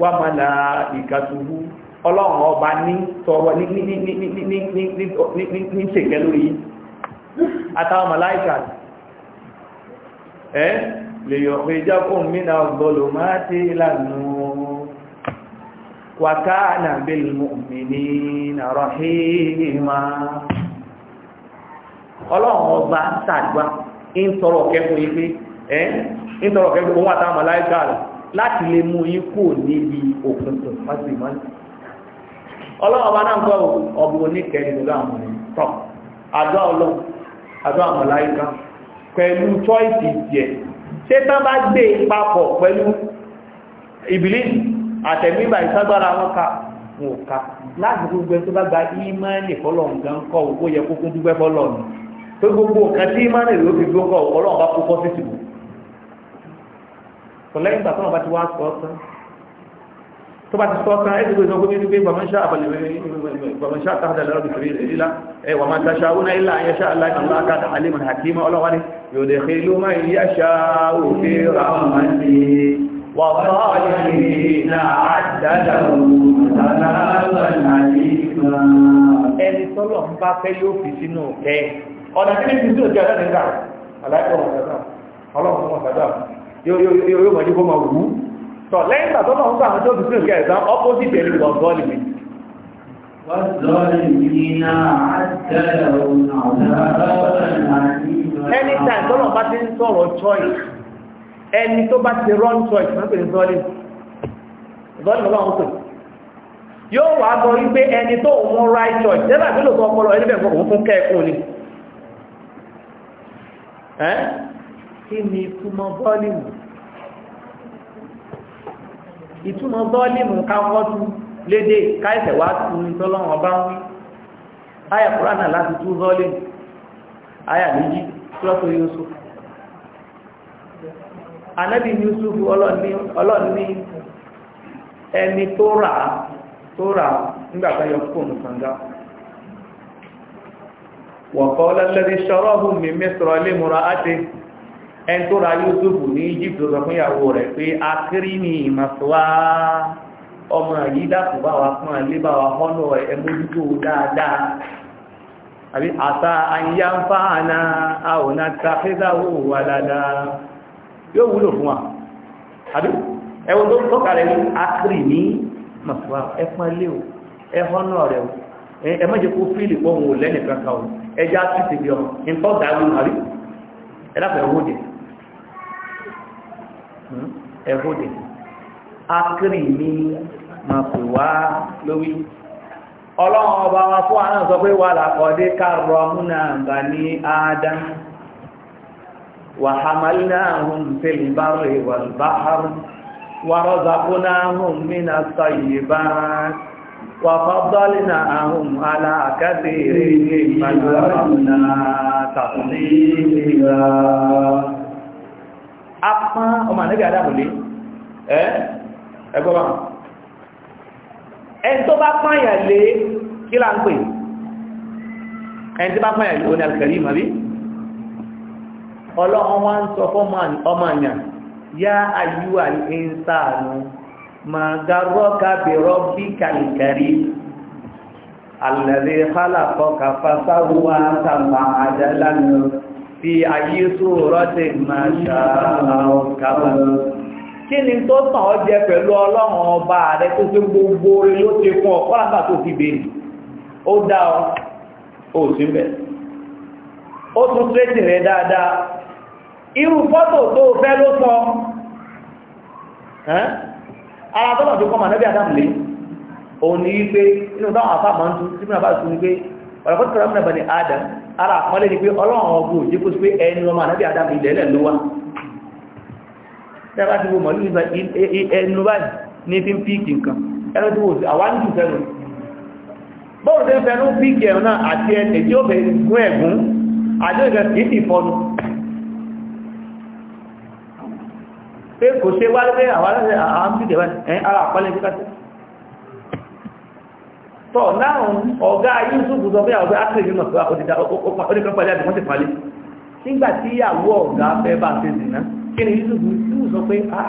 wa mọ́lá na ọlọ́run ọba ní tọrọ ní ṣèkẹ́ lórí yìí àtàwọn màláìkà ẹ́ lè yọ̀ pé jákùn mínà ọgbọ̀lọ̀ máa tí ìlànà wàkánà bílmùmìnì nàrọ̀ hìíma ọlọ́run ọba láti lè mú yín kò níbi òkùnkùn fásitì mọ́lẹ̀ ọlọ́wọ́ bá náà gbọ́ ọ̀bùn oníkẹrin pẹ̀lú àwọn tọ́ ọlọ́ àwọn pẹ̀lú choice ìjẹ́ ṣé tán bá gbé e papọ̀ pẹ̀lú ìbílí àtẹ̀mígbà ìságbára wọn ka gbogbo tó bá gba gan kọ́ sọ lẹ́yìn ìgbà tọ́nà bá ti wá sọ ọ́ tán tó bá ti sọ ọ́ tán ẹ̀sìn gbèsè ọgbẹ́ ní pé gbàmọ́ṣá àbàlẹ̀ gbàmọ́ṣá وَالظَّالِمِينَ عَدَّ لَهُمْ عَذَابًا أَلِيمًا ẹni tọ́lọ̀ ń bá fẹ́ yóò fi sínú kẹ́ ọ̀nà tí ní fi sí òjò ẹ̀rẹ́ nígbà aláìkọ̀ọ̀mọ̀ sàdá ọlọ́run mọ̀ yóò mọ̀ ní kó máa wù ú tọ̀ lẹ́yìn ìgbà tó náà ń gbà àwọn tó fi sí ìkẹrẹ̀ tán opposite pẹ̀lú wọn gọ́ọ̀lì mi anytime tó náà bá ti ń choice ẹni tó bá ti wrong choice máa pè ní sọ́ọ̀lì sọ́ọ̀lì bàbá wọn pè yóò wá gọ wípé ẹni tó mú right choice tẹ́lá tó lò tó ọpọlọ ẹni bẹ̀rẹ̀ fún kẹ́ẹ̀kún ni kí ni ìtumọ̀ bọ́ọ̀lìmù ìtumọ̀ bọ́ọ̀lìmù káwọ́ tún lédè káìsẹ̀ wá tún tọ́lọ́wọ́ bá ń wí ayà kúránà tu tún bọ́ọ̀lìmù ayà méjì tọ́tọ̀ Yusuf anábì Yusuf ọlọ́ni ẹni tó rà tó rà nígbàtá yọ fóònù kànga wọ̀kọ́ lẹ́lẹ́rí ṣọ́rọ́hùn mi mẹ́sọ̀rọ̀ E tó ra ní Egypt ló sọ fún ìyàwó rẹ̀ pé akírí ní ìmọ̀síwá ọmọ yìí dàpọ̀ bá wa fún alẹ́ bá wa họ́nà ẹ̀ dáadáa àbí àta àyíyáǹfà àna wà dáadáa yóò wúlò fún wa àbí tó tọ́ka ní ní o o Hmm? ẹ̀hódè akiri ní ma pè wá lórí ọlọ́run ọba wa fún àná sọ pé wà lákọ̀ọ́dé kárọ̀ múnà bà ní adam wà hàmàlínà ahùn fèlì bárè wà báhárù wà rọ́zàkúnà ahùn mínà sọ̀yì bá wà ahùn apán ọmọ ànẹ́bí Ádámù lé ẹgbọ́n ẹni tó bá pààyàn lé kí là ń pè ẹni tí bá pààyàn lé oní alkarim àbí ọlọ́run wá ń sọ fọ́mọ àyàn yá ayú àìsàánú ma gárọ́ka bẹ̀rọ bí kàlìkàrí alẹ́rẹ́ kálàkọ́ kàfà àtàmà àjálànà fi ayé tó rọ́tẹ̀ máa ṣàrọ̀ kàbà. Kí ni tó tàn ọ jẹ pẹ̀lú ọlọ́run ọba rẹ tó tó gbogbo orí ló ti fún ọ kọ́lápà tó fi bèèrè. Ó dá ọ, ó sí mẹ́. Ó tún trétì rẹ dáadáa. Irú fọ́tò tó fẹ́ ló sọ. Ara tọ́lọ̀ tó kọ́ mànẹ́bí Adam lé. Òun ni wípé inú táwọn àfáà máa ń tún, tí mìíràn bá tún wípé, Adam. ara àpọ́lẹ́ ni pé ọlọ́run ọgbọ̀ òjé sí adam ilẹ̀ẹ́lẹ̀ ló wá ti wo mọ̀lú ẹnu báyìí ní fi ń píìkì nǹkan ẹnu tí wo sí àwọn fẹ́nu bọ́ọ̀lù tẹ́ fẹ́nu píìkì ẹ̀rùn náà àti ẹni tí ó fẹ́ gún ẹ̀gún àjọ ìgbà kìí tọ̀ láhùn ọ̀gá Yusuf sọ pé àwọn akẹ́rẹ́ ìrìnà pé oníkan pàdé àti wọ́n ti palẹ̀ nígbà tí ìyàwó ọ̀gá fẹ́ bá ṣe dìná kí ni Yusuf Yusuf sọ pé ah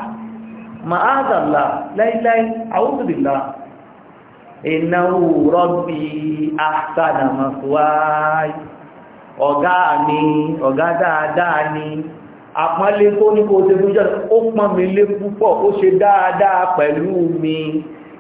ma'azàlá láíláí àwọ́sùdìlá ìnáwó rọ́bì àtàdàmàṣúwáì ọ̀gá mi ọ̀gá dáadáa ni àpọ́nlé tó ní kó ṣe fún jẹ́ ó pọ́n mi lé púpọ̀ ó ṣe dáadáa pẹ̀lú mi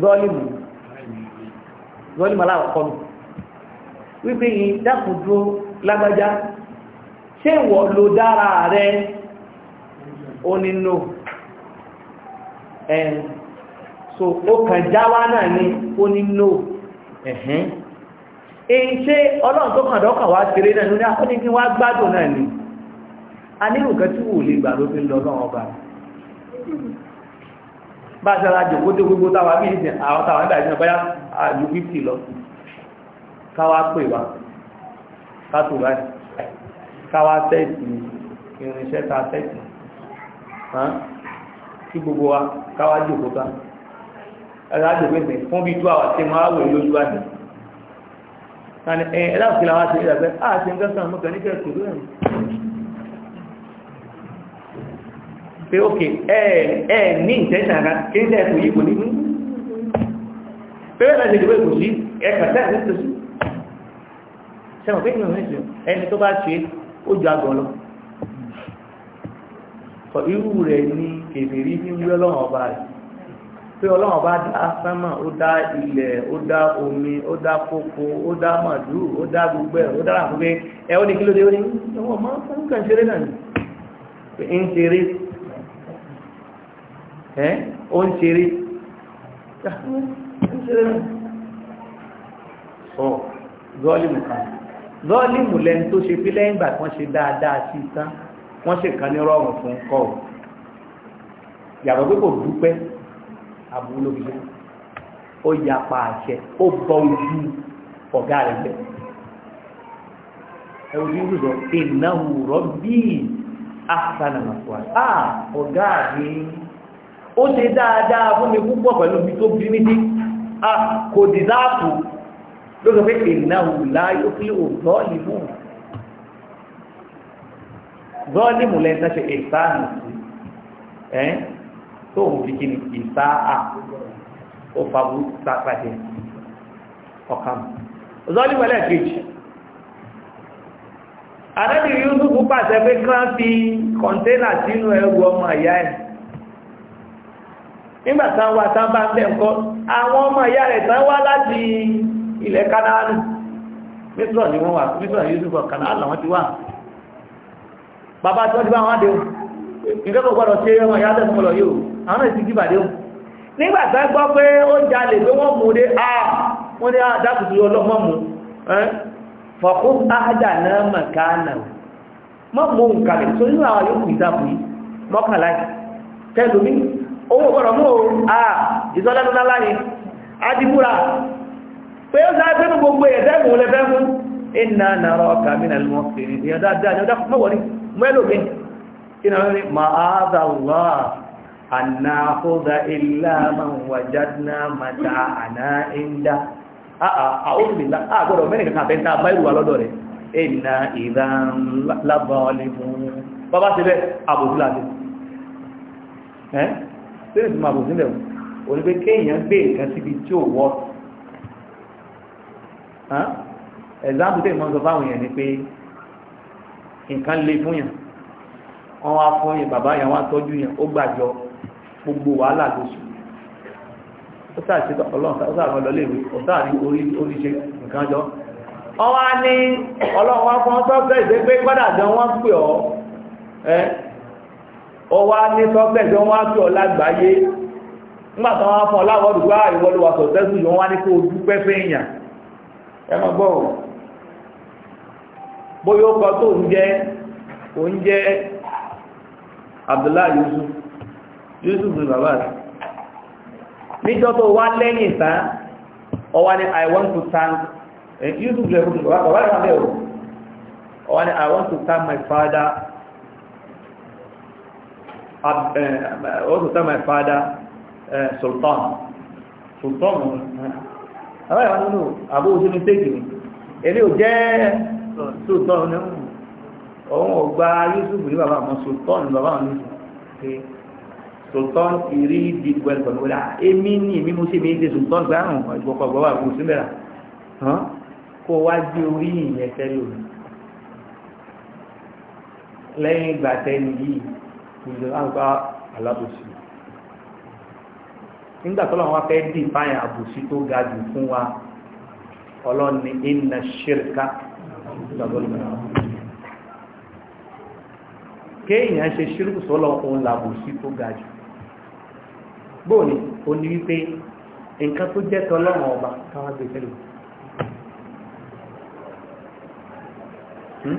zọ́ọ̀lìmù zọ́ọ̀lìmù aláwọ̀kọ́ mi wípé yìí dákùndú lágbájá ṣé ìwọ ló dára rẹ onínú ẹ̀ẹ́n so ó kàn jáwá náà ní onínú ẹ̀hẹ́n èyí ṣe ọlọ́run tó kàn dọ́kàn wá kéré náà ní akọ́nìkí wá gbádùn náà ni a nílùú kan tí wò lè gbà ló fi lọ náà ọba bá ṣára jòkó tó gbogbo táwà bí ìsìn àwọn táwà ń dàjẹ́ báyá àjò 50 lọ káwà pè wá kátó báyìí káwà tẹ́ẹ̀tì irinṣẹ́ ta tẹ́ẹ̀tì kí gbogbo wa káwà jòkó tá ẹ̀rọ àjòkó ìsìn fún bí tó àwọn tí wọ́n á wò lójú àjò pé ókè ẹ ní ìtẹ́ṣàrá kí ní ẹ̀kù yìí kò ní mú pẹ́rẹ́ láti ìgbé kò sí ẹkàtà ìrìnlẹ̀ sí sẹ́wọ̀n pé ìrìnlẹ̀ sí ẹni tó bá ṣe ó jù àgọ́ lọ sọ irú rẹ̀ ní kèfèrí ní wí ọlọ́run ọba rẹ̀ pé ọlọ́run ọba dá sánmà ó dá ilẹ̀ ó dá omi ó dá kókó ó dá màdú ó dá gbogbo ẹ̀ ó dára fún pé ẹ ó ní kí ló dé ó ní ẹwọ́n máa ń kàn ṣeré náà ní pé ń ṣeré ẹ́ ó ń ṣeré sọ zọ́ọ̀lìmù kan zọ́ọ̀lìmù lẹ́ni tó ṣe se lẹ́yìn ìgbà tí ṣe dáadáa sí tán wọ́n ṣe kan ní rọrùn fún kọ́ ọ̀ kò dúpẹ́ àbúrò ó yapa àṣẹ ó bọ ojú ọ̀gá rẹ̀ bẹ́ẹ̀ ẹ̀rù ní ìrùsọ̀ ìnáwó rọ́bì àṣà nàmàṣọ́ àà ọ̀gá ó ṣe dáadáa fún mi púpọ̀ pẹ̀lú bí tó bí nídí a kò dìzáàpù ló sọ pé ìnáwó láyé kí ó zọ́ọ̀lìmù zọ́ọ̀lìmù lẹ́yìn tó ṣe ìsáàmù sí ẹ́ tó ń fi kí ni ìsáà ó fàbú sápàdé ọ̀kan zọ́ọ̀lìmù ẹlẹ́ẹ̀kejì àdábìrì Yusuf pàṣẹ pé kí wọ́n fi kọ̀ńténà sínú ẹrù ọmọ ìyá ẹ̀ nígbà tán wà tán bá ń bẹ̀ ńkọ́ àwọn ọmọ ìyá rẹ̀ tán wá láti ilẹ̀ kanáánù mísọ̀ ni wọ́n wà mísọ̀ yusuf kanáánù làwọn ti wà bàbá tí wọ́n ti bá wọn dé o nǹkan tó gbọ́dọ̀ ṣe ọmọ ìyá tẹ̀sán lọ yóò àwọn èsì kí bàdé o nígbà tán gbọ́ pé ó jalè pé wọ́n mú dé a wọ́n ní àdákùtù ọlọ́mọ mú fọ̀kú ájá náà mẹ̀kánà mọ́ mú nǹkan lè tó nínú àwọn yóò kù ìdáàbò mọ́kànlá tẹ́lómi owó gbọ́dọ̀ mú o àà ìsọ́lẹ́nu lálá ni a ti múra pé ó sáré pé gbogbo èyẹ̀ fẹ́ mú lẹ fẹ́ mú iná nàrọ ọkà mínà lọ èyàn dáadáa ni ọjá mọ́wọ́ ní mẹ́lòmí iná lórí ma'áza wà ànáhóza ilá man wàjádná mata àná ìndá àáhùnlélá àgbọ̀dọ̀ mẹ́rin kan àfẹ́ta báyìí wà lọ́dọ̀ rẹ̀ iná ti bẹ́ sílẹ̀ tí ma bò sílẹ̀ o pé kéèyàn gbé nǹkan síbi tí ó wọ́ ẹ̀záàbù tẹ̀ mọ́ sọ fáwọn ni pé nǹkan lè fún yàn wọ́n wá bàbá yàn wá tọ́jú yàn ó gbàjọ gbogbo wàhálà lóṣù ó sáà ọlọ́run ó sáà lọ léèwé ó sáà nǹkan jọ wọ́n wá ní ọlọ́run wá fún sọ́kẹ́ ọwá ní sọ́pẹ̀ tí wọ́n ọla ọ̀lá gbáyé nígbàtà wọn fún ọláwọ́dù ah, ìwọlúwà sọ̀tẹ́sù yọ wọ́n ní kó dúpẹ́ fẹ́ ẹmọ gbọ́rọ̀ bóyá kọ tó ń jẹ́ Abdullahi Yusuf Yusuf ní bàbá rẹ̀ níjọ́ tó wá lẹ́yìn ní I want to thank Yusuf bàbá rẹ̀ ní I want to thank my father also eh, eh, tell my father uh, Sultan Sultan àwọn ìwà nínú àbó òṣèlú mistake ni èlé ò jẹ́ Sultan ní òun ọgbà Yusuf ní bàbá àwọn Sultan ní bàbá àwọn
Yusuf
Sultan ìrí di pẹ̀lú pẹ̀lú wọlé èmi ní èmi mo ṣe mi ń ṣe Sultan gbà àrùn ìgbọ̀kọ̀ gbọ́wà kò sí mẹ́ra kó wá gbé orí ìyẹn tẹ́lẹ̀ lẹ́yìn ìgbà tẹ́lẹ̀ yìí ìjọ láǹpá ah, alábòsí nígbà tó làwọn fẹ́ dì báyà àbòsí tó ga jù fún wa ọlọ́ni iná ṣírká kéèyàn ṣe ṣírùkù sọ́lọ́ òun làbòsí tó ga jù bóòní o ní wípé nǹkan tó jẹ́ tọ́lọ́run ọba káwàá gbé tẹ́lẹ̀ hmm?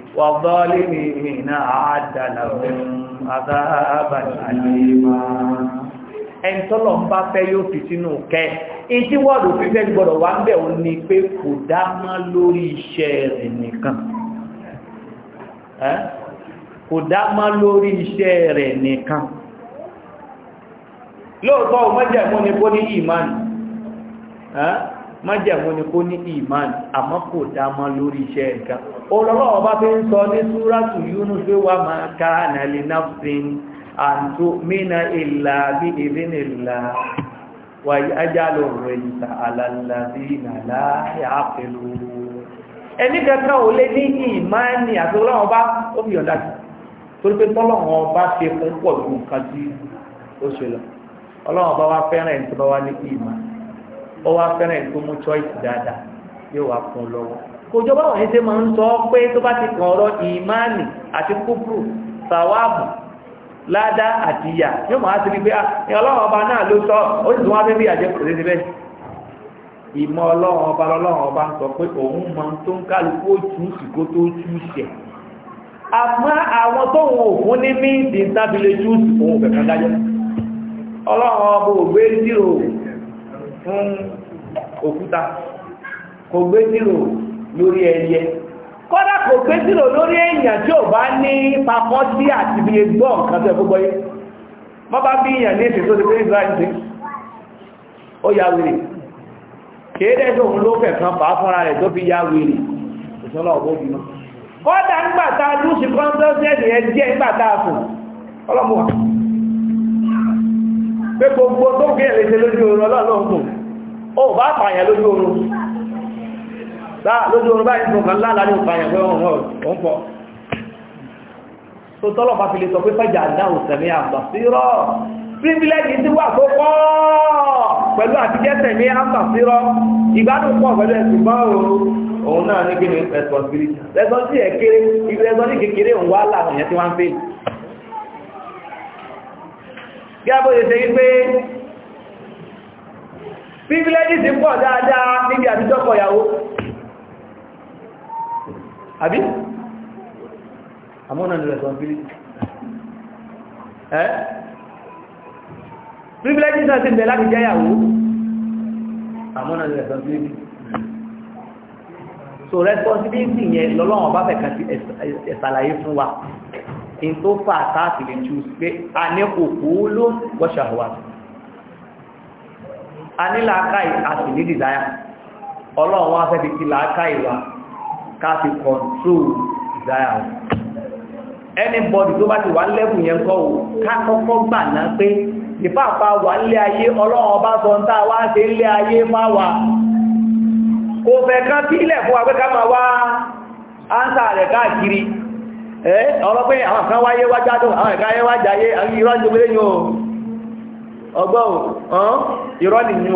والظالمين أعد لهم عذابا أليما ẹni tọ́lọ̀ ń bá fẹ́ yóò fi sínú kẹ́ in tí wọ́ọ̀dù fífẹ́ gbọ́dọ̀ wá ń bẹ̀ ò ní pé kò dá mọ́ lórí iṣẹ́ rẹ̀ nìkan kò dá mọ́ lórí iṣẹ́ rẹ̀ nìkan lóòtọ́ ọmọdé ẹ̀mọ́ ni kó ní ìmánu májẹ̀mú ni kó ní iman àmọ́ kò dá mọ́ lórí iṣẹ́ nǹkan olọ́wọ́ ọba fi ń sọ ní súrátù Yunus pé wà máa ká nàlè náfin àǹtó mínà ìlà bí ìbínà ìlà wàyí ajálò rẹ̀ ìta alàlàbí nàlá àpẹlú ẹni kankan ò lé ní ìmáàni àti olóòwò ó wá fẹ́ràn ẹ̀ tó mú choice dáadáa yóò wá fún un lọ́wọ́ kò jọba ní tí ma ń sọ pé tó bá ti kàn ọ̀rọ̀ ìmáàlì àti kúkúrú sàwáàbù ládá àti ìyà yóò ah, ọba náà ló sọ ó sì tún wá kò ọba ọlọ́run ọba sọ pé òun mọ tó ń kálukú ó tún tó tún àmọ́ àwọn tó tábìlẹ̀ tún fún òkúta kò gbé zero lórí ẹyẹ kọ́dá kò gbé lórí èèyàn tí ò bá ní papọ́ sí àti bí gbọ́ nǹkan tó ẹ̀kọ́ gbọ́yé wọ́n bá bí èèyàn ní ètò tó ti pé israel ó ya wèrè kéèdè tó ń ló kẹ̀kan fà fọ́nra rẹ̀ tó fi ya wèrè ìṣọ́lá ọ̀bọ̀ bímọ kọ́dà nígbàtà lúṣì ẹ̀ jẹ́ nígbàtà fún ọlọ́mùwà pé gbogbo tó ń kéèyàn lè ṣe lójú oorun ọlọ́ọ̀lọ́ọ̀kùn ó bá pààyàn lójú oorun lójú oorun báyìí nǹkan láàlá ní pààyàn pé òun pọ̀ tó tọ́lọ̀ bá fi lè sọ pé fẹ́jà dáhùn sẹ̀mí àbàsírọ̀ privilege ti wà tó pọ̀ pẹ̀lú àtijẹ́ sẹ̀mí àbàsírọ̀ ìgbádùn pọ̀ pẹ̀lú ẹ̀sùn bọ́ gẹ́gbọ́ ṣe yí pé privileges pọ̀ dáadáa níbi àtijọ́kọ̀ ìyàwó àbí? àmọ́nà ni responsibility ẹ́ privileges náà ti bẹ̀ láti jẹ́ ìyàwó àmọ́nà ni responsibility so responsibility yẹn lọ́lọ́wọ́n bá fẹ̀ kàtí ẹ̀sàlàyé fún wa in tó fà táàkì lè tú pé a ní òkú ló wọ́ṣàwà a ní làákàí a sì ní desire ọlọ́run wá fẹ́ fi ti làákàí wa ká fi control desire wọn anybody tó bá ti wà lẹ́bùn yẹn kọ́ ká kọ́kọ́ gbà náà pé ìpáàpá wà nílé ayé ọlọ́run ọba sọ ń táa wá ṣe nílé ayé máa wà kò fẹ́ ká sílẹ̀ fún wa pé ká máa wá áńsà rẹ̀ káàkiri Eh, ọ̀rọ̀ pé àwọn kan wáyé wá gbádùn àwọn kan wáyé wá jayé irọ́ ní gbélé yóò ọgbọ́n ọ̀n irọ́ nìyí ni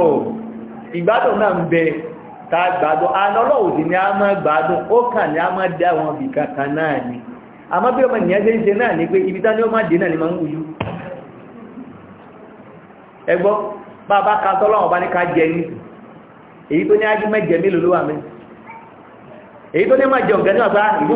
a máa gbádùn ó kàn ní a máa dá àwọn ibì kankan náà ni àmọ́ bí ọmọ ni pé ibi tán ni ó máa ni máa ń wuyú ẹgbọ́ bàbá ka bá ní ká jẹ ní èyí tó ní ájú mẹ́jẹ mélòó ló mẹ́ èyí tó ní máa jẹ ọ̀gẹ́ náà bá ìlú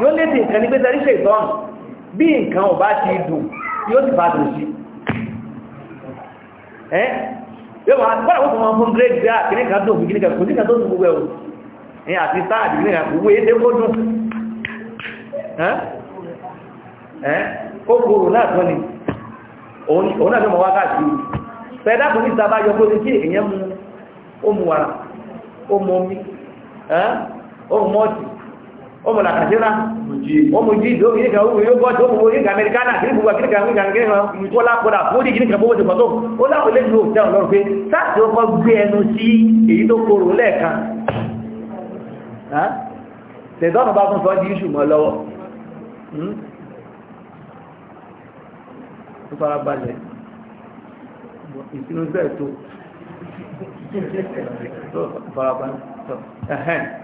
yóò lè ti nǹkan ní pé tẹ́rí ṣètọ́n bí nǹkan ò bá ti dùn yóò ti fàdùn sí ẹ́ yóò máa pàdà wọ́n fún fún grade bí i kìnnìkan tó fi kìnnìkan kò níkan tó ń gbogbo ẹ̀wọ̀ ní àti sáàdì kìnnìkan kò wé dé kó dùn ẹ́ ọmọ làkàtìrà ọmọ ìdó kìí kan owó yóò gọ́ọ̀tì ọmọ orí ìgbà amẹ́ríkánà kìí gbogbo kìí kan ìgbà kìí kan fún orí kìí kan bọ́wọ́ ó lápọ̀ lè lò tẹ́ ọ̀lọ́rọ̀ pé sáàtì ọkọ̀ gbé ẹnu sí èyí tó korò lẹ́ẹ̀kan tẹ̀dọ́nù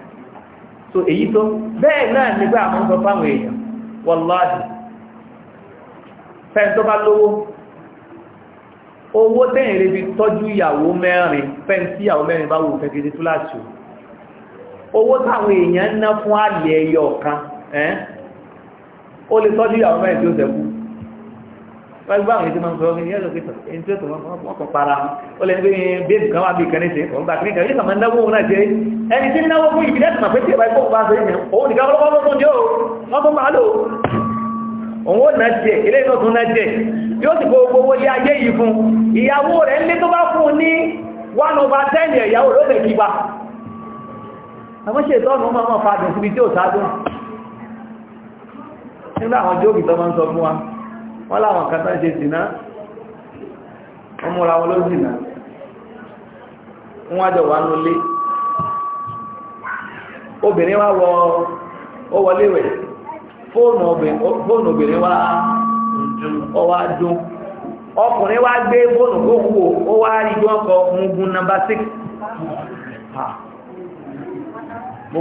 so èyí tó bẹ́ẹ̀ náà nígbà àwọn sọ fáwọn èèyàn wọláàdì owó tẹ́yìn rẹ̀ fi tọ́jú ìyàwó mẹ́rin fẹ́ẹ̀ tí ìyàwó mẹ́rin bá wù fẹ́kẹ́sí túláàsì owó táwọn èèyàn ná fún àlẹ́ ẹyọ lè tọ́jú ìyàwó mẹ́rin tí wọ́n gbá àwọn ètò máa ń sọ ọ́gbìn yẹ́sọ̀ pé ẹni tí ó tọ̀ wọ́n kọ̀ para wọn ó lẹ́nu pé bẹ́ẹ̀bù kan wà bí ìkànnì ṣe ọ̀gbà kìíní kan yóò máa náwó náà jẹ́ ẹni tí náwó fún ìbílẹ̀ tó máa pé tí ìbá ikú bá ṣe yẹn òun nìkan lọ́wọ́ ló tún jẹ́ o wọ́n fún màálù òun ó nà jẹ ilé iná tún nà jẹ yóò sì kó gbogbo ilé ayé yìí fún ìyàwó rẹ̀ ní tó bá fún ní one over ten ìyàwó rẹ̀ ó lè kípa àwọn ṣètò ọ̀nà máa ń fa àdùn síbi tí ò sáà nígbà àwọn jókì tó máa ń sọ fún wa wọ́n láwọn kan ṣe sínà wọ́n wọn ló sínà wọ́n wà nulé obìnrin wá wọ ó wọlé wẹ̀ fóònù obìnrin wá ọwá dún ọkùnrin wá gbé fóònù kó ó wá rí bí wọ́n kọ gungun 6 6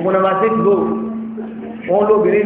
wọ́n lóbìnrin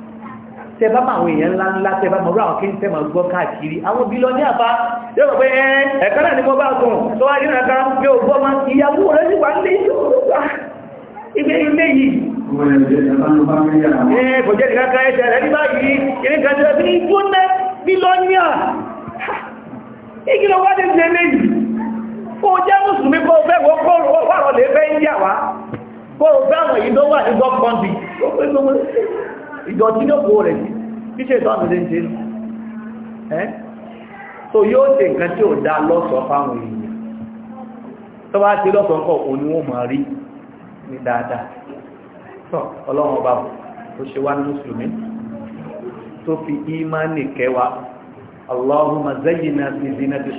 tẹ bá máa àwọn èèyàn ńlá ńlá tẹ bá mọ̀ rú àwọn kí ń tẹ́ máa gbọ́ káàkiri àwọn bí lọ ní àbá yóò rọ̀ pé ẹ̀ẹ́kà náà ni mo bá gùn tó wá nínú ẹ̀ka mi ò gbọ́ máa ìyàwó rẹ̀ sì wà nílé ilé ilé yìí
kò jẹ́ nìkan kan ẹ̀ṣẹ̀ rẹ̀ ní báyìí kìí kan jẹ́ bí ikú
ná bí lọ wá dé kò jẹ́ mùsùlùmí kó fẹ́ wọ́n kọ́ wọ́n wà rọ̀ ní gọ́ọ̀pọ̀ndì ìdọ̀tí ló kó rẹ̀ kí ṣe ìtọ́nù lè ṣe ẹ́ so yóò ṣe nǹkan tí ò dá lọ́sọ̀ fáwọn èèyàn tó bá ṣe lọ́sọ̀ ńkọ̀ òní wọ́n máa rí ní dáadáa tó ọlọ́run ọba fi ìmánì kẹwàá Allahumma zayyina bi zinati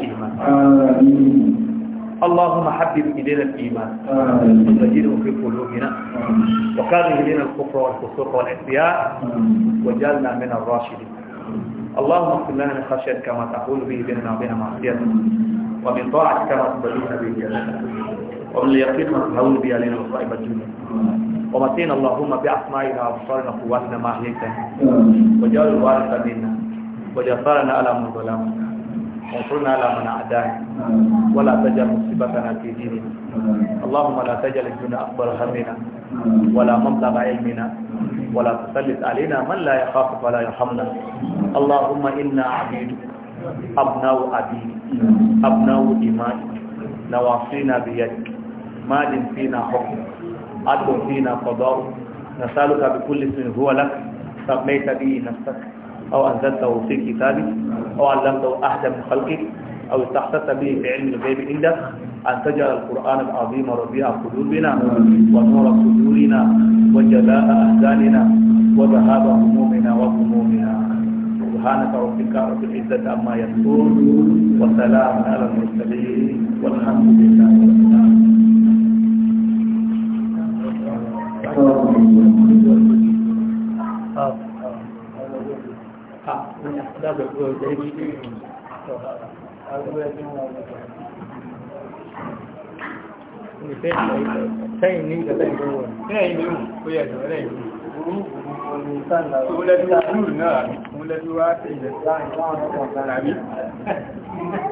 اللهم حبب إلينا الإيمان وزينه في قلوبنا وكاره إلينا الكفر والفسوق والعصيان وجعلنا من الراشدين اللهم اغفر لنا من خشيتك كما تقول به بيننا وبين معصيتك ومن طاعتك كما تبلغنا به جنتك ومن اليقين ما تهون به علينا مصائب الدنيا ومتينا اللهم بأسمائنا وأبصارنا وقواتنا ما أحييتنا وجعل الوارث منا وجعل على من ظلمنا وانصرنا على من اعدائنا ولا تجعل مصيبتنا في ديننا اللهم لا تجعل الدنيا أكبر همنا ولا مبلغ علمنا ولا تسلط علينا من لا يخافك ولا يرحمنا اللهم إنا عبيدك أبناء عبيدك أبناء إمائك نواصينا بيدك ماد فينا حكم عدل فينا قضاء نسألك بكل اسم هو لك سميت به نفسك أو أنزلته في كتابك أو علمته أحدا من خلقك أو استحسست به في علم الغيب عندك أن تجعل القرآن العظيم ربيع قلوبنا ونور صدورنا وجلاء أحزاننا وذهاب همومنا وغمومنا سبحانك ربك رب العزة عما يصفون وسلام على المرسلين والحمد لله
رب العالمين. آه. sẹ́yìn ní ìjọba ìgbẹ̀rẹ̀ wọn.
sẹ́yìn ní ìwọ̀n tó yẹ̀ ìjọba ìgbẹ̀rẹ̀ wọn. Òun lẹ́bí
wá sí ìjọba ìgbẹ̀rẹ̀
wọn.